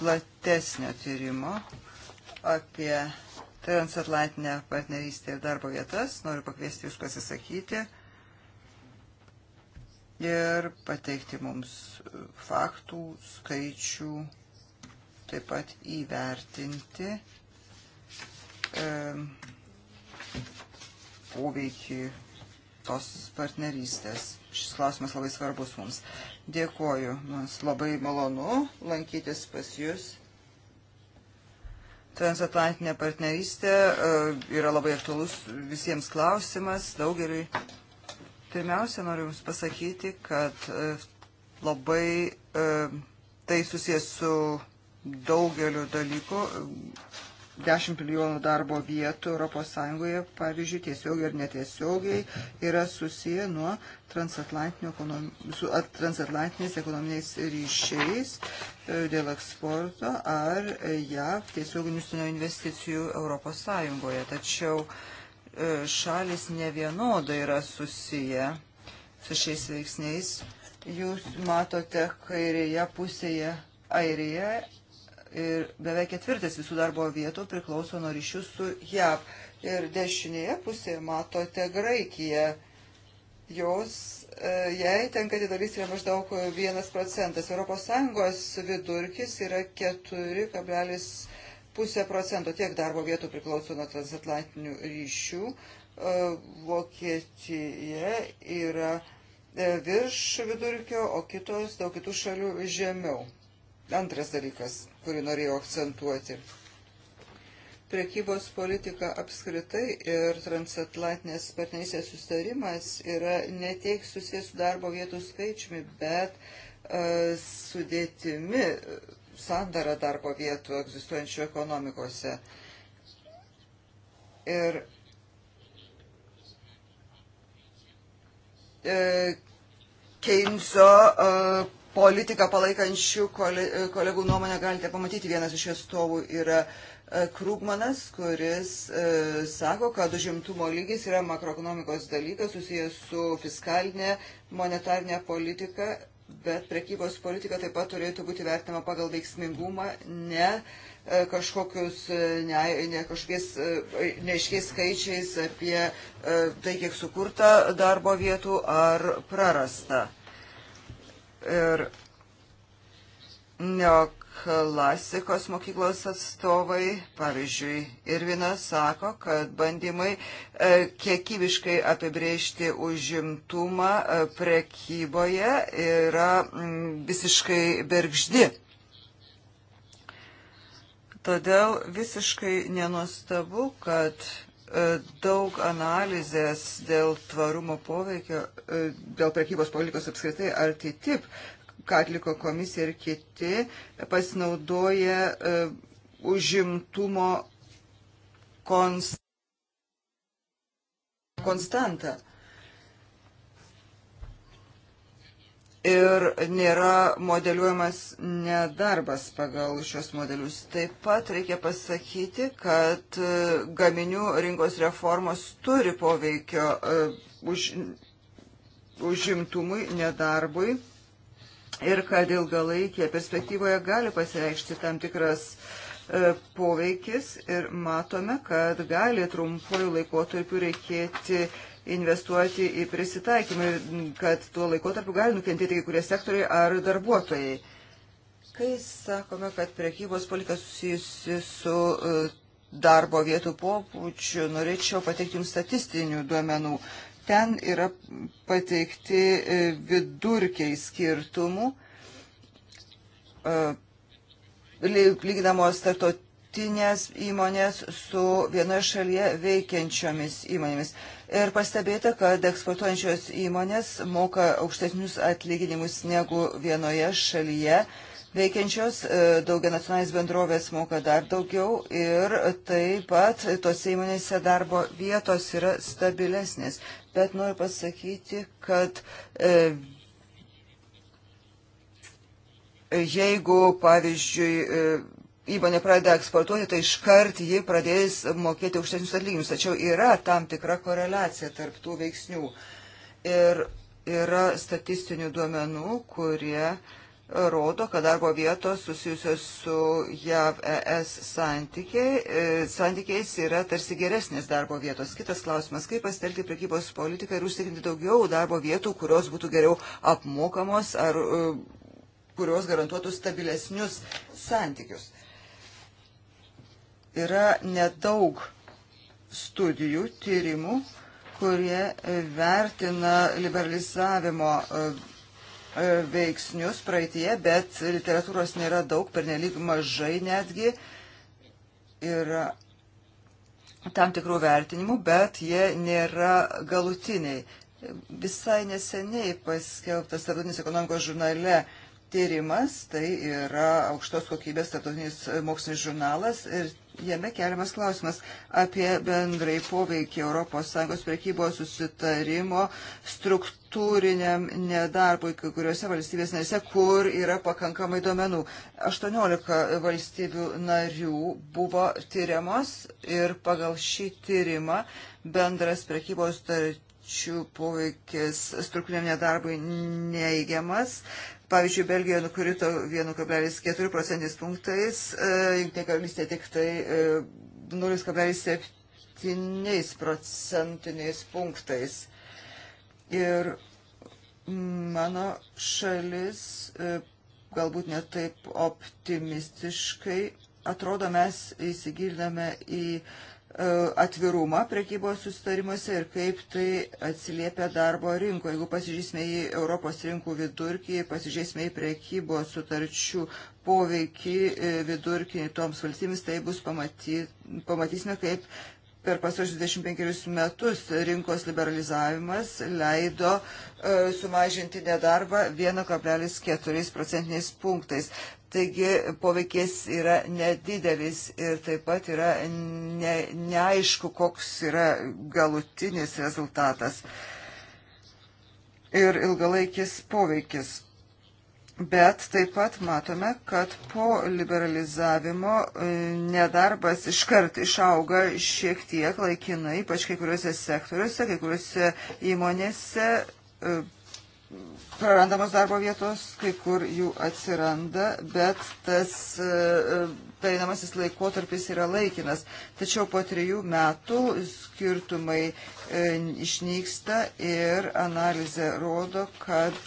platesnio tyrimo apie transatlantinę partnerystę ir darbo vietas. Noriu pakviesti Jūs pasisakyti ir pateikti mums faktų, skaičių, taip pat įvertinti e, poveikį tos partnerystės. Šis klausimas labai svarbus mums. Dėkuoju, mums labai malonu lankytis pas Jūs. Transatlantinė partnerystė e, yra labai aktualus visiems klausimas, daugeliui. Pirmiausia, noriu Jums pasakyti, kad e, labai e, tai susijęs su daugeliu dalykų 10 milijonų darbo vietų ES, pavyzdžiui, tiesiogiai ir netiesiogiai, yra susiję nuo su transatlantiniais ekonominiais ryšiais e, dėl eksporto ar JAV tiesioginių užsienio investicijų ES. Tačiau e, šalis ne vienodai yra susiję su šiais veiksniais. Jūs matote kairėje pusėje Airija, ir beveik ketvirtis visų darbo vietų priklauso nuo ryšių su JAV. Ir dešinėje pusėje matote Graikiją. Jos, e, jai tenka didelis yra maždaug 1 procentas. ES vidurkis yra 4,5 procento. Tiek darbo vietų priklauso nuo transatlantinių ryšių. E, Vokietija yra e, virš vidurkio, o kitos daug kitų šalių žemiau. Antras dalykas kurį norėjau akcentuoti. Prekybos politika apskritai ir transatlantinės partnerystės sustarimas yra ne tiek susijęs su darbo vietų skaičiumi, bet uh, sudėtimi e, sandara darbo vietų egzistuojančių ekonomikose. Ir e, Keinso uh, e, politiką palaikančių kolegų nuomonę galite pamatyti. Vienas iš atstovų yra e, Krugmanas, kuris e, sako, kad užimtumo lygis yra makroekonomikos dalykas susijęs su fiskalinė monetarinė politika, bet prekybos politika taip pat turėtų būti vertinama pagal veiksmingumą, ne e, kažkokius, e, ne, ne kažkokiais e, neiškiais skaičiais apie e, tai, kiek sukurta darbo vietų ar prarasta ir neoklasikos mokyklos atstovai, pavyzdžiui, Irvinas sako, kad bandymai e, kiekybiškai apibrėžti užimtumą e, prekyboje yra visiškai bergždi. Todėl visiškai nenuostabu, kad E, daug analizės dėl tvarumo poveikio, e, dėl prekybos politikos apskritai ar TTIP, ką atliko komisija ir kiti, pasinaudoja e, užimtumo konstantą. ir nėra modeliuojamas nedarbas pagal šios modelius. Taip pat reikia pasakyti, kad e, gaminių rinkos reformos turi poveikio e, už, užimtumui, nedarbui ir kad ilgalaikėje perspektyvoje gali pasireikšti tam tikras e, poveikis ir matome, kad gali trumpuoju laikotarpiu reikėti investuoti į prisitaikymą ir kad tuo laikotarpiu gali nukentėti kai kurie sektoriai ar darbuotojai. Kai sakome, kad prekybos politika susijusi su e, darbo vietų popučiu, norėčiau pateikti jums statistinių duomenų. Ten yra pateikti e, vidurkiai skirtumų, e, lyginamos tartotinės įmonės su vienoje šalyje veikiančiomis įmonėmis. Ir pastebėta, kad eksportuojančios įmonės moka aukštesnius atlyginimus negu vienoje šalyje veikiančios, e, daugia nacionalinės bendrovės moka dar daugiau ir taip pat tose įmonėse darbo vietos yra stabilesnės. Bet noriu pasakyti, kad e, jeigu, pavyzdžiui, e, įmonė pradeda eksportuoti, tai iškart ji pradės mokėti aukštesnius atlyginimus. Tačiau yra tam tikra koreliacija tarp tų veiksnių. Ir yra statistinių duomenų, kurie rodo, kad darbo vietos susijusios su JAV-ES santykiai, e, santykiais yra tarsi geresnės darbo vietos. Kitas klausimas, kaip pasitelkti prekybos politiką ir užtikrinti daugiau darbo vietų, kurios būtų geriau apmokamos ar e, kurios garantuotų stabilesnius santykius. Yra nedaug studijų, tyrimų, kurie vertina liberalizavimo e, e, veiksnius praeitie, bet literatūros nėra daug, pernelyg mažai netgi. Ir tam tikrų vertinimų, bet jie nėra galutiniai. Visai neseniai paskelbtas Tartutinis ekonomikos žurnale tyrimas, tai yra aukštos kokybės tartutinis mokslinis žurnalas ir jame keliamas klausimas apie bendrai poveikį ES prekybos susitarimo struktūriniam nedarbui kai kuriuose valstybės narėse, kur yra pakankamai duomenų. 18 valstybių narių buvo tyriamos ir pagal šį tyrimą bendras prekybos sutarčių poveikis struktūriniam nedarbui neigiamas. Pavyzdžiui, Belgijoje nukrito 1,4 procentais punktais, e, Junktinė karalystė tik tai 0,7 e, procentiniais punktais. Ir mano šalis e, galbūt netaip optimistiškai atrodo mes įsigiliname į uh, E, atvirumą prekybos sustarimuose ir kaip tai atsiliepia darbo rinko. Jeigu pasižiūrėsime į Europos rinkų vidurkį, pasižiūrėsime į prekybos sutarčių poveikį e, vidurkį toms valstybėms, tai bus pamaty, pamatysime, kaip per pasaržius 25 metus rinkos liberalizavimas leido e, sumažinti nedarbą 1,4 procentiniais punktais. Taigi poveikis yra nedidelis ir taip pat yra ne, neaišku, koks yra galutinis rezultatas ir ilgalaikis poveikis. Bet taip pat matome, kad po liberalizavimo e, nedarbas iškart išauga šiek tiek laikinai, ypač kai kuriuose sektoriuose, kai kuriuose įmonėse e, prarandamos darbo vietos, kai kur jų atsiranda, bet tas e, e, pereinamasis laikotarpis yra laikinas. Tačiau po trijų metų skirtumai e, išnyksta ir analizė rodo, kad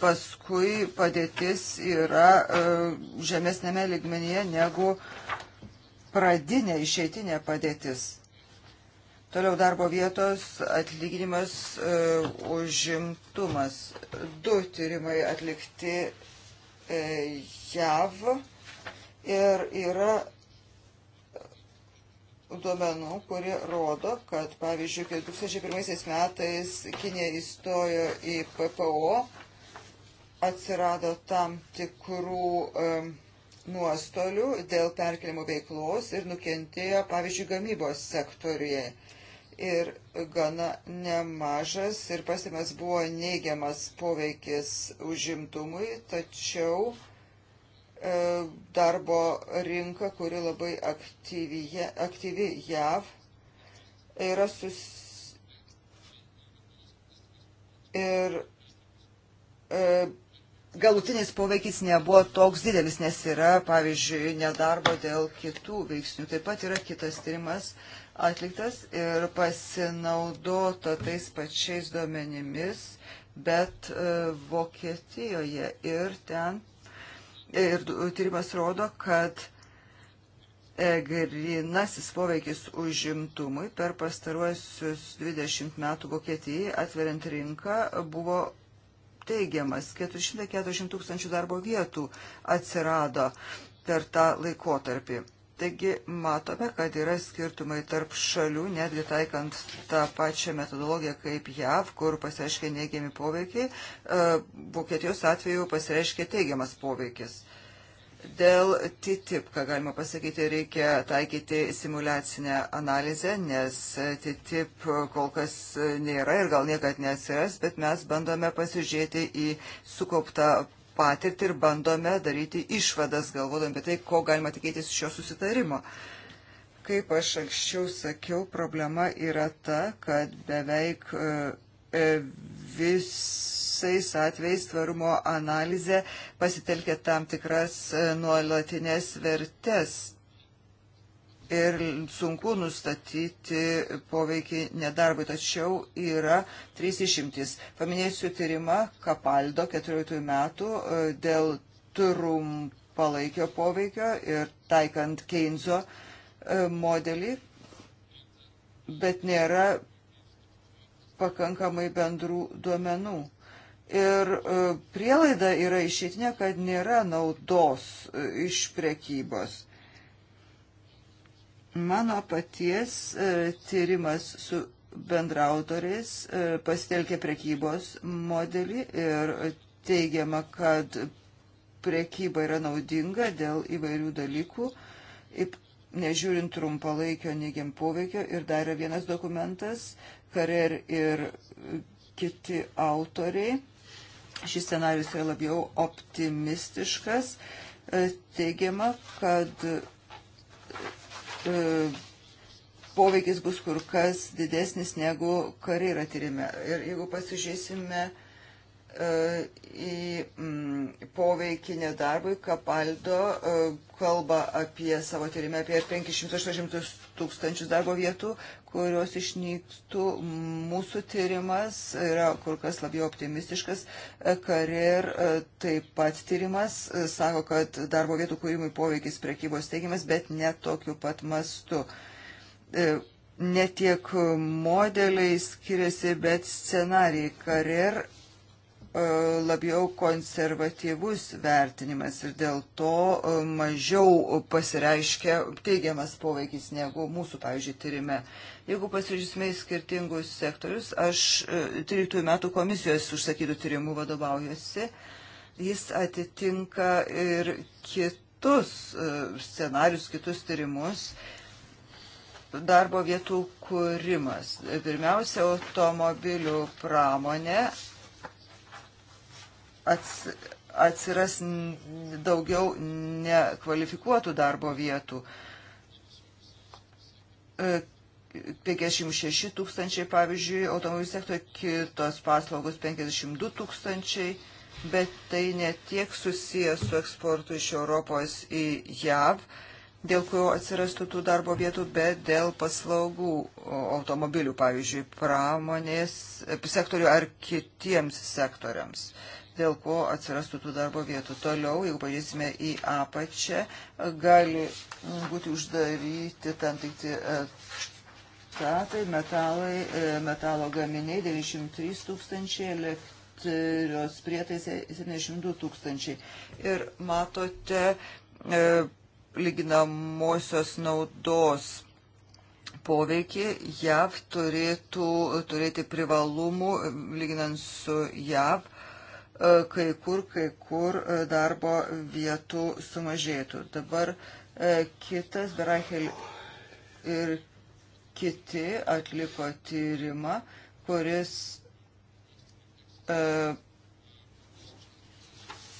paskui padėtis yra žemesnėme ligmenyje negu pradinė išeitinė padėtis. Toliau darbo vietos atlyginimas e, užimtumas. Du tyrimai atlikti e, JAV ir yra duomenų, kurie rodo, kad pavyzdžiui, 2001 metais Kinė įstojo į PPO, atsirado tam tikrų e, nuostolių dėl perkelimo veiklos ir nukentėjo, pavyzdžiui, gamybos sektoriuje ir gana nemažas ir pasimas buvo neigiamas poveikis užimtumui, tačiau e, darbo rinka, kuri labai aktyvi, aktyvi JAV, yra sus... ir e, galutinis poveikis nebuvo toks didelis, nes yra, pavyzdžiui, nedarbo dėl kitų veiksnių. Taip pat yra kitas tyrimas atliktas ir pasinaudota tais pačiais duomenimis, bet e, Vokietijoje ir ten e, ir tyrimas rodo, kad e, grinasis poveikis užimtumui per pastaruosius 20 metų Vokietijai atveriant rinką buvo teigiamas. 440 tūkstančių darbo vietų atsirado per tą laikotarpį. Taigi matome, kad yra skirtumai tarp šalių, netgi taikant tą pačią metodologiją kaip JAV, kur pasireiškia neigiami poveikiai, e, Vokietijos atveju pasireiškia teigiamas poveikis. Dėl TTIP, ką galima pasakyti, reikia taikyti simulacinę analizę, nes TTIP kol kas nėra ir gal niekad neatsiras, bet mes bandome pasižiūrėti į sukauptą patirtį ir bandome daryti išvadas, galvodami apie tai, ko galima tikėtis iš šio susitarimo. Kaip aš anksčiau sakiau, problema yra ta, kad beveik e, visais atvejais tvarumo analizė pasitelkia tam tikras e, nuolatinės vertes ir sunku nustatyti poveikį nedarbui, tačiau yra trys išimtis. Paminėsiu tyrimą Kapaldo 14 metų e, dėl trumpalaikio poveikio ir taikant Keynes'o e, modelį, bet nėra pakankamai bendrų duomenų. Ir e, prielaida yra išeitinė, kad nėra naudos iš prekybos. Mano paties e, tyrimas su bendrautoriais e, pasitelkė prekybos modelį ir teigiama, kad prekyba yra naudinga dėl įvairių dalykų, nežiūrint trumpalaikio neigiam poveikio. Ir dar yra vienas dokumentas, Karer ir kiti autoriai. Šis scenarius yra labiau optimistiškas. E, teigiama, kad E, poveikis bus kur kas didesnis negu kariai yra tyrime. Ir jeigu pasižiūrėsime e, į mm, poveikį nedarbui, Kapaldo e, kalba apie savo tyrimę apie 580 tūkstančius darbo vietų, kurios išnyktų. Mūsų tyrimas yra kur kas labiau optimistiškas. Karir e, taip pat tyrimas e, sako, kad darbo vietų kūrimui poveikis prekybos teigiamas, bet ne tokiu pat mastu e, ne tiek modeliai skiriasi, bet scenarijai. Karir E, labiau konservatyvus vertinimas ir dėl to e, mažiau pasireiškia teigiamas poveikis negu mūsų, pavyzdžiui, tyrime. Jeigu pasižiūrėsime į skirtingus sektorius, aš 13 e, metų komisijos užsakytų tyrimų vadovaujuosi, jis atitinka ir kitus scenarius, kitus tyrimus darbo vietų kūrimas. Pirmiausia, automobilių pramonė atsiras daugiau nekvalifikuotų darbo vietų. 56 e, tūkstančiai, pavyzdžiui, automobilių sektoje, kitos paslaugos 52 tūkstančiai, bet tai netiek susijęs su eksportu iš Europos į JAV, dėl kurio atsirastų tų darbo vietų, bet dėl paslaugų automobilių, pavyzdžiui, pramonės e, sektorių ar kitiems sektoriams dėl ko atsirastų tų darbo vietų. Toliau, jeigu pažiūrėsime į apačią, gali būti uždaryti tam tikti etatai, metalai, e, metalo gaminiai 93 tūkstančiai, elektrijos prietaisai 72 tūkstančiai. Ir matote e, lyginamosios naudos poveikį JAV turėtų turėti privalumų, lyginant su JAV, kai kur, kai kur e, darbo vietų sumažėtų. Dabar e, kitas, Berachel ir kiti atliko tyrimą, kuris e,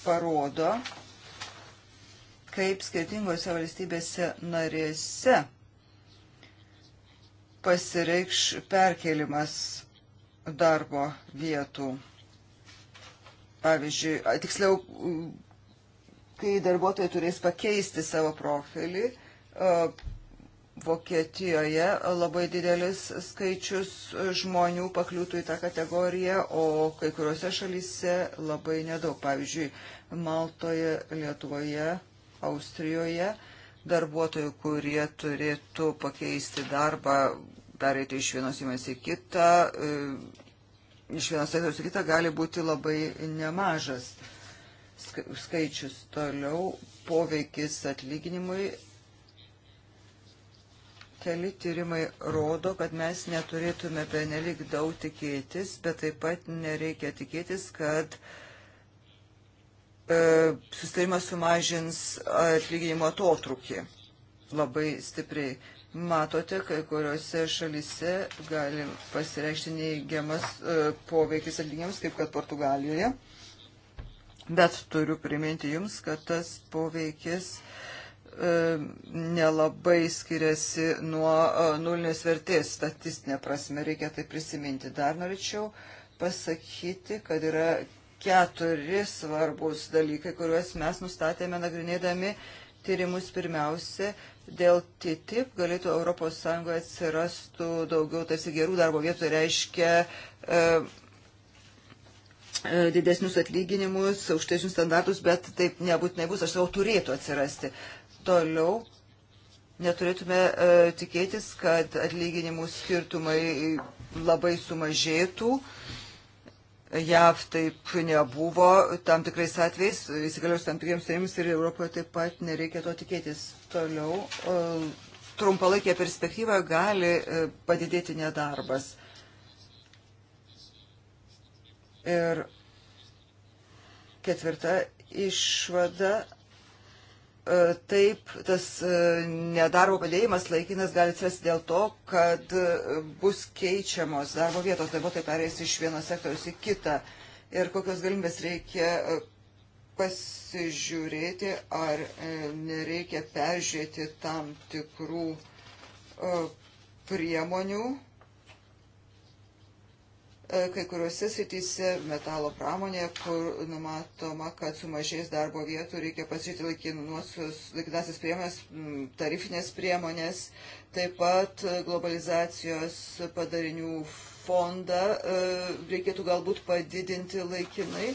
parodo, kaip skirtingose valstybėse narėse pasireikš perkelimas darbo vietų. Pavyzdžiui, tiksliau, kai darbuotojai turės pakeisti savo profilį, Vokietijoje labai didelis skaičius žmonių pakliūtų į tą kategoriją, o kai kuriuose šalyse labai nedaug. Pavyzdžiui, Maltoje, Lietuvoje, Austrijoje darbuotojų, kurie turėtų pakeisti darbą, pereiti iš vienos įmonės į kitą, iš vieno sektoriaus į kitą gali būti labai nemažas skaičius. Toliau poveikis atlyginimui. Keli tyrimai rodo, kad mes neturėtume benelik daug tikėtis, bet taip pat nereikia tikėtis, kad e, sustarimas sumažins atlyginimo atotrukį labai stipriai matote, kai kuriuose šalise gali pasireikšti neįgiamas e, poveikis atlyginimams, kaip kad Portugalijoje. Bet turiu priminti Jums, kad tas poveikis e, nelabai skiriasi nuo e, nulinės vertės statistinė prasme, reikia tai prisiminti. Dar norėčiau pasakyti, kad yra keturi svarbus dalykai, kuriuos mes nustatėme nagrinėdami tyrimus pirmiausia dėl TTIP galėtų ES atsirastų daugiau tarsi gerų darbo vietų, tai reiškia e, e, didesnius atlyginimus, aukštesnius standartus, bet taip nebūtinai bus, aš sakau, turėtų atsirasti. Toliau neturėtume e, tikėtis, kad atlyginimų skirtumai labai sumažėtų. JAV taip nebuvo tam tikrais atvejais, įsigaliaus tam tikriems tarėjimus ir Europoje taip pat nereikia to tikėtis. Toliau e, trumpalaikė perspektyva gali e, padidėti nedarbas. Ir ketvirta išvada. E, taip, tas nedarbo padėjimas laikinas gali atsirasti dėl to, kad bus keičiamos darbo vietos, darbuotojai perės iš vieno sektoriaus į kitą ir kokios galimybės reikia pasižiūrėti, ar e, nereikia peržiūrėti tam tikrų e, priemonių. E, kai kuriuose srityse metalo pramonėje, kur numatoma, kad sumažės darbo vietų, reikia pasižiūrėti laikinasias priemonės, tarifinės priemonės, taip pat globalizacijos padarinių fondą reikėtų galbūt padidinti laikinai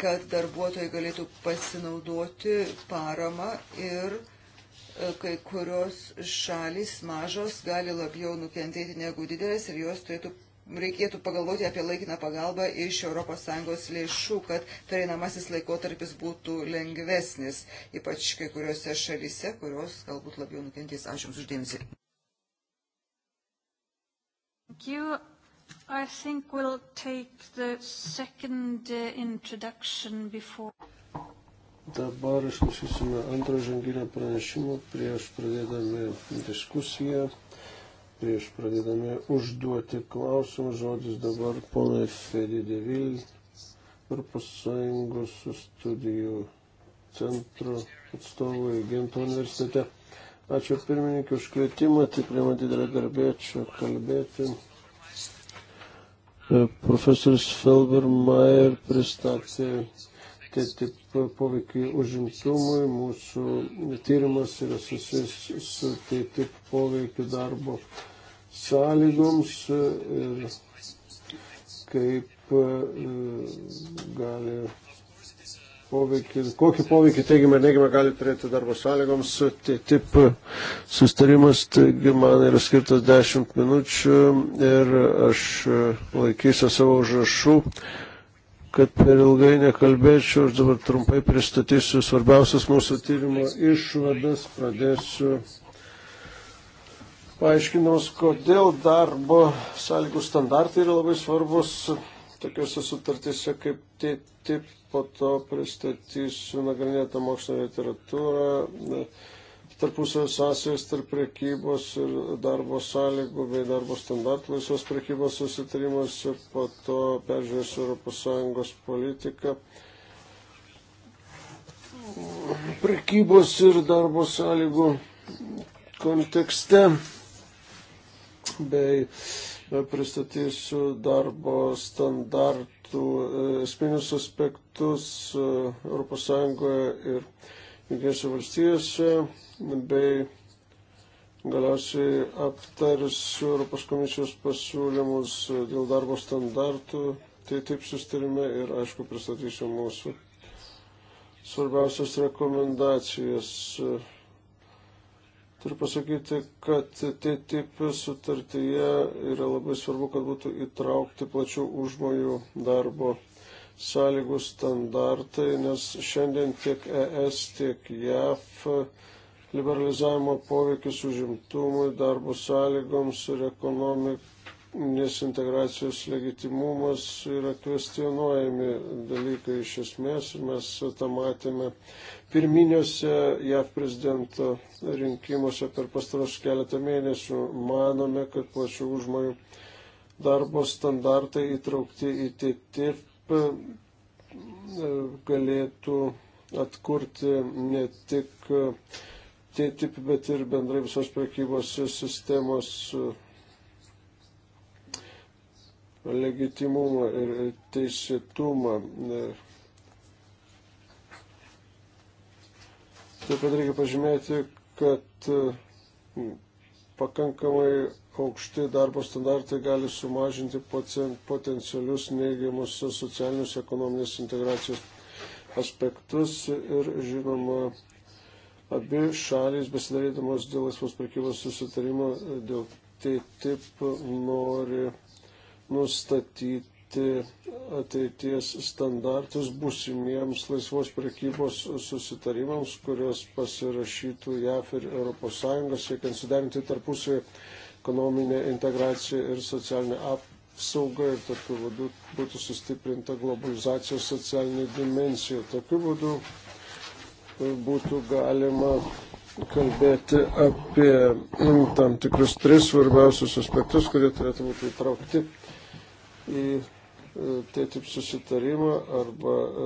kad darbuotojai galėtų pasinaudoti paramą ir e, kai kurios šalys mažos gali labiau nukentėti negu didelės ir jos turėtų, reikėtų pagalvoti apie laikiną pagalbą iš ES lėšų, kad pereinamasis laikotarpis būtų lengvesnis, ypač kai kuriuose šalyse, kurios galbūt labiau nukentės. Ačiū Jums uždėmesi. Thank you. I think we'll take the second uh, introduction before. Dabar išklausysime antrą žanginę pranešimą prieš pradėdami diskusiją, prieš pradėdami užduoti klausimą. Žodis dabar ponai Fedi Devil, Europos Sąjungos studijų centro atstovui Gento universitete. Ačiū pirmininkai už kvietimą, tikrai man didelė garbė čia kalbėti. E, profesorius Felbermaier pristatė tai taip poveikį užimtumui, mūsų tyrimas yra susijęs su tai taip poveikiu darbo sąlygoms ir kaip e, gali poveikis, kokį poveikį teigiamą ir neigiamą gali turėti darbo sąlygoms. TTIP tai sustarimas, taigi man yra skirtas 10 minučių ir aš laikysiu savo užrašų kad per ilgai nekalbėčiau, aš dabar trumpai pristatysiu svarbiausias mūsų tyrimo išvadas, pradėsiu paaiškinamas, kodėl darbo sąlygų standartai yra labai svarbus tokiuose sutartyse kaip TTIP, po to pristatysiu nagrinėtą mokslinę literatūrą, e, tarpusavio sąsajas tarp priekybos ir darbo sąlygų bei darbo standartų laisvos priekybos susitarimuose, po to peržiūrėsiu ES politiką prekybos ir darbo sąlygų kontekste bei uh, pristatysiu darbo standartų e, esminius aspektus ES ir Junkinėse valstijose bei galiausiai aptarsiu Europos komisijos pasiūlymus dėl darbo standartų. Tai taip sustarime ir aišku pristatysiu mūsų svarbiausias rekomendacijas Turiu pasakyti, kad TTIP sutartyje yra labai svarbu, kad būtų įtraukti plačių užmojų darbo sąlygų standartai, nes šiandien tiek ES, tiek JAF liberalizavimo poveikis užimtumui, darbo sąlygoms ir ekonomikos nes integracijos legitimumas yra kvestionuojami dalykai iš esmės. Mes tą matėme pirminiuose JAV prezidento rinkimuose per pastarosius keletą mėnesių. Manome, kad plačių žmonių darbo standartai įtraukti į TTIP e, galėtų atkurti ne tik TTIP, bet ir bendrai visos prekybos sistemos legitimumą ir teisėtumą. Taip pat reikia pažymėti, kad pakankamai aukšti darbo standartai gali sumažinti potencialius neigiamus socialinius ekonominės integracijos aspektus ir žinoma abi šalys besidarydamos dėl laisvos prekybos susitarimo dėl TTIP nori nustatyti ateities standartus būsimiems laisvos prekybos susitarimams, kurios pasirašytų JAF ir ES, siekiant suderinti tarpusavį ekonominę integraciją ir socialinę apsaugą ir tokiu būdu būtų sustiprinta globalizacijos socialinė dimensija. Tokiu būdu e, būtų galima kalbėti apie tam tikrus tris svarbiausius aspektus, kurie turėtų būti įtraukti į tai e, taip susitarimą arba e,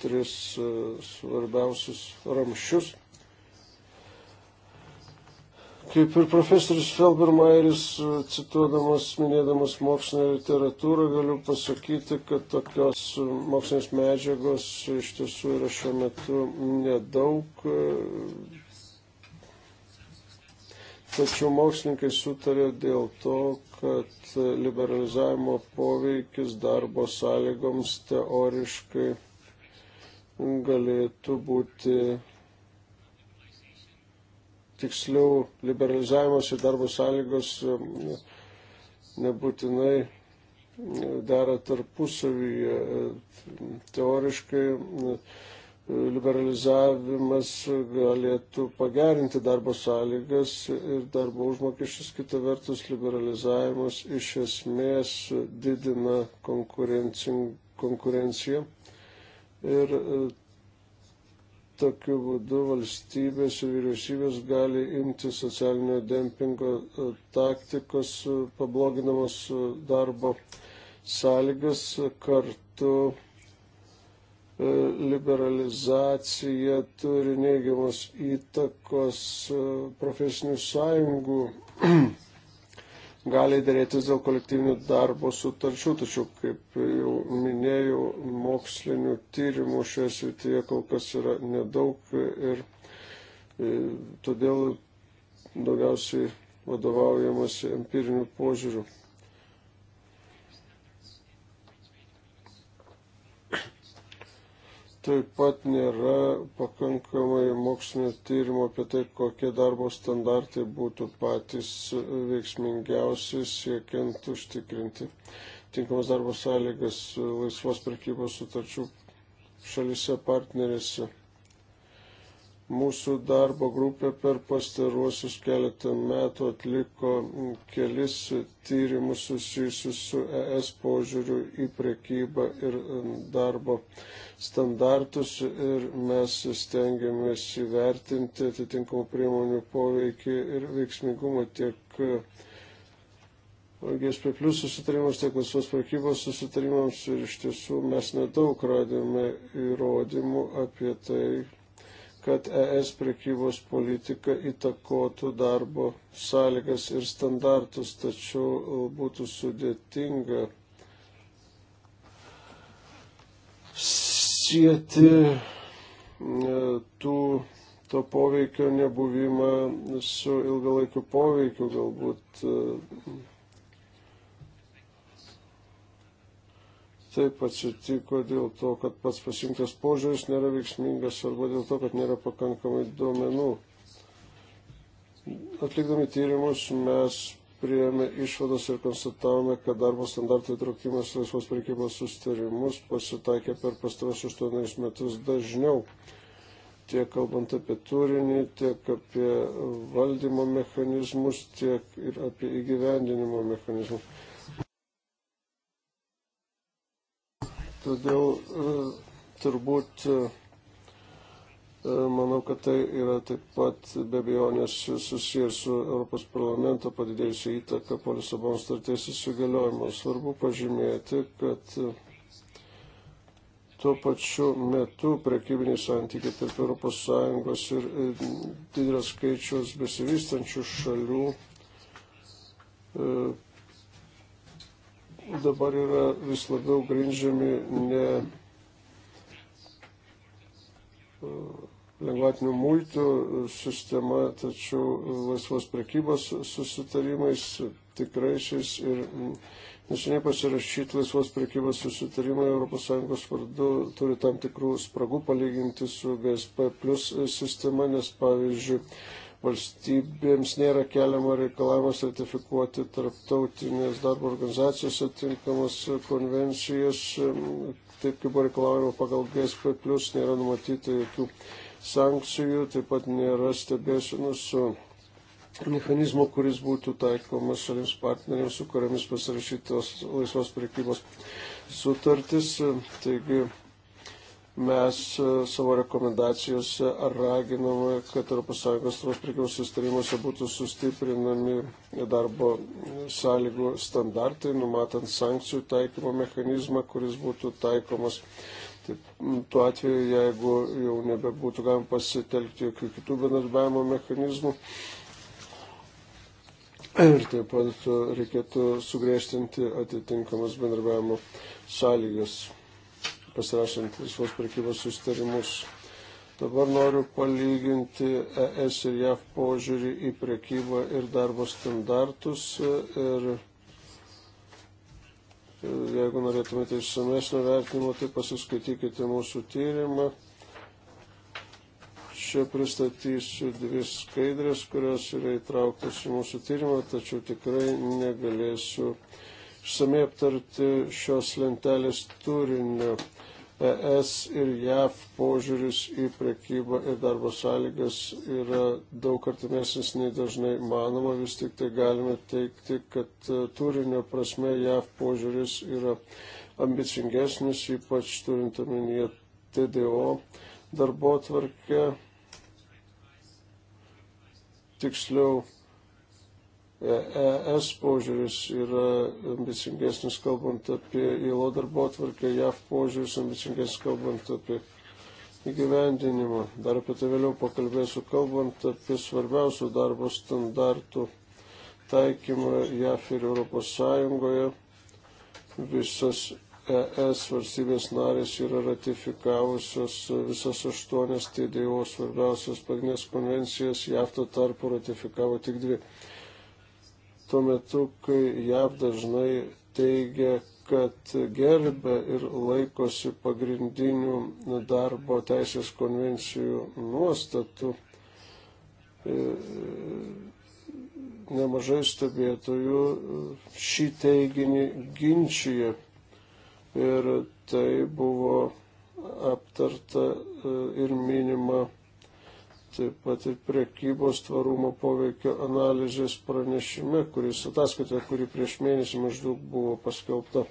tris e, svarbiausius ramščius. Kaip ir profesorius Felbermairis, cituodamas, minėdamas mokslinę literatūrą, galiu pasakyti, kad tokios mokslinės medžiagos iš tiesų yra šiuo metu nedaug. Tačiau mokslininkai sutarė dėl to, kad liberalizavimo poveikis darbo sąlygoms teoriškai galėtų būti tiksliau liberalizavimas ir darbo sąlygos e, nebūtinai dera tarpusavyje. E, teoriškai e, liberalizavimas galėtų pagerinti darbo sąlygas ir darbo užmokesčius, kita vertus liberalizavimas iš esmės didina konkurenciją ir e, tokiu būdu valstybės ir vyriausybės gali imti socialinio dempingo e, taktikos, e, pabloginamos darbo sąlygas kartu E, liberalizacija turi neigiamas įtakos e, profesinių sąjungų, [clears throat] gali dėrėtis dėl kolektyvinių darbo sutarčių, tačiau, kaip jau minėjau, mokslinių tyrimų šioje srityje kol kas yra nedaug ir e, todėl daugiausiai vadovaujamasi empiriniu požiūriu. Taip pat nėra pakankamai mokslinio tyrimo apie tai, kokie darbo standartai būtų patys veiksmingiausi siekiant užtikrinti tinkamas darbo sąlygas laisvos prekybos sutarčių šalise partnerėse. Mūsų darbo grupė per pastaruosius keletą metų atliko kelis tyrimus susijusius su ES požiūriu į prekybą ir um, darbo standartus ir mes stengiamės įvertinti atitinkamų priemonių poveikį ir veiksmingumą tiek uh, GSP plus susitarimus, tiek laisvos prekybos susitarimams ir iš tiesų mes nedaug radėme įrodymų apie tai, kad ES prekybos politika įtakotų darbo sąlygas ir standartus, tačiau e, būtų sudėtinga sieti e, tų, to poveikio nebuvimą su ilgalaikiu poveikiu, galbūt e, Taip atsitiko dėl to, kad pats pasirinktas požiūris nėra veiksmingas arba dėl to, kad nėra pakankamai duomenų. Atlikdami tyrimus mes prieėmė išvadas ir konstatavome, kad darbo standartų įtraukimas laisvos prekybos sustarimus pasitaikė per pastaros 8 metus dažniau. Tiek kalbant apie turinį, tiek apie valdymo mechanizmus, tiek ir apie įgyvendinimo mechanizmus Todėl e, turbūt e, e, manau, kad tai yra taip pat be abejonės susijęs su Europos parlamento padidėjusiu įtaka po Lisabono starties įsigaliojimo. Svarbu pažymėti, kad tuo pačiu metu prekybiniai santykiai tarp ES ir didelės skaičius besivystančių šalių dabar yra vis labiau grindžiami ne e, lengvatinių muitų sistema, tačiau laisvos prekybos susitarimais tikraisiais ir neseniai pasirašyti laisvos prekybos susitarimai ES vardu turi tam tikrų spragų palyginti su GSP plus sistema, nes pavyzdžiui, valstybėms nėra keliamo reikalavimas ratifikuoti tarptautinės darbo organizacijos atinkamas konvencijas, taip kaip buvo reikalaujama pagal GSP, nėra numatyta jokių sankcijų, taip pat nėra stebėsinus mechanizmo, kuris būtų taikomas šalims partneriams, su kuriamis pasirašytos laisvos priekybos sutartis. Taigi, mes e, savo rekomendacijose raginame, kad ES tarpos prekybos sustarimuose būtų sustiprinami darbo sąlygų standartai, numatant sankcijų taikymo mechanizmą, kuris būtų taikomas. Taip, tuo atveju, jeigu jau nebebūtų galima pasitelkti jokių kitų bendradarbiavimo mechanizmų. Ir taip pat e, reikėtų sugriežtinti atitinkamas bendradarbiavimo sąlygas pasirašant laisvos prekybos sustarimus. Dabar noriu palyginti ES ir JAV požiūrį į prekybą ir darbo standartus. Ir jeigu norėtumėte išsamesnio vertinimo, tai pasiskaitykite mūsų tyrimą. Čia pristatysiu dvi skaidrės, kurios yra įtrauktos į mūsų tyrimą, tačiau tikrai negalėsiu išsamei aptarti šios lentelės turinio. ES ir JAV požiūris į prekybą ir darbo sąlygas yra daug artimesnis nei dažnai manoma, vis tik tai galime teikti, kad e, turinio prasme JAV požiūris yra ambicingesnis, ypač turint omenyje TDO darbo tvarkę, tiksliau ES požiūris yra ambicingesnis, kalbant apie įlo darbo atvarkę, JAV požiūris ambicingesnis, kalbant apie įgyvendinimą. Dar apie tai vėliau pakalbėsiu, kalbant apie svarbiausių darbo standartų taikymą JAV ir ES. Visas ES valstybės narės yra ratifikavusios visas aštuonias TDO svarbiausias pagrindinės konvencijas, JAV tuo tarpu ratifikavo tik dvi tuo metu, kai JAV dažnai teigia, kad gerbė ir laikosi pagrindinių darbo teisės konvencijų nuostatų. E, nemažai stebėtojų šį teiginį ginčyje ir tai buvo aptarta e, ir minima taip pat ir priekybos tvarumo poveikio analizės pranešime, kuris ataskaitoje, kuri prieš mėnesį maždaug buvo paskelbta.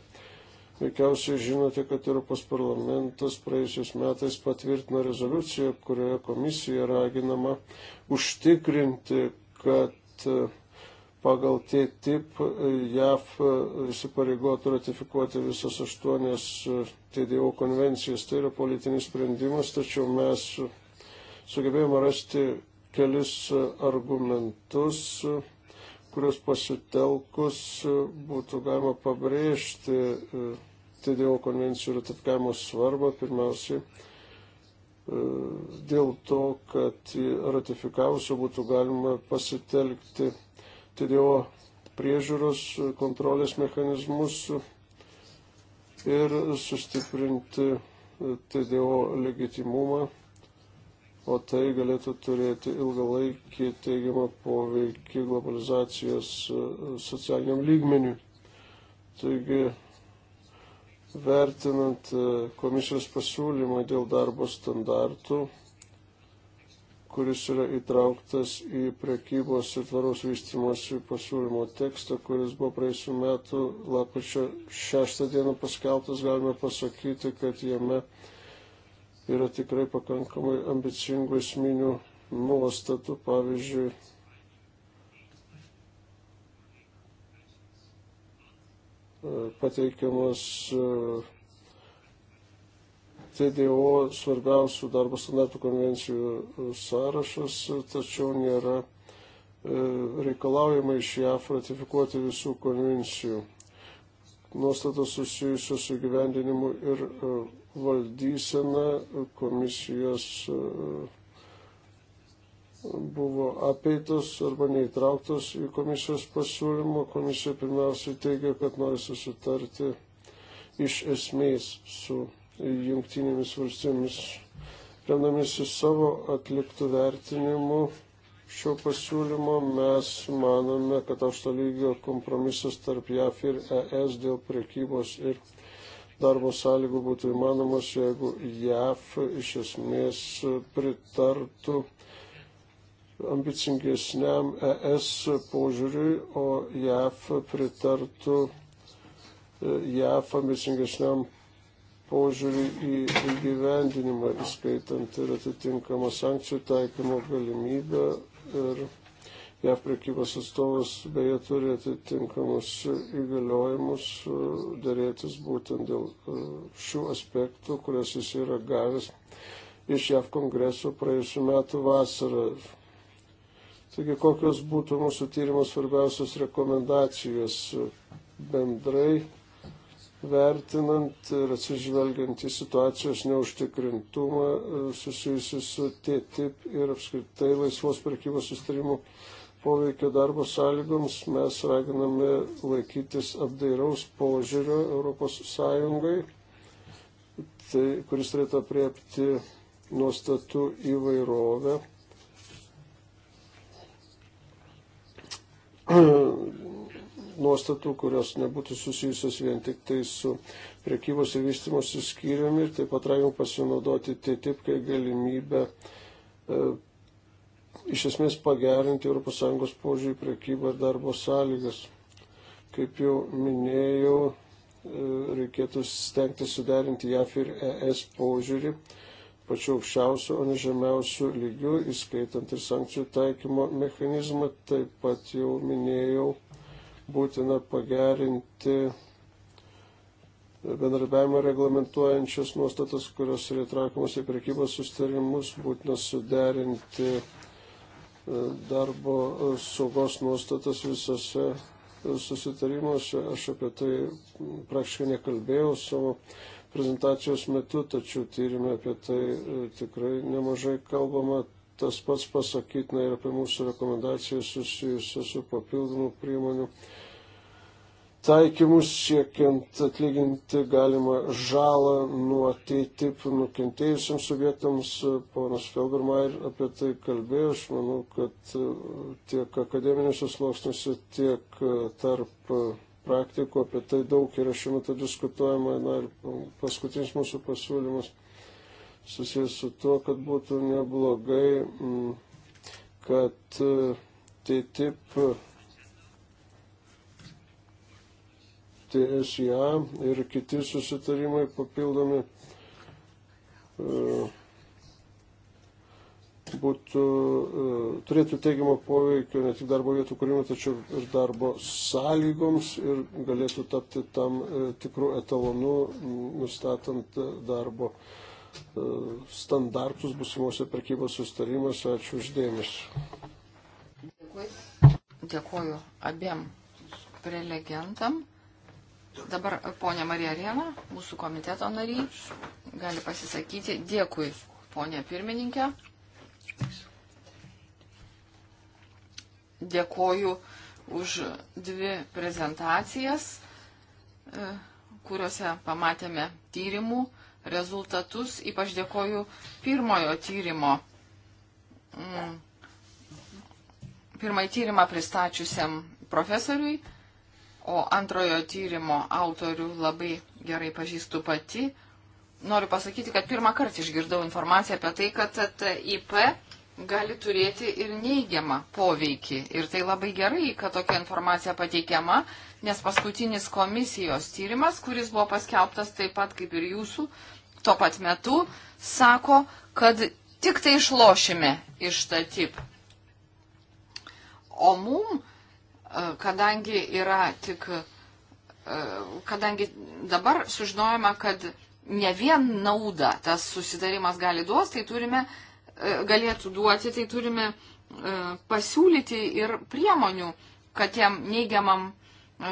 Veikiausiai žinote, kad Europos parlamentas praėjusiais metais patvirtino rezoliuciją, kurioje komisija raginama užtikrinti, kad e, pagal TTIP e, JAF e, įsipareigotų ratifikuoti visas aštuonias TDO konvencijas. Tai yra politinis sprendimas, tačiau mes sugebėjome rasti kelis e, argumentus, e, kuriuos pasitelkus e, būtų galima pabrėžti TDO konvencijų ratifikavimo svarbą pirmiausiai dėl to, kad ratifikavusio būtų galima pasitelkti TDO priežiūros kontrolės mechanizmus ir sustiprinti TDO legitimumą o tai galėtų turėti ilgalaikį teigiamą poveikį globalizacijos e, socialiniam lygmeniu. Taigi, vertinant e, komisijos pasiūlymą dėl darbo standartų, kuris yra įtrauktas į prekybos ir tvaros vystimosi pasiūlymo tekstą, kuris buvo praėjusiu metu lapačio 6 dieną paskelbtas, galime pasakyti, kad jame yra tikrai pakankamai ambicingų esminių nuostatų, pavyzdžiui, e, pateikiamas e, TDO svarbiausių darbo standartų konvencijų sąrašas, tačiau nėra e, reikalaujama iš JAF ratifikuoti visų konvencijų. Nuostatos susijusios su gyvendinimu ir valdysena komisijos e, buvo apeitos arba neįtrauktos į komisijos pasiūlymą. Komisija pirmiausiai teigia, kad nori susitarti iš esmės su jungtinėmis valstybėmis, remdamėsi savo atliktų vertinimų šio pasiūlymo mes manome, kad aukšto lygio kompromisas tarp JAF ir ES dėl prekybos ir darbo sąlygų būtų įmanomos, jeigu JAF iš esmės pritartų ambicingesniam ES požiūriui, o JAF pritartų e, JAF ambicingesniam požiūrį į įgyvendinimą, įskaitant ir atitinkamą sankcijų taikymo galimybę ir JAV prekybos atstovas beje turi atitinkamus įgaliojimus e, dėrėtis būtent dėl e, šių aspektų, kurias jis yra gavęs iš JAV kongreso praėjusiu metu vasarą. Taigi, kokios būtų mūsų tyrimo svarbiausios rekomendacijos e, bendrai vertinant ir atsižvelgiant į situacijos neužtikrintumą susijusi su TTIP ir apskritai laisvos prekybos sustarimų poveikio darbo sąlygoms mes raginame laikytis apdairaus požiūrio Europos Sąjungai, tai, kuris turėtų apriepti nuostatų įvairovę. [clears throat] nuostatų, kurios nebūtų susijusios vien tik tai su priekybos ir vystimosi skyriumi ir taip pat raginu pasinaudoti TTIP kaip galimybę e, iš esmės pagerinti ES požiūrį priekybą ir darbo sąlygas. Kaip jau minėjau, e, reikėtų stengti suderinti JAF ir ES požiūrį pačiu aukščiausiu, o ne žemiausiu lygiu, įskaitant ir sankcijų taikymo mechanizmą. Taip pat jau minėjau, būtina pagerinti bendradarbiavimo reglamentuojančias nuostatas, kurios yra įtraukiamas į prekybos sustarimus, būtina suderinti darbo saugos nuostatas visose susitarimuose. Aš apie tai praktiškai nekalbėjau savo prezentacijos metu, tačiau tyrimė apie tai e, tikrai nemažai kalbama. Tas pats pasakytina ir apie mūsų rekomendacijas susijusias su papildomų priemonių taikymus siekiant atlyginti galimą žalą nuo TTIP nukentėjusiems subjektams. Ponas Felbermair apie tai kalbėjo. Aš manau, kad e, tiek akademinėse sluoksniuose, tiek e, tarp e, praktikų apie tai daug yra šiuo metu diskutuojama. Na ir paskutinis mūsų pasiūlymas susijęs su tuo, kad būtų neblogai, kad TTIP TSIA ir kiti susitarimai papildomi e, būtų, e, turėtų teigiamą poveikį ne tik darbo vietų kūrimui, tačiau ir darbo sąlygoms ir galėtų tapti tam e, tikrų etalonų, nustatant darbo standartus busimuose prekybos sustarimuose. Ačiū uždėmesi. Dėkuoju abiem prelegentam. Dabar e, ponia Marija Rėna, mūsų komiteto nariai, gali pasisakyti. Dėkui, ponia pirmininkė. Dėkoju už dvi prezentacijas, e, kuriuose pamatėme tyrimų rezultatus. Ypač dėkoju pirmojo tyrimo, mm, pirmąjį tyrimą pristačiusiam profesoriui o antrojo tyrimo autorių labai gerai pažįstu pati. Noriu pasakyti, kad pirmą kartą išgirdau informaciją apie tai, kad TIP gali turėti ir neigiamą poveikį. Ir tai labai gerai, kad tokia informacija pateikiama, nes paskutinis komisijos tyrimas, kuris buvo paskelbtas taip pat kaip ir jūsų, tuo pat metu, sako, kad tik tai išlošime iš tą tip. O mum kadangi yra tik, kadangi dabar sužinojama, kad ne vien naudą tas susidarimas gali duos, tai turime, galėtų duoti, tai turime pasiūlyti ir priemonių, kad tiem neigiamam,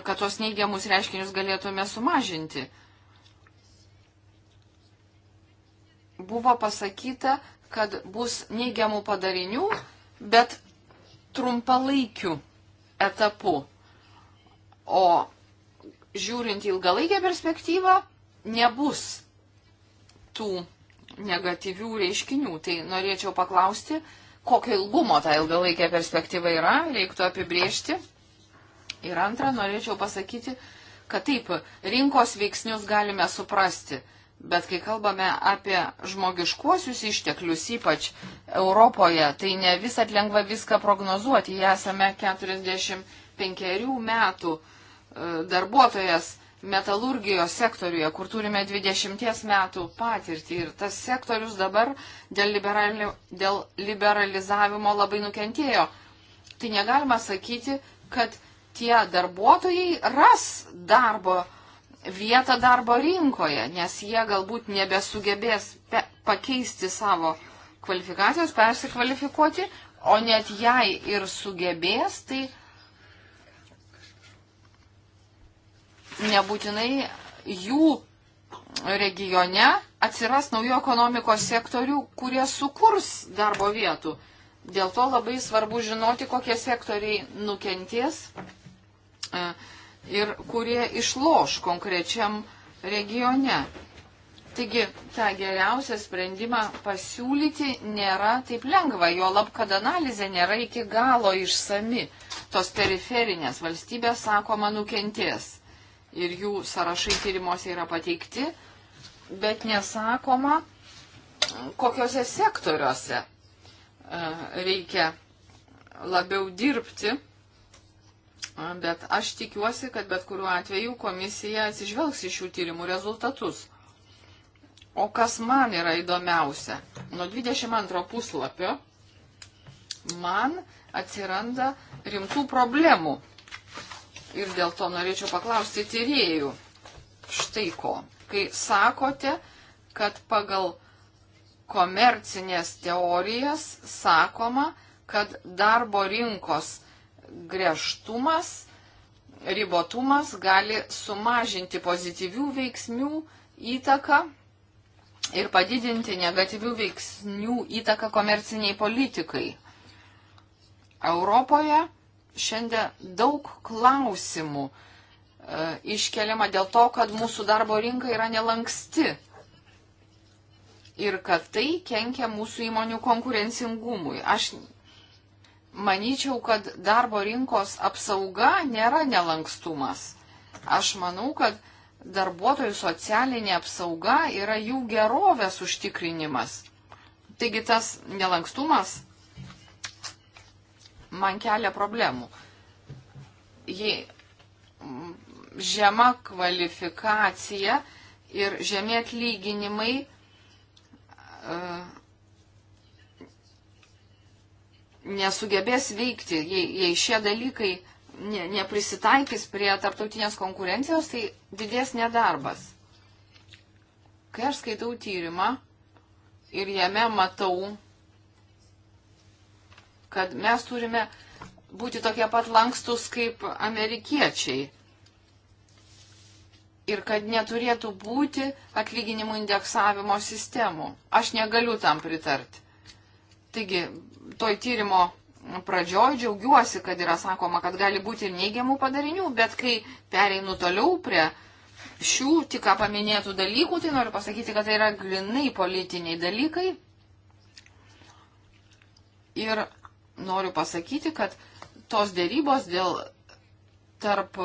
kad tos neigiamus reiškinius galėtume sumažinti. Buvo pasakyta, kad bus neigiamų padarinių, bet trumpalaikių etapu. O žiūrint ilgalaikę perspektyvą, nebus tų negatyvių reiškinių. Tai norėčiau paklausti, kokio ilgumo ta ilgalaikė perspektyva yra, reiktų apibriežti. Ir antra, norėčiau pasakyti, kad taip, rinkos veiksnius galime suprasti. Bet kai kalbame apie žmogiškuosius išteklius, ypač Europoje, tai ne vis atlengva viską prognozuoti. Jei esame 45 metų e, darbuotojas metalurgijos sektoriuje, kur turime 20 metų patirtį. Ir tas sektorius dabar dėl, liberali, dėl liberalizavimo labai nukentėjo. Tai negalima sakyti, kad tie darbuotojai ras darbo vietą darbo rinkoje, nes jie galbūt nebesugebės pe, pakeisti savo kvalifikacijos, persikvalifikuoti, o net jei ir sugebės, tai nebūtinai jų regione atsiras naujų ekonomikos sektorių, kurie sukurs darbo vietų. Dėl to labai svarbu žinoti, kokie sektoriai nukentės. Uh, ir kurie išloš konkrečiam regione. Taigi tą geriausią sprendimą pasiūlyti nėra taip lengva, jo lab, kad analizė nėra iki galo išsami. Tos periferinės valstybės, sakoma, nukentės. Ir jų sąrašai tyrimuose yra pateikti, bet nesakoma, kokiuose sektoriuose e, reikia labiau dirbti Bet aš tikiuosi, kad bet kuriuo atveju komisija atsižvelgs į šių tyrimų rezultatus. O kas man yra įdomiausia? Nuo 22 puslapio man atsiranda rimtų problemų. Ir dėl to norėčiau paklausti tyriejų. Štai ko. Kai sakote, kad pagal komercinės teorijas sakoma, kad darbo rinkos griežtumas, ribotumas gali sumažinti pozityvių veiksmių įtaką ir padidinti negatyvių veiksnių įtaką komerciniai politikai. Europoje šiandien daug klausimų e, iškeliama dėl to, kad mūsų darbo rinka yra nelanksti ir kad tai kenkia mūsų įmonių konkurencingumui. Aš manyčiau, kad darbo rinkos apsauga nėra nelankstumas. Aš manau, kad darbuotojų socialinė apsauga yra jų gerovės užtikrinimas. Taigi tas nelankstumas man kelia problemų. Jei mm, žema kvalifikacija ir žemė atlyginimai uh, nesugebės veikti, jei, jei šie dalykai ne, neprisitaikys prie tarptautinės konkurencijos, tai didės nedarbas. Kai aš skaitau tyrimą ir jame matau, kad mes turime būti tokie pat lankstus kaip amerikiečiai. Ir kad neturėtų būti atlyginimų indeksavimo sistemų. Aš negaliu tam pritarti. Taigi, toj tyrimo pradžioj džiaugiuosi, kad yra sakoma, kad gali būti ir neigiamų padarinių, bet kai pereinu toliau prie šių tik ką paminėtų dalykų, tai noriu pasakyti, kad tai yra grinai politiniai dalykai. Ir noriu pasakyti, kad tos dėrybos dėl tarp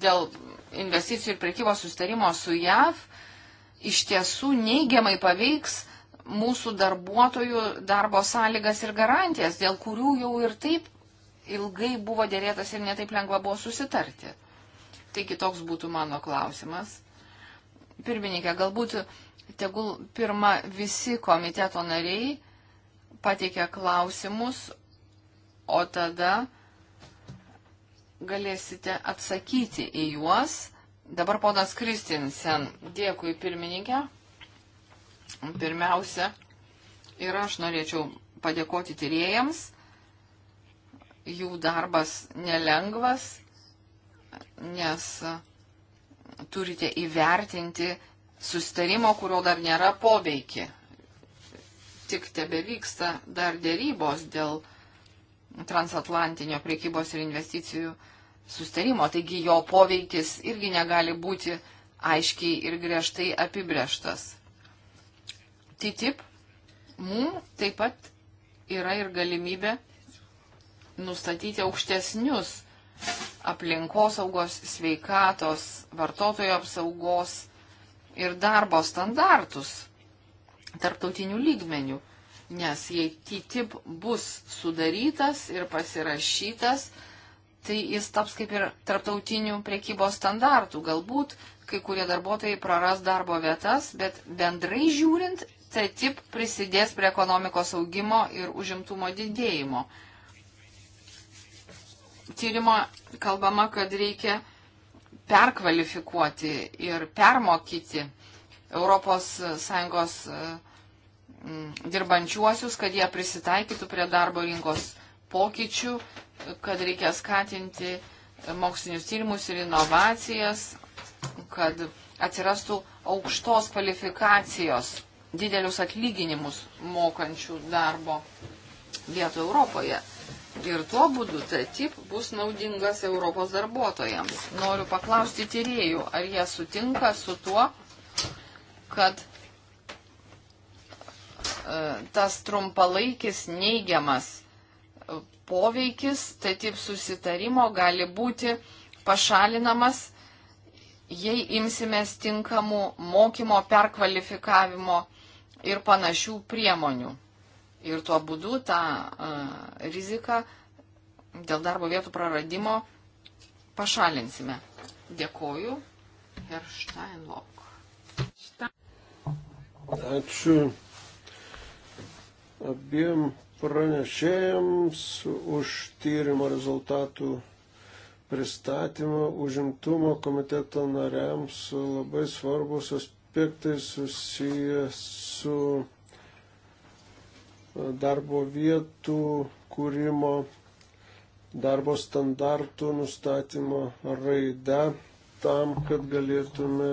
dėl investicijų ir prekybos sustarimo su JAV iš tiesų neigiamai paveiks mūsų darbuotojų darbo sąlygas ir garantijas, dėl kurių jau ir taip ilgai buvo dėrėtas ir netaip lengva buvo susitarti. Taigi toks būtų mano klausimas. Pirmininkė, galbūt tegul pirma visi komiteto nariai pateikia klausimus, o tada galėsite atsakyti į juos. Dabar ponas Kristinsen, dėkui pirmininkė. Pirmiausia, ir aš norėčiau padėkoti tyriejams. Jų darbas nelengvas, nes turite įvertinti sustarimo, kurio dar nėra poveikį. Tik tebe vyksta dar dėrybos dėl transatlantinio priekybos ir investicijų sustarimo, taigi jo poveikis irgi negali būti aiškiai ir griežtai apibrieštas. TTIP mums taip pat yra ir galimybė nustatyti aukštesnius aplinkosaugos, sveikatos, vartotojo apsaugos ir darbo standartus tarptautinių lygmenių. Nes jei TTIP bus sudarytas ir pasirašytas, tai jis taps kaip ir tarptautinių priekybos standartų. Galbūt kai kurie darbuotojai praras darbo vietas, bet bendrai žiūrint TTIP prisidės prie ekonomikos augimo ir užimtumo didėjimo. Tyrimo kalbama, kad reikia perkvalifikuoti ir permokyti ES e, dirbančiuosius, kad jie prisitaikytų prie darbo rinkos pokyčių, kad reikia skatinti mokslinius tyrimus ir inovacijas, kad atsirastų aukštos kvalifikacijos didelius atlyginimus mokančių darbo vietų Europoje. Ir tuo būdu TTIP bus naudingas Europos darbuotojams. Noriu paklausti tyriejų, ar jie sutinka su tuo, kad e, tas trumpalaikis neigiamas e, poveikis TTIP susitarimo gali būti pašalinamas, jei imsimės tinkamų mokymo perkvalifikavimo ir panašių priemonių. Ir tuo būdu tą uh, riziką dėl darbo vietų praradimo pašalinsime. Dėkoju. Herr Steinlock. Ačiū abiem pranešėjams už tyrimo rezultatų pristatymą užimtumo komiteto nariams labai svarbus aspektas aspektai susiję su e, darbo vietų kūrimo, darbo standartų nustatymo raida tam, kad galėtume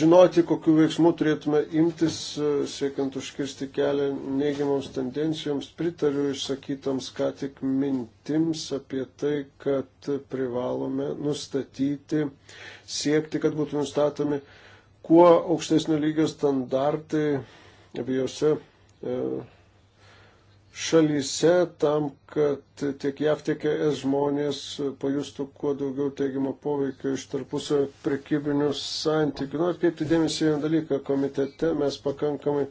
žinoti, kokiu veiksmu turėtume imtis, e, siekiant užkirsti kelią neigiamoms tendencijoms, pritariu išsakytoms ką tik mintims apie tai, kad privalome nustatyti, siekti, kad būtų nustatomi kuo aukštesnio lygio standartai abiejose e, šalyse tam, kad tiek JAV, tiek ES žmonės pajustų kuo daugiau teigiamo poveikio iš tarpusio prekybinių santykių. Noriu atkreipti dėmesį vieną dalyką. Komitete mes pakankamai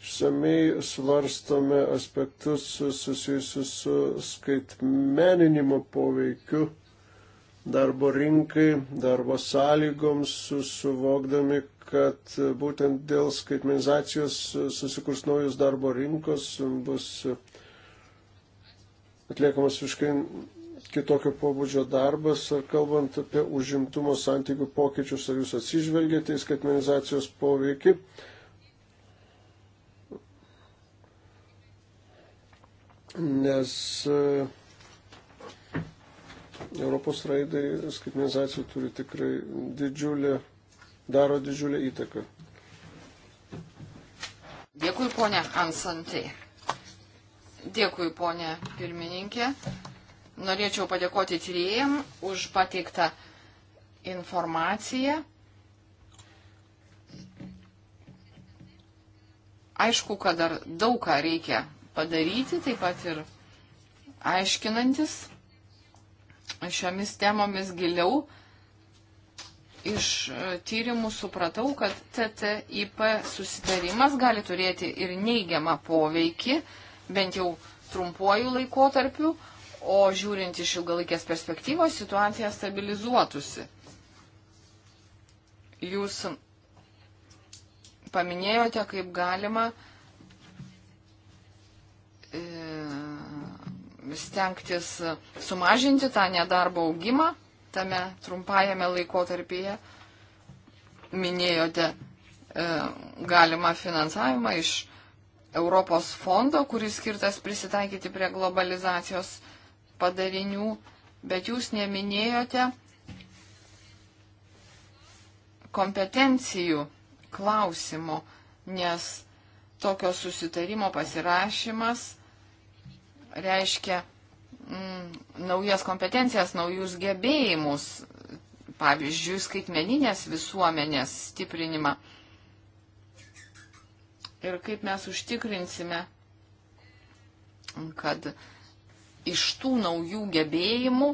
išsamei svarstome aspektus susijusius su skaitmeninimo poveikiu darbo rinkai, darbo sąlygoms, suvokdami, kad būtent dėl skaitmenizacijos susikurs naujos darbo rinkos, bus atliekamas visiškai kitokio pobūdžio darbas, ar kalbant apie užimtumo santykių pokyčius, ar jūs atsižvelgėte į skaitmenizacijos poveikį. Nes uh, Europos raidai skaitmenizacija turi tikrai didžiulę, daro didžiulę įtaką. Dėkui, ponė Ansantai. Dėkui, ponė pirmininkė. Norėčiau padėkoti tyrėjim už pateiktą informaciją. Aišku, kad dar daug ką reikia padaryti, taip pat ir aiškinantis šiomis temomis giliau, iš e, tyrimų supratau, kad TTIP susitarimas gali turėti ir neigiamą poveikį, bent jau trumpuoju laikotarpiu, o žiūrint iš ilgalaikės perspektyvos situacija stabilizuotųsi. Jūs paminėjote, kaip galima e, stengtis sumažinti tą nedarbo augimą tame trumpajame laikotarpyje. Minėjote e, galima finansavimą iš Europos fondo, kuris skirtas prisitaikyti prie globalizacijos padarinių, bet jūs neminėjote kompetencijų klausimo, nes tokio susitarimo pasirašymas reiškia mm, naujas kompetencijas, naujus gebėjimus, pavyzdžiui, skaitmeninės visuomenės stiprinimą. Ir kaip mes užtikrinsime, kad iš tų naujų gebėjimų,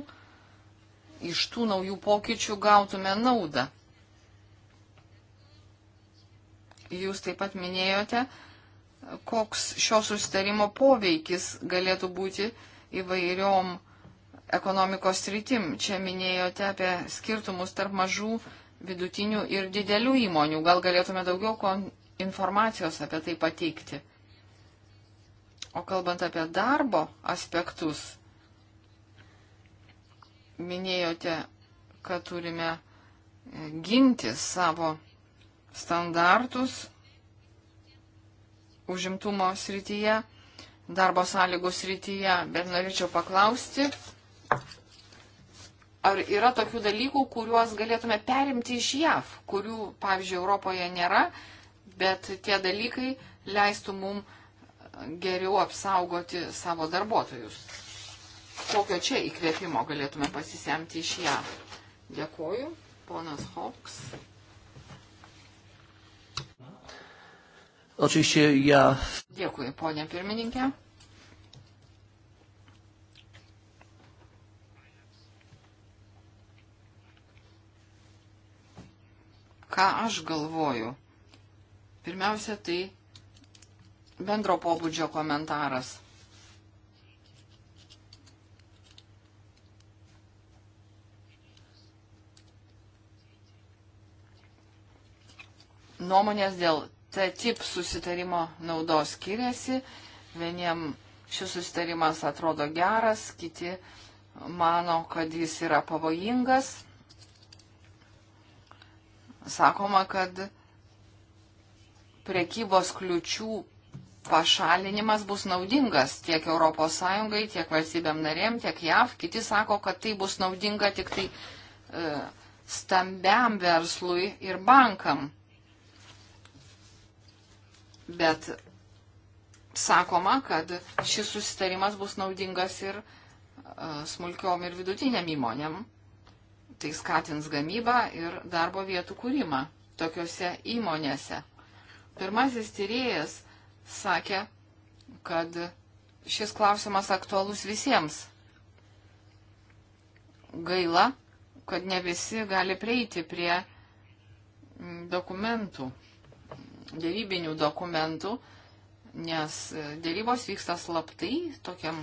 iš tų naujų pokyčių gautume naudą. Jūs taip pat minėjote, koks šio sustarimo poveikis galėtų būti įvairiom ekonomikos rytim. Čia minėjote apie skirtumus tarp mažų, vidutinių ir didelių įmonių. Gal galėtume daugiau informacijos apie tai pateikti. O kalbant apie darbo aspektus, minėjote, kad turime ginti savo standartus užimtumo srityje, darbo sąlygų srityje, bet norėčiau paklausti, ar yra tokių dalykų, kuriuos galėtume perimti iš JAV, kurių, pavyzdžiui, Europoje nėra, bet tie dalykai leistų mum geriau apsaugoti savo darbuotojus. Kokio čia įkvėpimo galėtume pasisemti iš JAV? Dėkuoju, ponas Hawks. Oczywiście ja. Dziękuję, panie pirmininkė. Ką aš galvoju? Pirmiausia, tai bendro pobūdžio komentaras. Nuomonės dėl ta tip susitarimo naudos skiriasi. Vieniem šis susitarimas atrodo geras, kiti mano, kad jis yra pavojingas. Sakoma, kad prekybos kliučių pašalinimas bus naudingas tiek ES, tiek valstybėm narėm, tiek JAV. Kiti sako, kad tai bus naudinga tik tai e, stambiam verslui ir bankam. Bet sakoma, kad šis susitarimas bus naudingas ir e, smulkiom ir vidutiniam įmonėm. Tai skatins gamybą ir darbo vietų kūrimą tokiuose įmonėse. Pirmasis tyrėjas sakė, kad šis klausimas aktualus visiems. Gaila, kad ne visi gali prieiti prie dokumentų dėrybinių dokumentų, nes dėrybos vyksta slaptai, tokiam,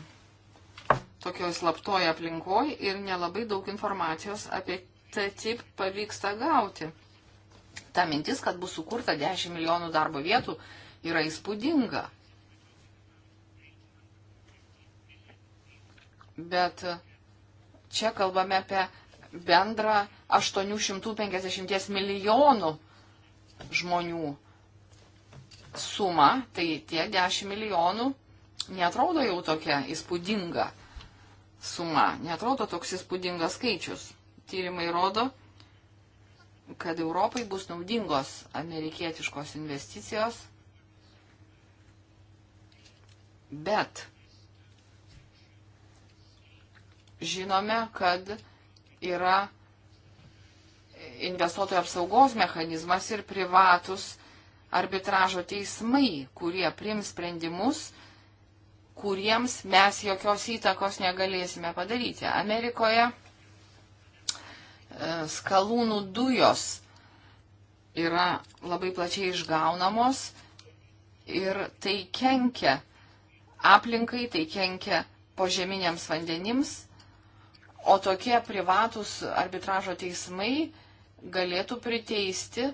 tokioje slaptoje aplinkoje ir nelabai daug informacijos apie TTIP pavyksta gauti. Ta mintis, kad bus sukurta 10 milijonų darbo vietų, yra įspūdinga. Bet čia kalbame apie bendrą 850 milijonų žmonių suma, tai tie 10 milijonų netrodo jau tokia įspūdinga suma, netrodo toks įspūdingas skaičius. Tyrimai rodo, kad Europai bus naudingos amerikietiškos investicijos, bet žinome, kad yra investuotojų apsaugos mechanizmas ir privatus arbitražo teismai, kurie prims sprendimus, kuriems mes jokios įtakos negalėsime padaryti. Amerikoje e, skalūnų dujos yra labai plačiai išgaunamos ir tai kenkia aplinkai, tai kenkia požeminiams vandenims, o tokie privatus arbitražo teismai galėtų priteisti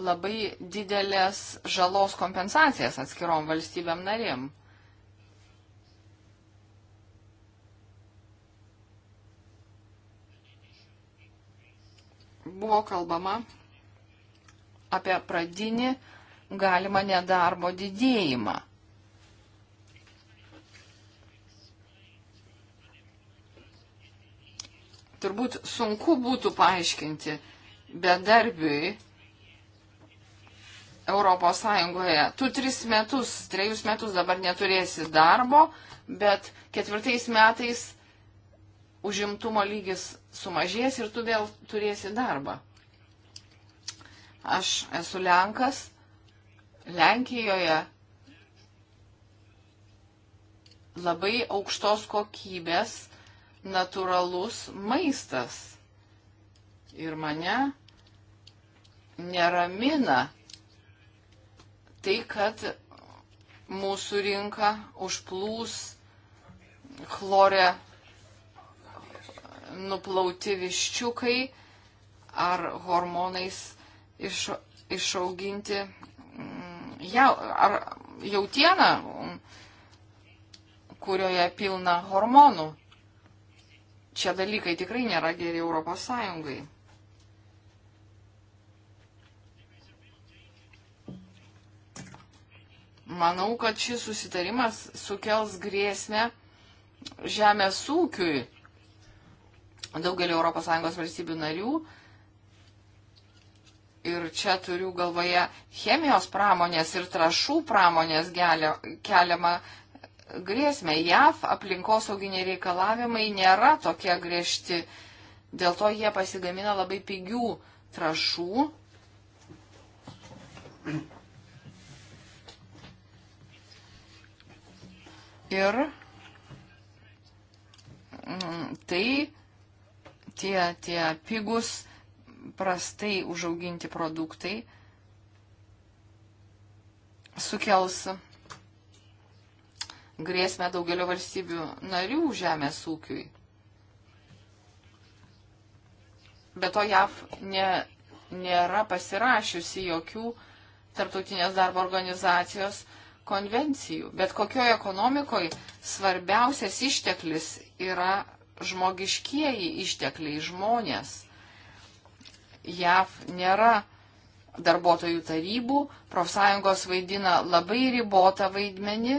labai didelės žalos kompensacijas atskirom valstybėm narėm. Buvo kalbama apie pradinį galimą nedarbo didėjimą. Turbūt sunku būtų paaiškinti bedarbiui, Europos Sąjungoje. Tu tris metus, trejus metus dabar neturėsi darbo, bet ketvirtais metais užimtumo lygis sumažės ir tu vėl turėsi darbą. Aš esu Lenkas, Lenkijoje labai aukštos kokybės natūralus maistas. Ir mane neramina tai, kad mūsų rinka užplūs chlorė nuplauti viščiukai ar hormonais iš, išauginti mm, jau, ar jautieną, mm, kurioje pilna hormonų. Čia dalykai tikrai nėra geri Europos Sąjungai. Manau, kad šis susitarimas sukels grėsmę žemės ūkiui daugelį ES valstybių narių. Ir čia turiu galvoje chemijos pramonės ir trašų pramonės gelia, keliamą grėsmę. JAV aplinkosauginiai reikalavimai nėra tokie griežti. Dėl to jie pasigamina labai pigių trašų. Ir mm, tai tie, tie pigus, prastai užauginti produktai sukels grėsmę daugelio valstybių narių žemės ūkiui. Be to JAV ne, nėra pasirašiusi jokių tarptautinės darbo organizacijos uh, konvencijų. Bet kokioje ekonomikoje svarbiausias išteklis yra žmogiškieji ištekliai, žmonės. JAV nėra darbuotojų tarybų, profsąjungos vaidina labai ribotą vaidmenį.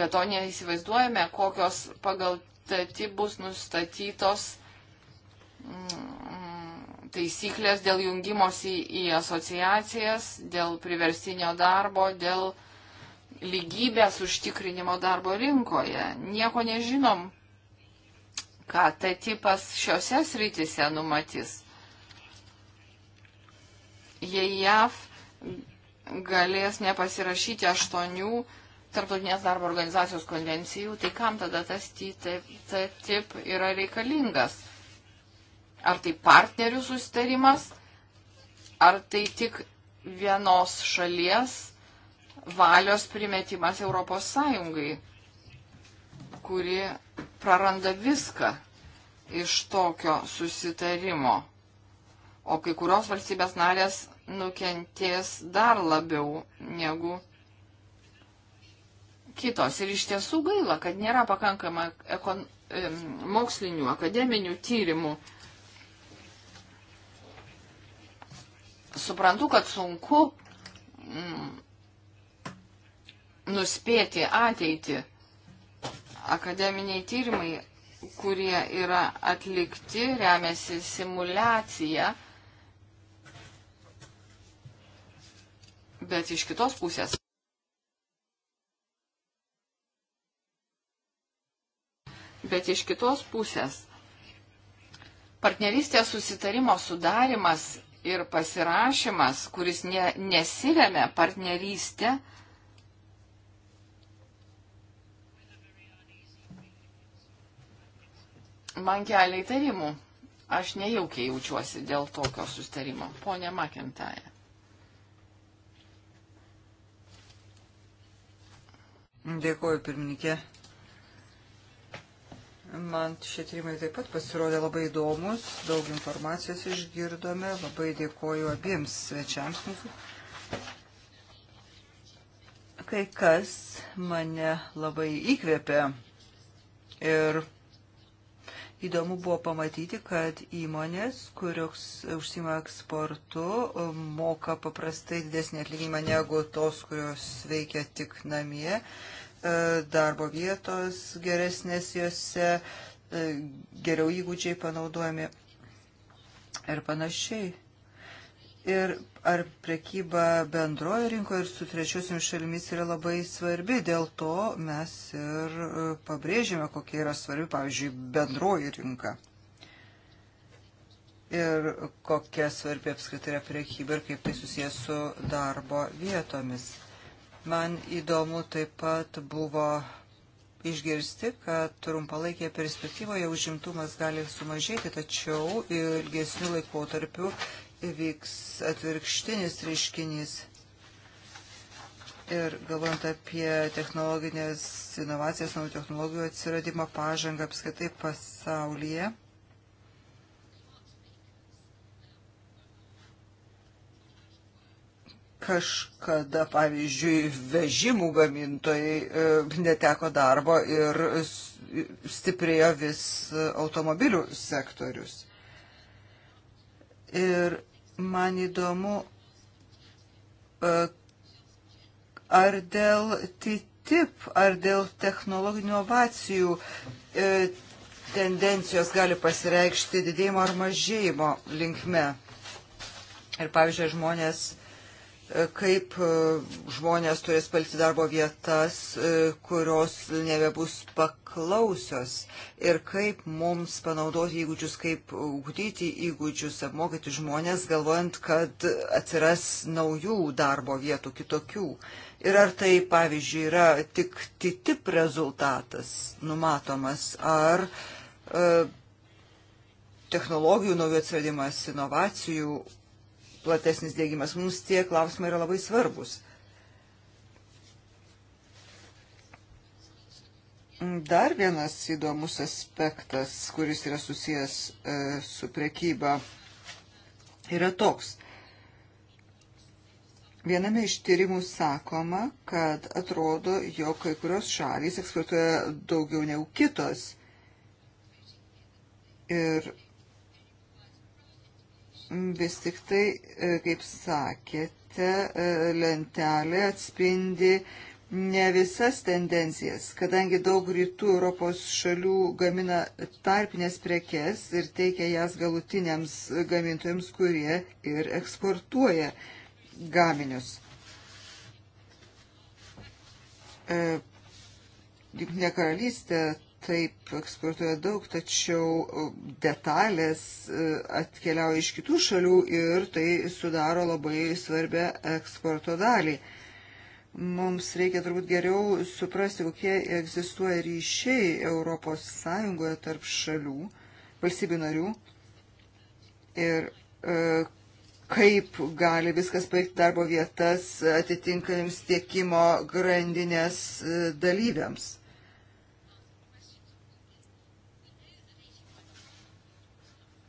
Be to neįsivaizduojame, kokios pagal tati bus nustatytos mm, taisyklės dėl jungimosi į asociacijas, dėl priverstinio darbo, dėl lygybės užtikrinimo darbo rinkoje. Nieko nežinom, ką tai tipas šiuose srityse numatys. Jei JAV galės nepasirašyti aštuonių tarptautinės darbo organizacijos konvencijų, tai kam tada tas TTIP yra reikalingas? Ar tai partnerių susitarimas, ar tai tik vienos šalies valios primetimas Europos Sąjungai, kuri praranda viską iš tokio susitarimo. O kai kurios valstybės narės nukentės dar labiau negu kitos. Ir iš tiesų gaila, kad nėra pakankama ekon, mokslinių, akademinių tyrimų suprantu, kad sunku mm, nuspėti ateitį. Akademiniai tyrimai, kurie yra atlikti, remiasi simulacija, bet iš kitos pusės. Bet iš kitos pusės partnerystės susitarimo sudarimas ir pasirašymas, kuris ne, nesivemia partnerystę, man kelia įtarimų. Aš nejaukiai jaučiuosi dėl tokio sustarimo. Pone Makintaja. Dėkuoju, pirmininkė. Man šie tyrimai taip pat pasirodė labai įdomus, daug informacijos išgirdome, labai dėkoju abiems svečiams mūsų. Kai kas mane labai įkvėpė ir įdomu buvo pamatyti, kad įmonės, kurios užsima eksportu, moka paprastai didesnį atlyginimą negu tos, kurios veikia tik namie. E, darbo vietos geresnės juose, e, geriau įgūdžiai panaudojami ir panašiai. Ir ar prekyba bendroje rinkoje ir su trečiosiomis šalimis yra labai svarbi, dėl to mes ir e, pabrėžėme, kokia yra svarbi, pavyzdžiui, bendroji rinka. Ir kokia svarbi apskritai yra prekyba ir kaip tai susijęs su darbo vietomis. Man įdomu taip pat buvo išgirsti, kad trumpalaikėje perspektyvoje užimtumas gali sumažėti, tačiau ilgesnių laikotarpių vyks atvirkštinis reiškinys. Ir galvojant apie technologinės inovacijas, naujų technologijų atsiradimą, pažangą apskaitai pasaulyje, Kažkada, pavyzdžiui, vežimų gamintojai e, neteko darbo ir stiprėjo vis automobilių sektorius. Ir man įdomu, e, ar dėl TTIP, ar dėl technologinių ovacijų e, tendencijos gali pasireikšti didėjimo ar mažėjimo linkme. Ir pavyzdžiui, žmonės kaip e, žmonės turės palikti darbo vietas, e, kurios nebebus paklausios ir kaip mums panaudoti įgūdžius, kaip ugdyti įgūdžius, apmokyti žmonės, galvojant, kad atsiras naujų darbo vietų, kitokių. Ir ar tai, pavyzdžiui, yra tik TTIP rezultatas numatomas, ar e, technologijų naujų atsiradimas, inovacijų platesnis dėgymas. Mums tie klausimai yra labai svarbus. Dar vienas įdomus aspektas, kuris yra susijęs e, su prekyba, yra toks. Viename iš tyrimų sakoma, kad atrodo, jog kai kurios šalys eksportuoja daugiau negu kitos. Ir vis tik tai, e, kaip sakėte, e, lentelė atspindi ne visas tendencijas, kadangi daug rytų Europos šalių gamina tarpinės prekes ir teikia jas galutiniams gamintojams, kurie ir eksportuoja gaminius. E, Junktinė karalystė taip eksportuoja daug, tačiau e, detalės e, atkeliauja iš kitų šalių ir tai sudaro labai svarbę eksporto dalį. Mums reikia turbūt geriau suprasti, kokie egzistuoja ryšiai Europos Sąjungoje tarp šalių, valstybių narių ir e, kaip gali viskas paveikti darbo vietas atitinkamiems tiekimo grandinės e, dalyviams.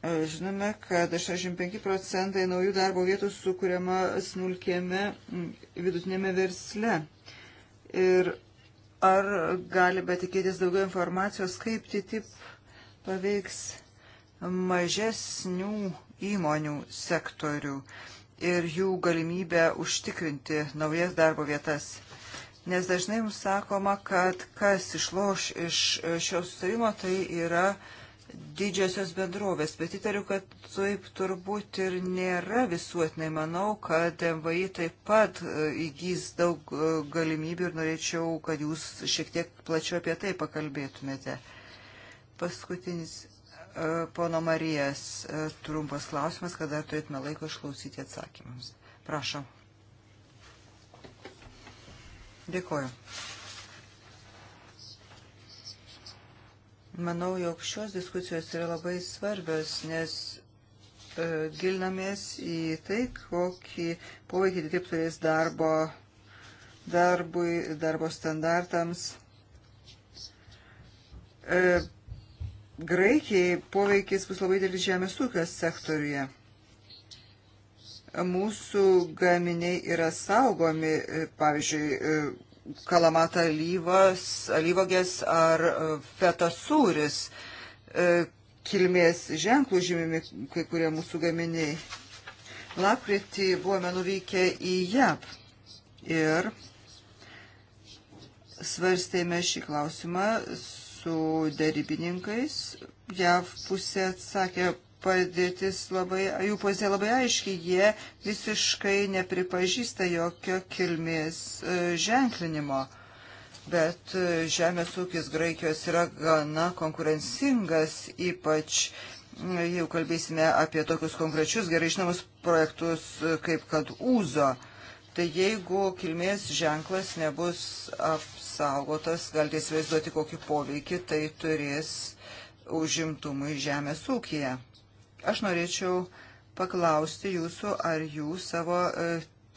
E, žinome, kad 65 procentai naujų darbo vietų sukūriama smulkėme vidutinėme versle. Ir ar galime tikėtis daugiau informacijos, kaip TTIP paveiks mažesnių įmonių sektorių ir jų galimybę užtikrinti naujas darbo vietas? Nes dažnai mums sakoma, kad kas išloš iš šio sustarimo, tai yra uh, didžiosios bendrovės, bet įtariu, kad taip turbūt ir nėra visuotinai. Manau, kad MVI taip pat e, įgys daug e, galimybių ir norėčiau, kad jūs šiek tiek plačiau apie tai pakalbėtumėte. Paskutinis e, pono Marijas trumpas klausimas, kad dar turėtume laiko išklausyti atsakymams. Prašau. Dėkoju. Manau, jog šios diskusijos yra labai svarbios, nes e, gilinamės į tai, kokį poveikį taip turės darbo darbui, darbo standartams. E, Graikijai poveikis bus labai dėlis žemės ūkio sektoriuje. Mūsų gaminiai yra saugomi, e, pavyzdžiui, e, kalamata alyvas, alyvogės ar e, fetasūris e, kilmės ženklų žymimi kai kurie mūsų gaminiai. Lapkritį buvome nuvykę į JAP ir svarstėme šį klausimą su darybininkais. JAV pusė atsakė padėtis labai, jų pozicija labai aiški, jie visiškai nepripažįsta jokio kilmės e, ženklinimo. Bet e, žemės ūkis Graikijos yra gana konkurencingas, ypač e, jau kalbėsime apie tokius konkrečius gerai žinomus projektus kaip kad Uzo. Tai jeigu kilmės ženklas nebus apsaugotas, galite įsivaizduoti, kokį poveikį tai turės užimtumui žemės ūkija. Aš norėčiau paklausti jūsų, ar jūs savo e,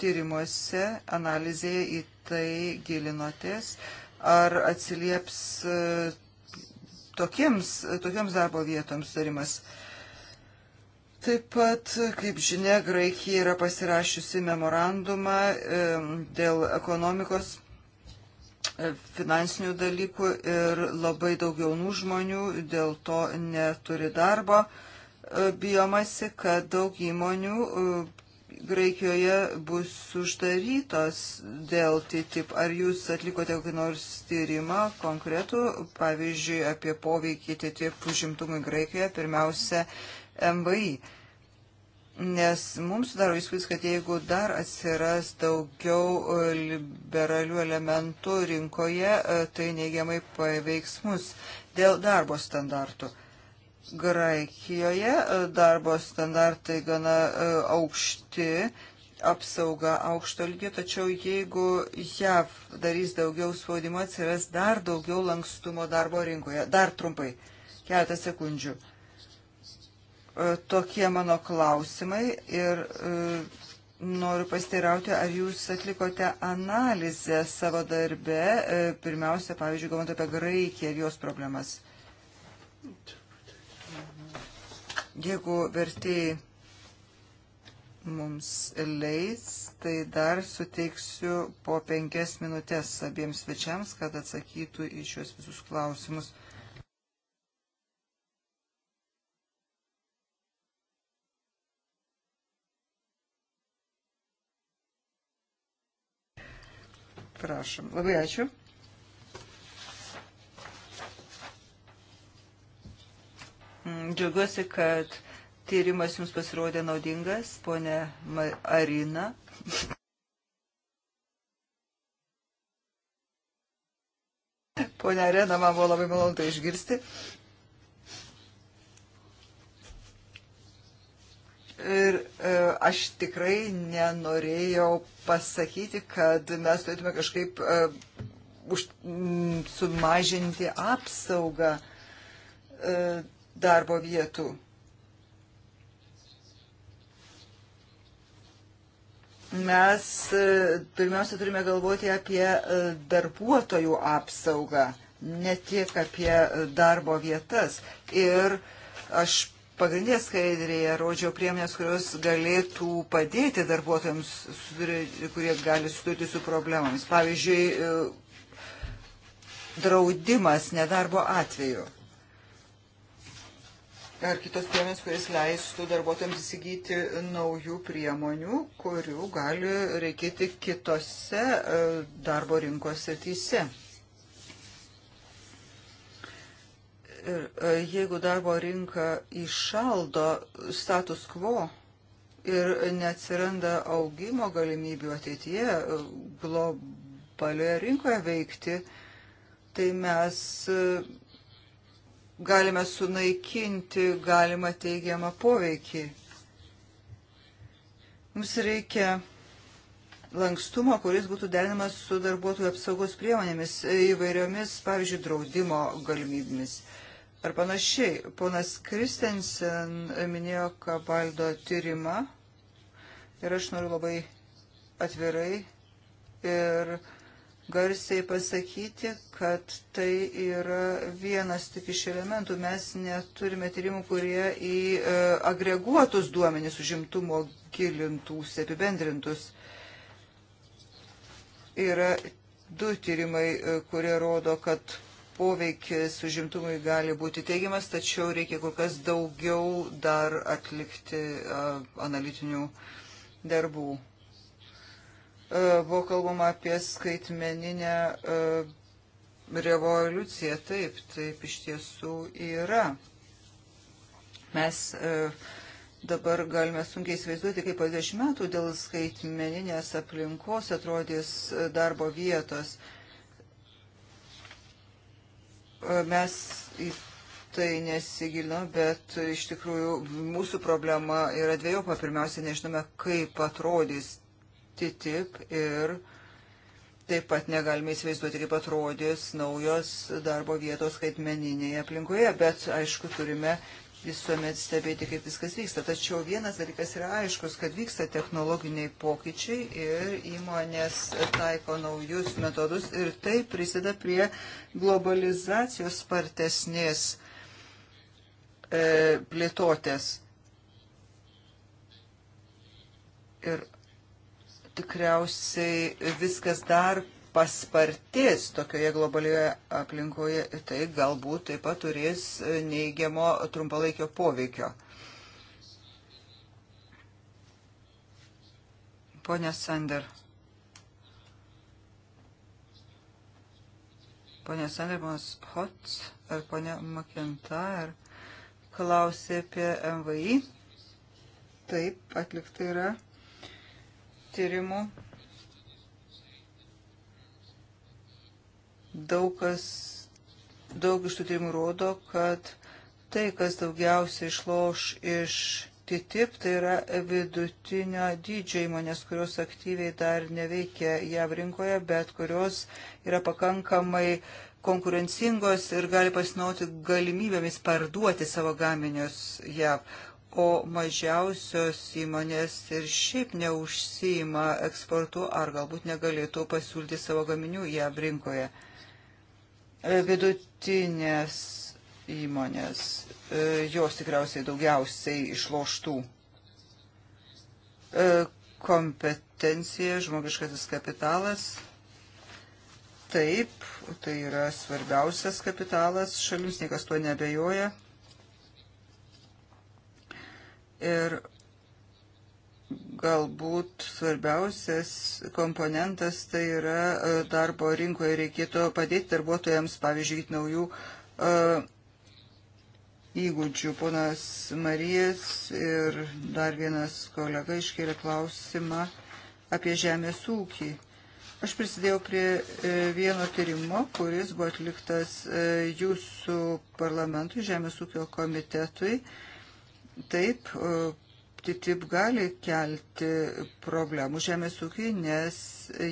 tyrimuose, analizėje į tai gilinotės, ar atsilieps e, tokiems, tokiems darbo vietoms tarimas. Taip pat, kaip žinia, Graikija yra pasirašiusi memorandumą e, dėl ekonomikos finansinių dalykų ir labai daug jaunų žmonių dėl to neturi darbo. E, bijomasi, kad daug įmonių e, Graikijoje bus uždarytos dėl TTIP. Ar jūs atlikote kokį nors tyrimą konkretų, pavyzdžiui, apie poveikį TTIP užimtumui Graikijoje, pirmiausia, MVI? Nes mums daro įspūdis, kad jeigu dar atsiras daugiau e, liberalių elementų rinkoje, tai neigiamai paveiks mus dėl darbo standartų. Graikijoje e, darbo standartai gana e, aukšti, apsauga aukšto lygio, tačiau jeigu JAV darys daugiau spaudimo, atsiras dar daugiau lankstumo darbo rinkoje. Dar trumpai, keletą sekundžių. E, tokie mano klausimai ir noriu pasteirauti, ar jūs atlikote analizę savo darbe, pirmiausia, pavyzdžiui, galvant apie Graikiją ir jos problemas. Čia. Jeigu vertėjai mums leis, tai dar suteiksiu po penkias minutės abiems svečiams, kad atsakytų į šios visus klausimus. Prašom. Labai ačiū. Mm, džiaugiuosi, kad tyrimas jums pasirodė naudingas, ponė Arina. Pone Arena, man buvo labai malonu tai išgirsti. Ir e, aš tikrai nenorėjau pasakyti, kad mes turėtume kažkaip e, už, m, sumažinti apsaugą. E, darbo vietų. Mes e, pirmiausia turime galvoti apie e, darbuotojų apsaugą, ne tiek apie e, darbo vietas. Ir aš pagrindinės skaidrėje rodžiau priemonės, kurios galėtų padėti darbuotojams, kurie gali susidurti su problemomis. Pavyzdžiui, draudimas nedarbo atveju ar kitos priemonės, kuris leistų darbuotojams įsigyti naujų priemonių, kurių gali reikėti kitose e, darbo rinkos srityse. Ir e, jeigu darbo rinka išaldo status quo ir neatsiranda augimo galimybių ateityje e, globalioje rinkoje veikti, tai mes galime sunaikinti galimą teigiamą poveikį. Mums reikia lankstumo, kuris būtų derinamas su darbuotojų apsaugos priemonėmis įvairiomis, pavyzdžiui, draudimo galimybėmis. Ar panašiai, ponas Kristensen minėjo Kabaldo tyrimą ir aš noriu labai atvirai ir uh, garsiai pasakyti, kad tai yra vienas tik iš elementų. Mes neturime tyrimų, kurie į e, agreguotus duomenys užimtumo gilintus, apibendrintus. Yra du tyrimai, e, kurie rodo, kad poveikis užimtumui gali būti teigiamas, tačiau reikia kur kas daugiau dar atlikti e, analitinių darbų. E, buvo kalbama apie skaitmeninę e, revoliuciją. Taip, taip iš tiesų yra. Mes e, dabar galime sunkiai įsivaizduoti, kaip po 20 metų dėl skaitmeninės aplinkos atrodys darbo vietos. Mes į tai nesigilinu, bet iš tikrųjų mūsų problema yra dviejopa. Pirmiausia, nežinome, kaip atrodys TTIP ir taip pat negalime įsivaizduoti, kaip atrodys naujos darbo vietos skaitmeninėje aplinkoje, bet aišku turime visuomet stebėti, kaip viskas vyksta. Tačiau vienas dalykas yra aiškus, kad vyksta technologiniai pokyčiai ir įmonės taiko naujus metodus ir tai prisida prie globalizacijos spartesnės e, plėtotės. Ir tikriausiai viskas dar paspartės tokioje globalioje aplinkoje, tai galbūt taip pat turės neigiamo trumpalaikio poveikio. Pone Sander. Pone Sander, ponas Hots ar ponė Makintar klausė apie MVI. Taip, atlikta yra tyrimų. Daug, kas, daug iš tų tyrimų rodo, kad tai, kas daugiausiai išloš iš TTIP, tai yra vidutinio dydžio įmonės, kurios aktyviai dar neveikia JAV rinkoje, bet kurios yra pakankamai konkurencingos ir gali pasinauti galimybėmis parduoti savo gaminius JAV o mažiausios įmonės ir šiaip neužsijima eksportu ar galbūt negalėtų pasiūlyti savo gaminių JAV rinkoje. E, vidutinės įmonės, e, jos tikriausiai daugiausiai išloštų. E, kompetencija, žmogiškasis kapitalas. Taip, tai yra svarbiausias kapitalas šalims, niekas tuo nebejoja. Ir galbūt svarbiausias komponentas tai yra e, darbo rinkoje reikėtų padėti darbuotojams, pavyzdžiui, naujų e, įgūdžių. Ponas Marijas ir dar vienas kolega iškėlė klausimą apie žemės ūkį. Aš prisidėjau prie e, vieno tyrimo, kuris buvo atliktas jūsų parlamentui, Žemės ūkio komitetui. Uh, Taip, e, TTIP gali kelti problemų žemės ūkiai, nes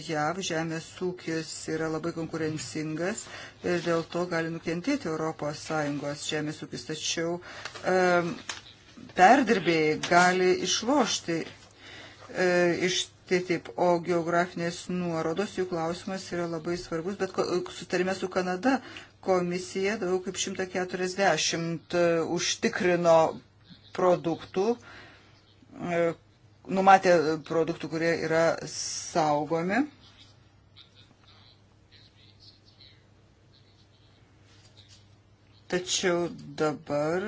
JAV žemės ūkis yra labai konkurencingas ir dėl to gali nukentėti ES žemės ūkis. Tačiau um, perdirbėjai gali išlošti e, iš TTIP, o geografinės nuorodos, jų klausimas yra labai svarbus, bet sutarime su Kanada komisija daugiau kaip 140 e, užtikrino produktų, e, numatė produktų, kurie yra saugomi. Tačiau dabar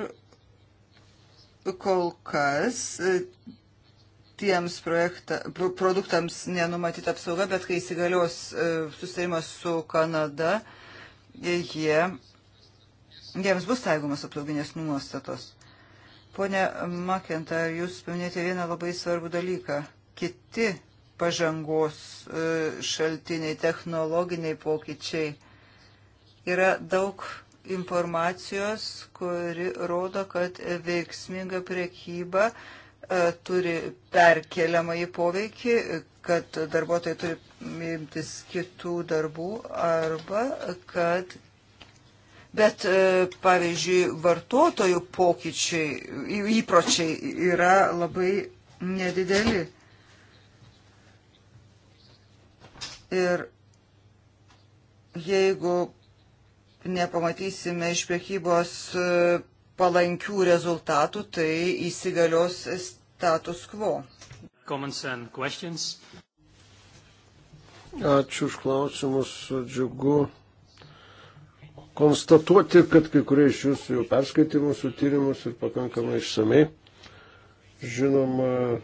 kol kas e, tiems projekta, produktams nenumatyta apsauga, bet kai įsigalios e, susitarimas su Kanada, jie, jiems bus taigomas apsauginės nuostatos. Pone Makenta, jūs paminėjote vieną labai svarbų dalyką. Kiti pažangos e, šaltiniai, technologiniai pokyčiai. Yra daug informacijos, kuri rodo, kad veiksminga priekyba e, turi perkeliamą į poveikį, kad darbuotojai turi imtis kitų darbų arba kad Bet, e, pavyzdžiui, vartotojų pokyčiai, įpročiai yra labai nedideli. Ir jeigu nepamatysime iš priekybos e, palankių rezultatų, tai įsigalios status quo. Ačiū už klausimus, džiugu konstatuoti, kad kai kurie iš jūsų jau perskaitė mūsų tyrimus ir pakankamai išsamei. Žinoma,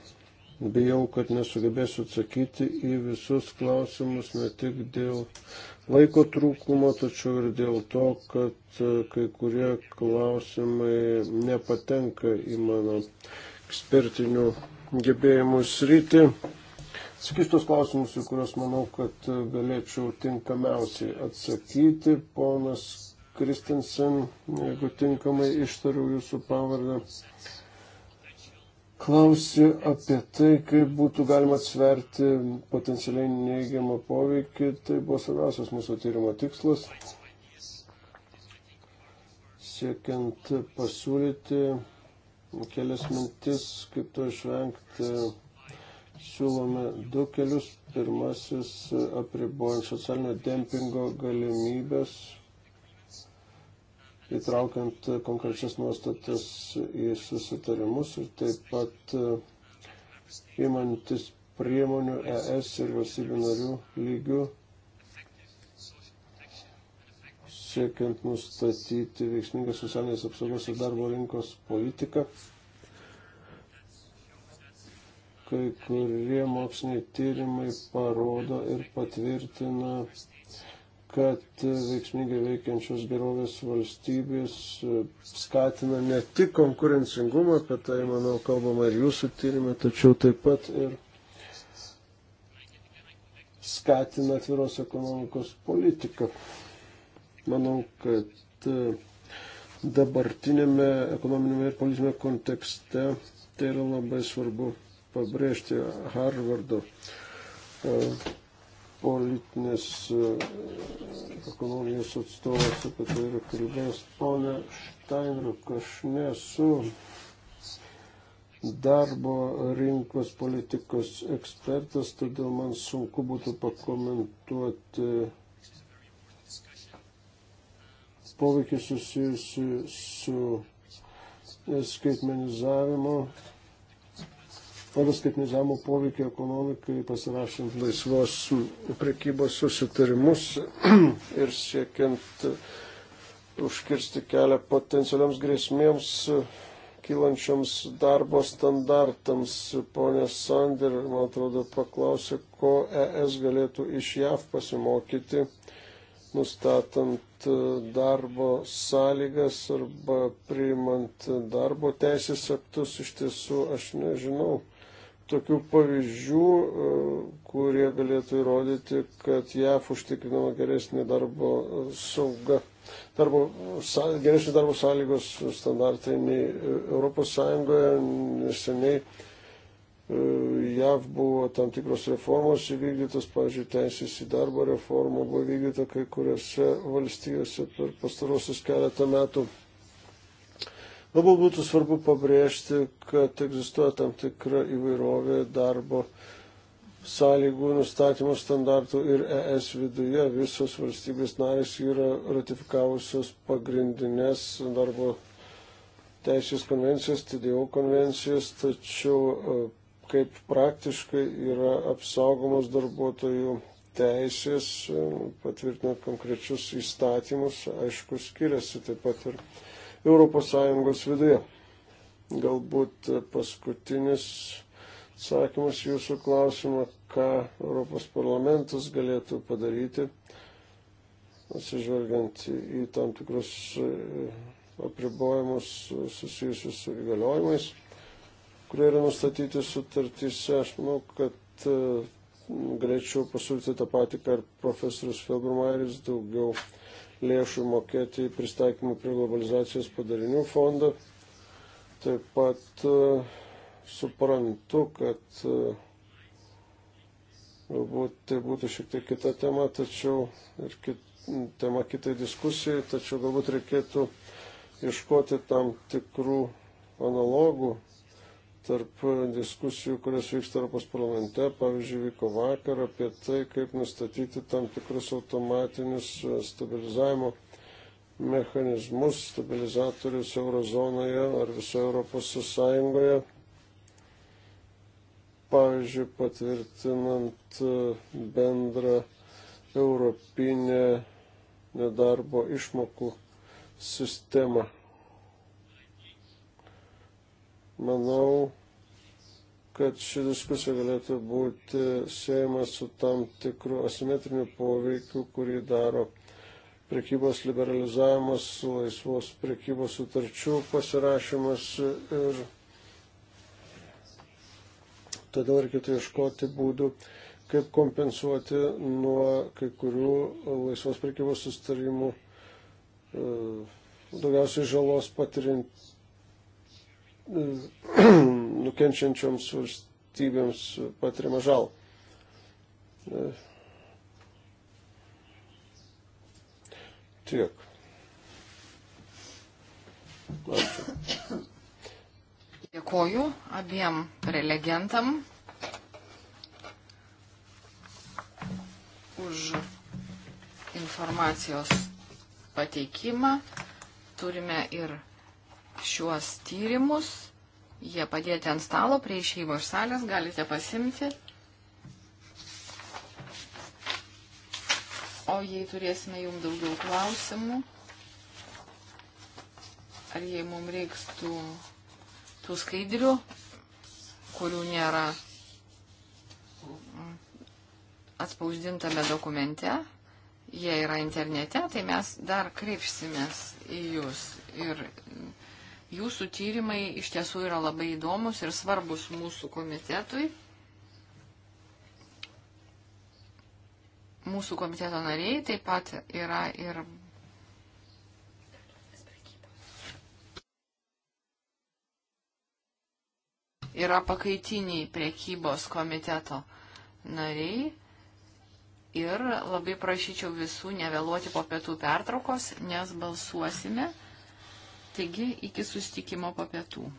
bijau, kad nesugebėsiu atsakyti į visus klausimus, ne tik dėl laiko trūkumo, tačiau ir dėl to, kad e, kai kurie klausimai nepatenka į mano ekspertinių gebėjimų sritį. Skirtus klausimus, į kuriuos manau, kad galėčiau tinkamiausiai atsakyti, ponas Kristensen, jeigu tinkamai ištariu jūsų pavardę, klausė apie tai, kaip būtų galima atsverti potencialiai neigiamą poveikį. Tai buvo svarbiausias mūsų tyrimo tikslas. Siekiant pasiūlyti kelias mintis, kaip to išvengti, siūlome du kelius. Pirmasis - apribojant socialinio dempingo galimybės įtraukiant konkrečias nuostatas į susitarimus ir taip pat įmantis e, priemonių ES ir valstybių narių lygių siekiant nustatyti veiksmingą socialinės apsaugos ir darbo rinkos politiką. Kai kurie moksliniai tyrimai parodo ir patvirtina kad veiksmingai veikiančios gerovės valstybės e, skatina ne tik konkurencingumą, apie tai, manau, kalbama ir jūsų tyrimė, tačiau taip pat ir skatina atviros ekonomikos politiką. Manau, kad e, dabartinėme ekonominėme ir politinėme kontekste tai yra labai svarbu pabrėžti Harvardo e, politinės e, ekonominės atstovas apie tai yra kalbėjęs. Pone Štainruk, aš nesu darbo rinkos politikos ekspertas, todėl man sunku būtų pakomentuoti poveikį susijusi su skaitmenizavimu pagal skaitmizavimo poveikį ekonomikai, pasirašant laisvos prekybos susitarimus [clears throat] ir siekiant užkirsti kelią potencialiams grėsmėms kylančioms darbo standartams. Pone Sander, man atrodo, paklausė, ko ES galėtų iš JAV pasimokyti, nustatant darbo sąlygas arba priimant darbo teisės aktus. Iš tiesų, aš nežinau tokių pavyzdžių, e, kurie galėtų įrodyti, kad JAF užtikrinama geresnė darbo sauga, darbo, geresnė darbo sąlygos standartai nei Europos Sąjungoje. Neseniai e, JAV buvo tam tikros reformos įvykdytos, pavyzdžiui, teisės į darbo reformą buvo vykdyta kai kuriuose valstijose per pastarosius keletą metų. Labai būtų svarbu pabrėžti, kad egzistuoja tam tikra įvairovė darbo sąlygų nustatymo standartų ir ES viduje visos valstybės narės yra ratifikavusios pagrindinės darbo teisės konvencijos, TDO konvencijos, tačiau e, kaip praktiškai yra apsaugomos darbuotojų teisės, e, patvirtinant konkrečius įstatymus, aišku, skiriasi taip pat ir. Ir ES viduje. Galbūt paskutinis atsakymas jūsų klausimą, ką Europos parlamentas galėtų padaryti, atsižvelgiant į tam tikrus e, apribojimus susijusius su įgaliojimais, kurie yra nustatyti sutartyse. Aš manau, kad e, galėčiau pasiūlyti tą patį, ką ir profesorius Felbrumairis daugiau lėšų mokėti į pristaikymų prie globalizacijos padarinių fondą. Taip pat e, suprantu, kad e, galbūt tai būtų šiek tiek kita tema, tačiau ir kit, tema kitai diskusijai, tačiau galbūt reikėtų ieškoti tam tikrų analogų tarp diskusijų, kurios vyksta Europos parlamente, pavyzdžiui, vyko vakar apie tai, kaip nustatyti tam tikrus automatinius e, stabilizavimo mechanizmus, stabilizatorius eurozonoje ar visoje Europos Sąjungoje. Pavyzdžiui, patvirtinant e, bendrą europinę nedarbo išmokų sistemą. Manau, kad ši diskusija galėtų būti siejama su tam tikru asimetriniu poveikiu, kurį daro prekybos liberalizavimas, laisvos prekybos sutarčių pasirašymas ir todėl reikėtų ieškoti būdų, kaip kompensuoti nuo kai kurių laisvos prekybos sustarimų e, daugiausiai žalos patirinti nukenčiančioms valstybėms patiriamą žalą. Tiek. Ačiū. Dėkoju abiem prelegentam už informacijos pateikimą. Turime ir šiuos tyrimus. Jie padėti ant stalo prie išėjimo iš salės, galite pasimti. O jei turėsime jums daugiau klausimų, ar jei mums reiks tų, tų skaidrių, kurių nėra atspausdintame dokumente, jie yra internete, tai mes dar kreipsimės į jūs ir Jūsų tyrimai iš tiesų yra labai įdomus ir svarbus mūsų komitetui. Mūsų komiteto nariai taip pat yra ir yra pakaitiniai priekybos komiteto nariai. Ir labai prašyčiau visų nevėluoti po pietų pertraukos, nes balsuosime. Taigi, iki sustikimo po pietų.